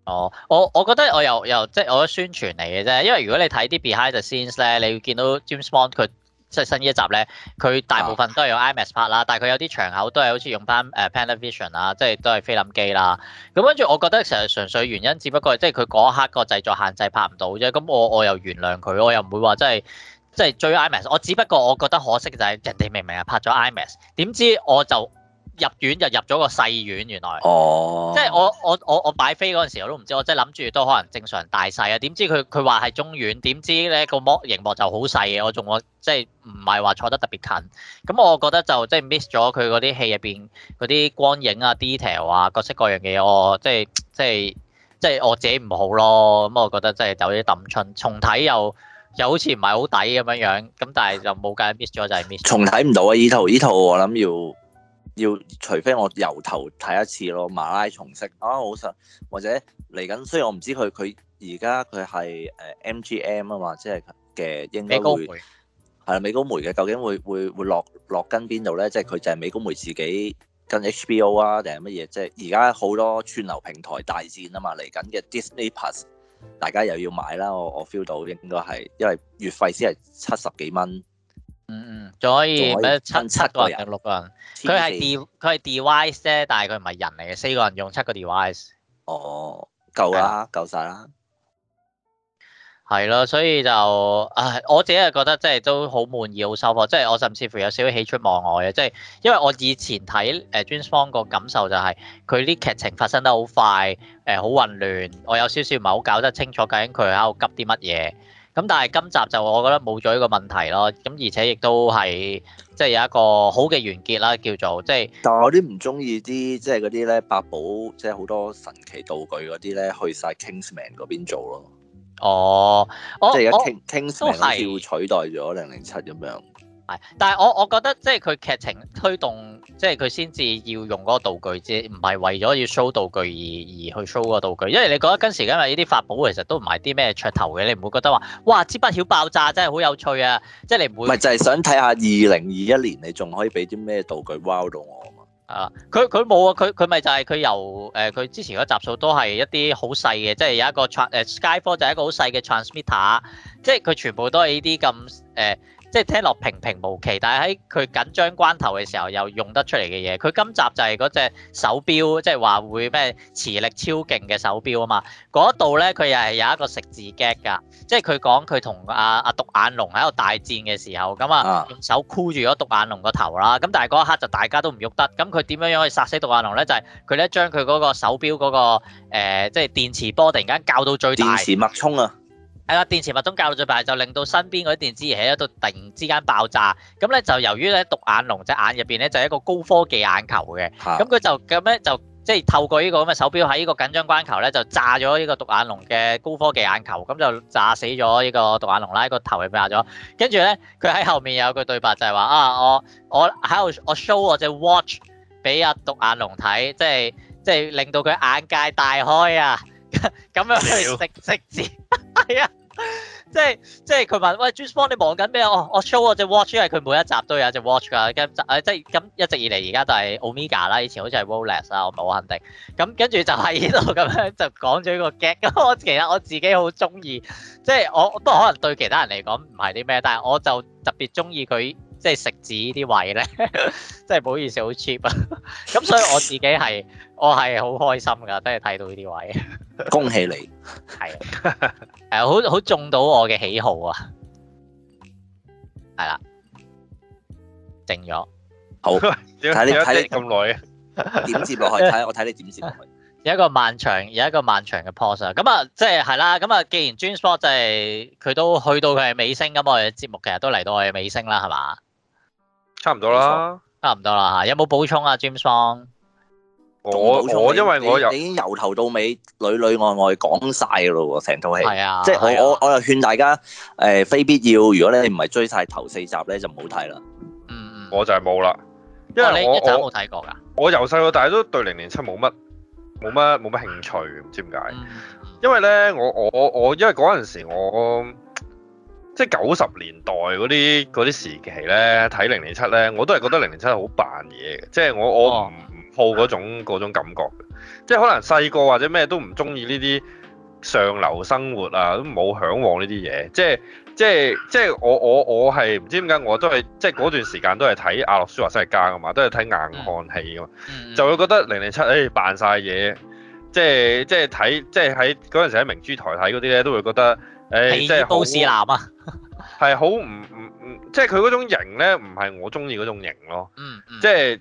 哦、oh，我我覺得我又又即係我宣傳嚟嘅啫，因為如果你睇啲 Behind the Scenes 咧，你會見到 James Bond 佢。即係新一集咧，佢大部分都係用 IMAX 拍 a 啦，但係佢有啲場口都係好似用翻誒 Panavision 啦，即係都係菲林機啦。咁跟住我覺得其實純粹原因，只不過即係佢嗰一刻個製作限制拍唔到啫。咁我我又原諒佢，我又唔會話真係即係追 IMAX。AS, 我只不過我覺得可惜就係人哋明明係拍咗 IMAX，點知我就～入院就入咗個細院，原來，即係我我我我擺飛嗰陣時，我都唔知，我即係諗住都可能正常大細啊。點知佢佢話係中院，點知咧個幕熒幕就好細嘅，我仲我即係唔係話坐得特別近，咁我覺得就即係 miss 咗佢嗰啲戲入邊嗰啲光影啊，detail 啊各式各樣嘢，我即係即係即係我自己唔好咯。咁我覺得真係有啲抌春，重睇又又好似唔係好抵咁樣樣，咁但係就冇計，miss 咗就係 miss。重睇唔到啊！依套依套我諗要。要除非我由頭睇一次咯，馬拉松式啊，好實。或者嚟緊，雖然我唔知佢佢而家佢係誒 MGM 啊嘛，即係嘅應該會係啦，美高梅嘅。究竟會會會落落跟邊度咧？即係佢就係美高梅自己跟 HBO 啊，定係乜嘢？即係而家好多串流平台大戰啊嘛，嚟緊嘅 Disney Plus 大家又要買啦。我我 feel 到應該係因為月費先係七十幾蚊。嗯嗯，仲可以，咪七七個人定六個人？佢係 de 佢係 device 啫，但係佢唔係人嚟嘅，四個人用七個 device。哦，夠啦，夠晒啦。係咯，所以就唉，我自己係覺得即係都好滿意，好收貨。即係我甚至乎有少少喜出望外嘅，即係因為我以前睇《誒 Transform》個感受就係佢啲劇情發生得好快，誒、呃、好混亂，我有少少唔係好搞得清楚究竟佢喺度急啲乜嘢。咁但係今集就我覺得冇咗呢個問題咯，咁而且亦都係即係有一個好嘅完結啦，叫做即係。但係我啲唔中意啲即係嗰啲咧，八寶即係好多神奇道具嗰啲咧，去晒 Kingsman 嗰邊做咯。哦，哦即係而家 Kingsman 要取代咗零零七咁樣。但係我我覺得即係佢劇情推動，即係佢先至要用嗰個道具，即係唔係為咗要 show 道具而而去 show 個道具。因為你覺得今時今日呢啲法寶其實都唔係啲咩噱頭嘅，你唔會覺得話嘩支筆曉爆炸真係好有趣啊！即係你唔會唔係就係、是、想睇下二零二一年你仲可以俾啲咩道具 wow 到我啊嘛？啊，佢佢冇啊，佢佢咪就係佢由誒佢、呃、之前嗰集數都係一啲好細嘅，即係有一個 tra、呃、Skyfall 就係一個好細嘅 transmitter，即係佢全部都係呢啲咁誒。呃即係聽落平平無奇，但係喺佢緊張關頭嘅時候又用得出嚟嘅嘢。佢今集就係嗰隻手錶，即係話會咩磁力超勁嘅手錶啊嘛。嗰度咧佢又係有一個食字 gag 㗎，即係佢講佢同阿阿獨眼龍喺度大戰嘅時候，咁啊用手箍住咗獨眼龍個頭啦。咁但係嗰一刻就大家都唔喐得。咁佢點樣樣去殺死獨眼龍咧？就係佢咧將佢嗰個手錶嗰、嗰個、呃、即係電磁波突然間校到最大。電磁脈衝啊！係啦，電磁脈衝教導對白就令到身邊嗰啲電子儀器喺度突然之間爆炸，咁咧就由於咧獨眼龍隻眼入邊咧就係一個高科技眼球嘅，咁佢就咁咧就即係透過呢個咁嘅手錶喺呢個緊張關頭咧就炸咗呢個獨眼龍嘅高科技眼球，咁就炸死咗呢個獨眼龍，拉個頭又爆炸咗。跟住咧佢喺後面有句對白就係話啊，我我喺度我 show 我隻 watch 俾阿獨眼龍睇，即係即係令到佢眼界大開啊，咁樣食食字，係啊。即係即係佢問喂，占士邦你忙緊咩？哦，我 show 我隻 watch，因為佢每一集都有隻 watch 噶今集誒即係咁一直以嚟而家就係 Omega 啦，以前好似係 Rolex 啊，我唔係好肯定。咁跟住就係呢度咁樣就講咗呢個 gag。咁我其實我自己好中意，即係我都可能對其他人嚟講唔係啲咩，但係我就特別中意佢即係食字呢啲位咧，即係唔 好意思好 cheap 啊。咁、嗯、所以我自己係我係好開心噶，真係睇到呢啲位。恭喜你，係，誒，好好中到我嘅喜好啊，係啦，定咗，好，睇你睇你咁耐啊，點 接落去睇，我睇你點接落去有，有一個漫長有一個漫長嘅 pause 啊，咁啊，就是，即係係啦，咁啊，既然 James Bond 就係、是、佢都去到佢係尾聲，咁我哋節目其實都嚟到我哋尾聲啦，係嘛？差唔多啦，差唔多啦吓，有冇補充啊，James Bond？我，我因為我已經由頭到尾，裏裏外外講晒咯，成套戲係啊，即係我、啊、我又勸大家，誒、呃，非必要，如果你唔係追晒頭四集咧，就唔好睇啦。嗯嗯，我就係冇啦，因為我、哦、你一集冇睇過㗎，我我由細到大都對零零七冇乜冇乜冇乜興趣，唔知點解，嗯。因為咧，我我我因為嗰陣時我即係九十年代嗰啲嗰啲時期咧，睇零零七咧，我都係覺得零零七好扮嘢嘅，即係我我。我我冇嗰種，嗰種感覺，即係可能細個或者咩都唔中意呢啲上流生活啊，都冇嚮往呢啲嘢，即係即係即係我我我係唔知點解我都係即係嗰段時間都係睇阿諾舒華西加啊嘛，都係睇硬漢戲啊嘛，嗯、就會覺得零零七誒扮晒嘢，即係即係睇即係喺嗰陣時喺明珠台睇嗰啲咧都會覺得誒、哎、即係都市男啊，係好唔唔即係佢嗰種型咧唔係我中意嗰種型咯，嗯嗯、即係。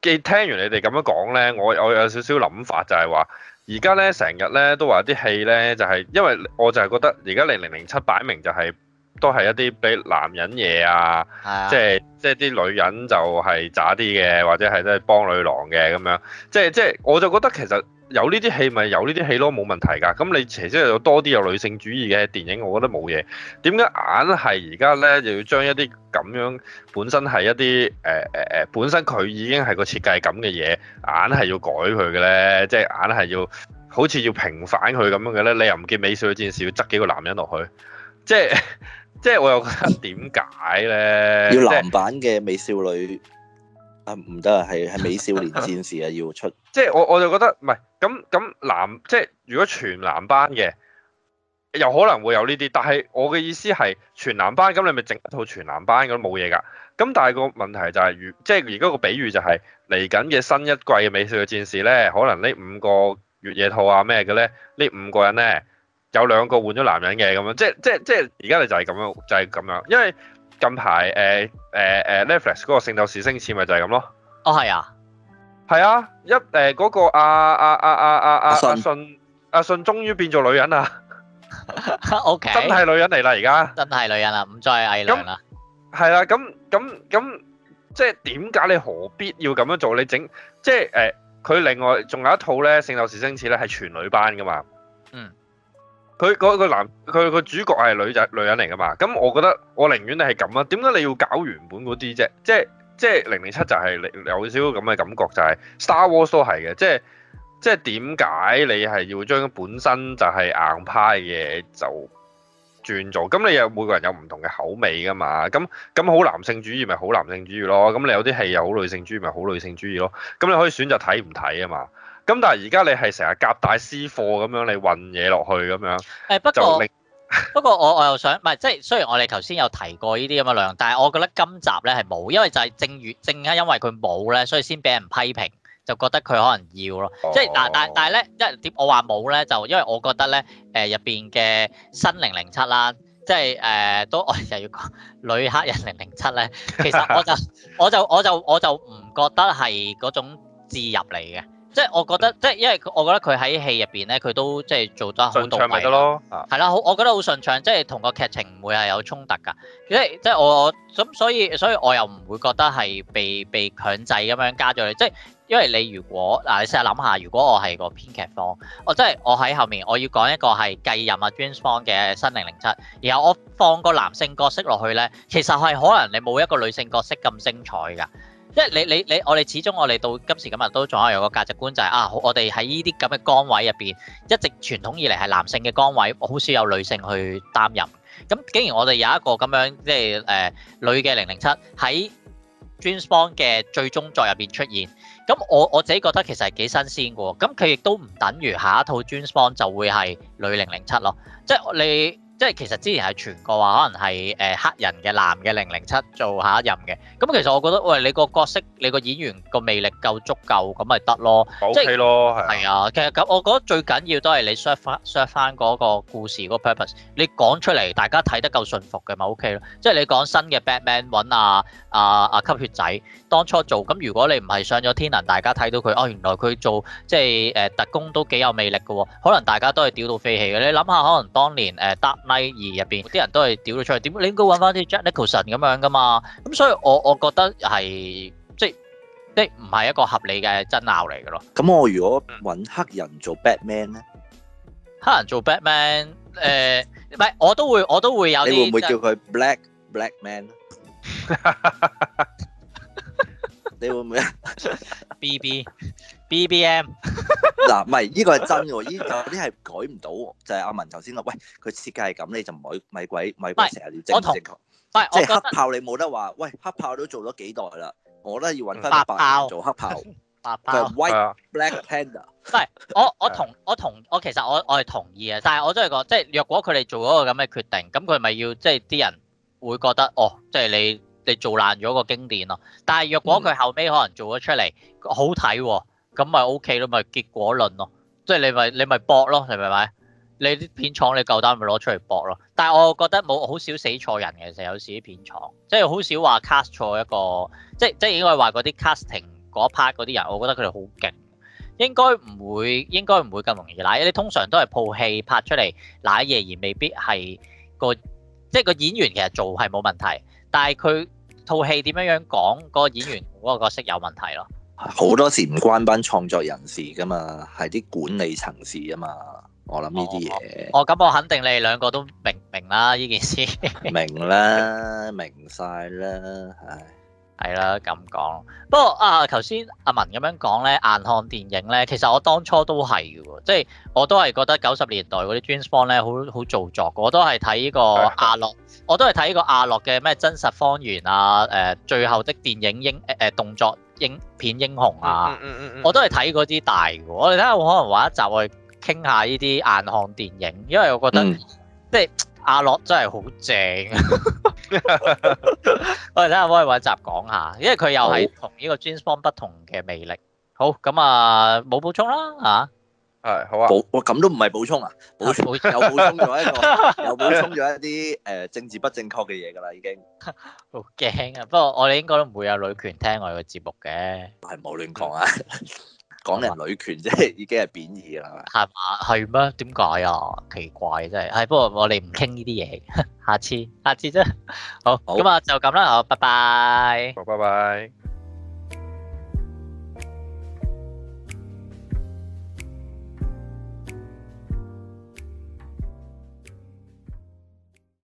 既聽完你哋咁樣講咧，我我有少少諗法就，就係話，而家咧成日咧都話啲戲咧就係，因為我就係覺得而家零零零七擺明就係、是。都係一啲俾男人嘢啊，即係即係啲女人就係渣啲嘅，或者係即係幫女郎嘅咁樣。即係即係我就覺得其實有呢啲戲咪有呢啲戲咯，冇問題㗎。咁你其實有多啲有女性主義嘅電影，我覺得冇嘢。點解硬係而家咧就要將一啲咁樣本身係一啲誒誒誒本身佢已經係個設計咁嘅嘢，硬係要改佢嘅咧？即係硬係要，要好似要平反佢咁樣嘅咧？你又唔見美少女戰士要執幾個男人落去？即係。 即係我又覺得點解咧？要男版嘅美少女啊，唔得啊，係係美少年戰士啊，要出。 即係我我就覺得唔係咁咁男，即係如果全男班嘅，有可能會有呢啲。但係我嘅意思係全男班，咁你咪整一套全男班，咁冇嘢噶。咁但係個問題就係、是，如即係而家個比喻就係嚟緊嘅新一季嘅美少女戰士咧，可能呢五個月野兔啊咩嘅咧，呢五個人咧。有兩個換咗男人嘅咁樣，即係即係即係而家你就係咁樣就係咁樣，因為近排誒、誒、誒 Netflix 嗰個《聖鬥士星矢》咪就係咁咯。哦，係啊，係啊，一、誒嗰個阿阿阿阿阿阿阿信阿信終於變做女人啦！O K，真係女人嚟啦而家，真係女人啦，唔再偽娘啦。係啦，咁咁咁，即係點解你何必要咁樣做？你整即係誒，佢另外仲有一套咧，《聖鬥士星矢》咧係全女班噶嘛。嗯。佢嗰個男，佢個主角係女仔、女人嚟噶嘛？咁我覺得，我寧願你係咁啊！點解你要搞原本嗰啲啫？即係即係《零零七》就係、是、有少少咁嘅感覺就，就係、是《Star Wars》都係嘅。即係即係點解你係要將本身就係硬派嘅就轉做？咁你有每個人有唔同嘅口味噶嘛？咁咁好男性主義咪好男性主義咯？咁你有啲戲又好女性主義咪好女性主義咯？咁你可以選擇睇唔睇啊嘛？咁但係而家你係成日夾帶私貨咁樣，你運嘢落去咁樣。誒、欸、不過令不過我我又想唔係，即係雖然我哋頭先有提過呢啲咁嘅量，但係我覺得今集咧係冇，因為就係正月正啊，因為佢冇咧，所以先俾人批評，就覺得佢可能要咯。哦、即係嗱，但但係咧，即係點？我話冇咧，就因為我覺得咧，誒入邊嘅新零零七啦，即係誒、呃、都我、哦、又要講女黑人零零七咧，其實我就 我就我就我就唔覺得係嗰種置入嚟嘅。即係我覺得，即係因為我覺得佢喺戲入邊咧，佢都即係做得好到位。順暢嘅咯，係啦，好，我覺得好順暢，即係同個劇情唔會係有衝突噶。即係即係我咁，所以所以我又唔會覺得係被被強制咁樣加咗你。即係因為你如果嗱，你試下諗下，如果我係個編劇方，我即係我喺後面，我要講一個係繼任啊，James Bond 嘅新零零七，然後我放個男性角色落去咧，其實係可能你冇一個女性角色咁精彩㗎。即係你你你，我哋始終我哋到今時今日都仲係有個價值觀就係啊，我哋喺呢啲咁嘅崗位入邊，一直傳統以嚟係男性嘅崗位，好少有女性去擔任。咁竟然我哋有一個咁樣，即係誒女嘅零零七喺 James Bond 嘅最終作入邊出現，咁我我自己覺得其實係幾新鮮嘅。咁佢亦都唔等於下一套 James Bond 就會係女零零七咯，即係你。即係其實之前係傳過話，可能係誒黑人嘅男嘅零零七做下一任嘅。咁其實我覺得，喂你個角色，你個演員個魅力夠足夠，咁咪得咯。即係咯，係啊。其實咁，我覺得最緊要都係你 shout 翻 shout 翻嗰個故事個 purpose，你講出嚟，大家睇得夠信服嘅咪 OK 咯。即係你講新嘅 Batman 揾阿阿阿吸血仔，當初做咁，如果你唔係上咗天能，大家睇到佢哦，原來佢做即係誒特工都幾有魅力嘅喎。可能大家都係屌到飛起嘅。你諗下，可能當年誒搭。咪而入邊啲人都係屌咗出去，點？你應該揾翻啲 Jack Nicholson 咁樣噶嘛。咁所以我我覺得係即係即係唔係一個合理嘅爭拗嚟嘅咯。咁我如果揾黑人做 Batman 咧，黑人做 Batman 誒，唔係，我都會我都會有啲。你會唔會叫佢 Black Black Man？你會唔會啊？B B B B M 嗱，唔係，呢個係真嘅喎，呢個有啲係改唔到，就係阿文頭先話，喂，佢設計係咁，你就唔可以咪鬼咪鬼成日要正唔正確？唔係，即係黑豹你冇得話，喂，黑豹都做咗幾代啦，我都要揾翻白豹做黑豹，白豹，White Black Panda。唔係，我我同我同我其實我我係同意嘅，但係我真係講，即係若果佢哋做嗰個咁嘅決定，咁佢咪要即係啲人會覺得，哦，即係你。你做爛咗個經典咯，但係若果佢後尾可能做咗出嚟好睇喎，哦，咁咪 O K 咯，咪結果論咯，即係你咪你咪搏咯，係咪？唔你啲片廠你夠膽咪攞出嚟搏咯，但係我覺得冇好少死錯人嘅，其實有時啲片廠即係好少話 cast 錯一個，即係即係應該話嗰啲 casting 嗰 part 嗰啲人，我覺得佢哋好勁，應該唔會應該唔會咁容易瀨，你通常都係鋪戲拍出嚟瀨嘢而未必係個即係個演員其實做係冇問題，但係佢。套戲點樣樣講，個演員嗰個角色有問題咯。好多時唔關班創作人事噶嘛，係啲管理層事啊嘛。我諗呢啲嘢，我咁我肯定你哋兩個都明明啦，呢件事。明啦，明晒啦，唉。係啦，咁講。不過啊，頭先阿文咁樣講咧，硬漢電影咧，其實我當初都係嘅喎，即係我都係覺得九十年代嗰啲 Transform 咧，好好做作。我都係睇呢個阿樂，我都係睇呢個阿樂嘅咩真實方圓啊，誒、呃、最後的電影英誒、呃、動作英片英雄啊， 我都係睇嗰啲大嘅。我哋睇下，我可能話一集去傾下呢啲硬漢電影，因為我覺得 即係阿樂真係好正。 看看我哋睇下搵一集講下，因為佢又係同呢個 transform 不同嘅魅力。好咁啊，冇補充啦，吓、啊、係好啊。補咁都唔係補充啊，補充有補充咗一個，有補 充咗一啲誒、呃、政治不正確嘅嘢噶啦，已經 好驚啊。不過我哋應該都唔會有女權聽我哋嘅節目嘅，係唔好亂講啊。 講你女權即係已經係貶義啦，係嘛？ 係咩？點解啊？奇怪真係。係，不過我哋唔傾呢啲嘢，下次下次啫。好咁啊，好就咁啦，好，拜拜。好，拜拜。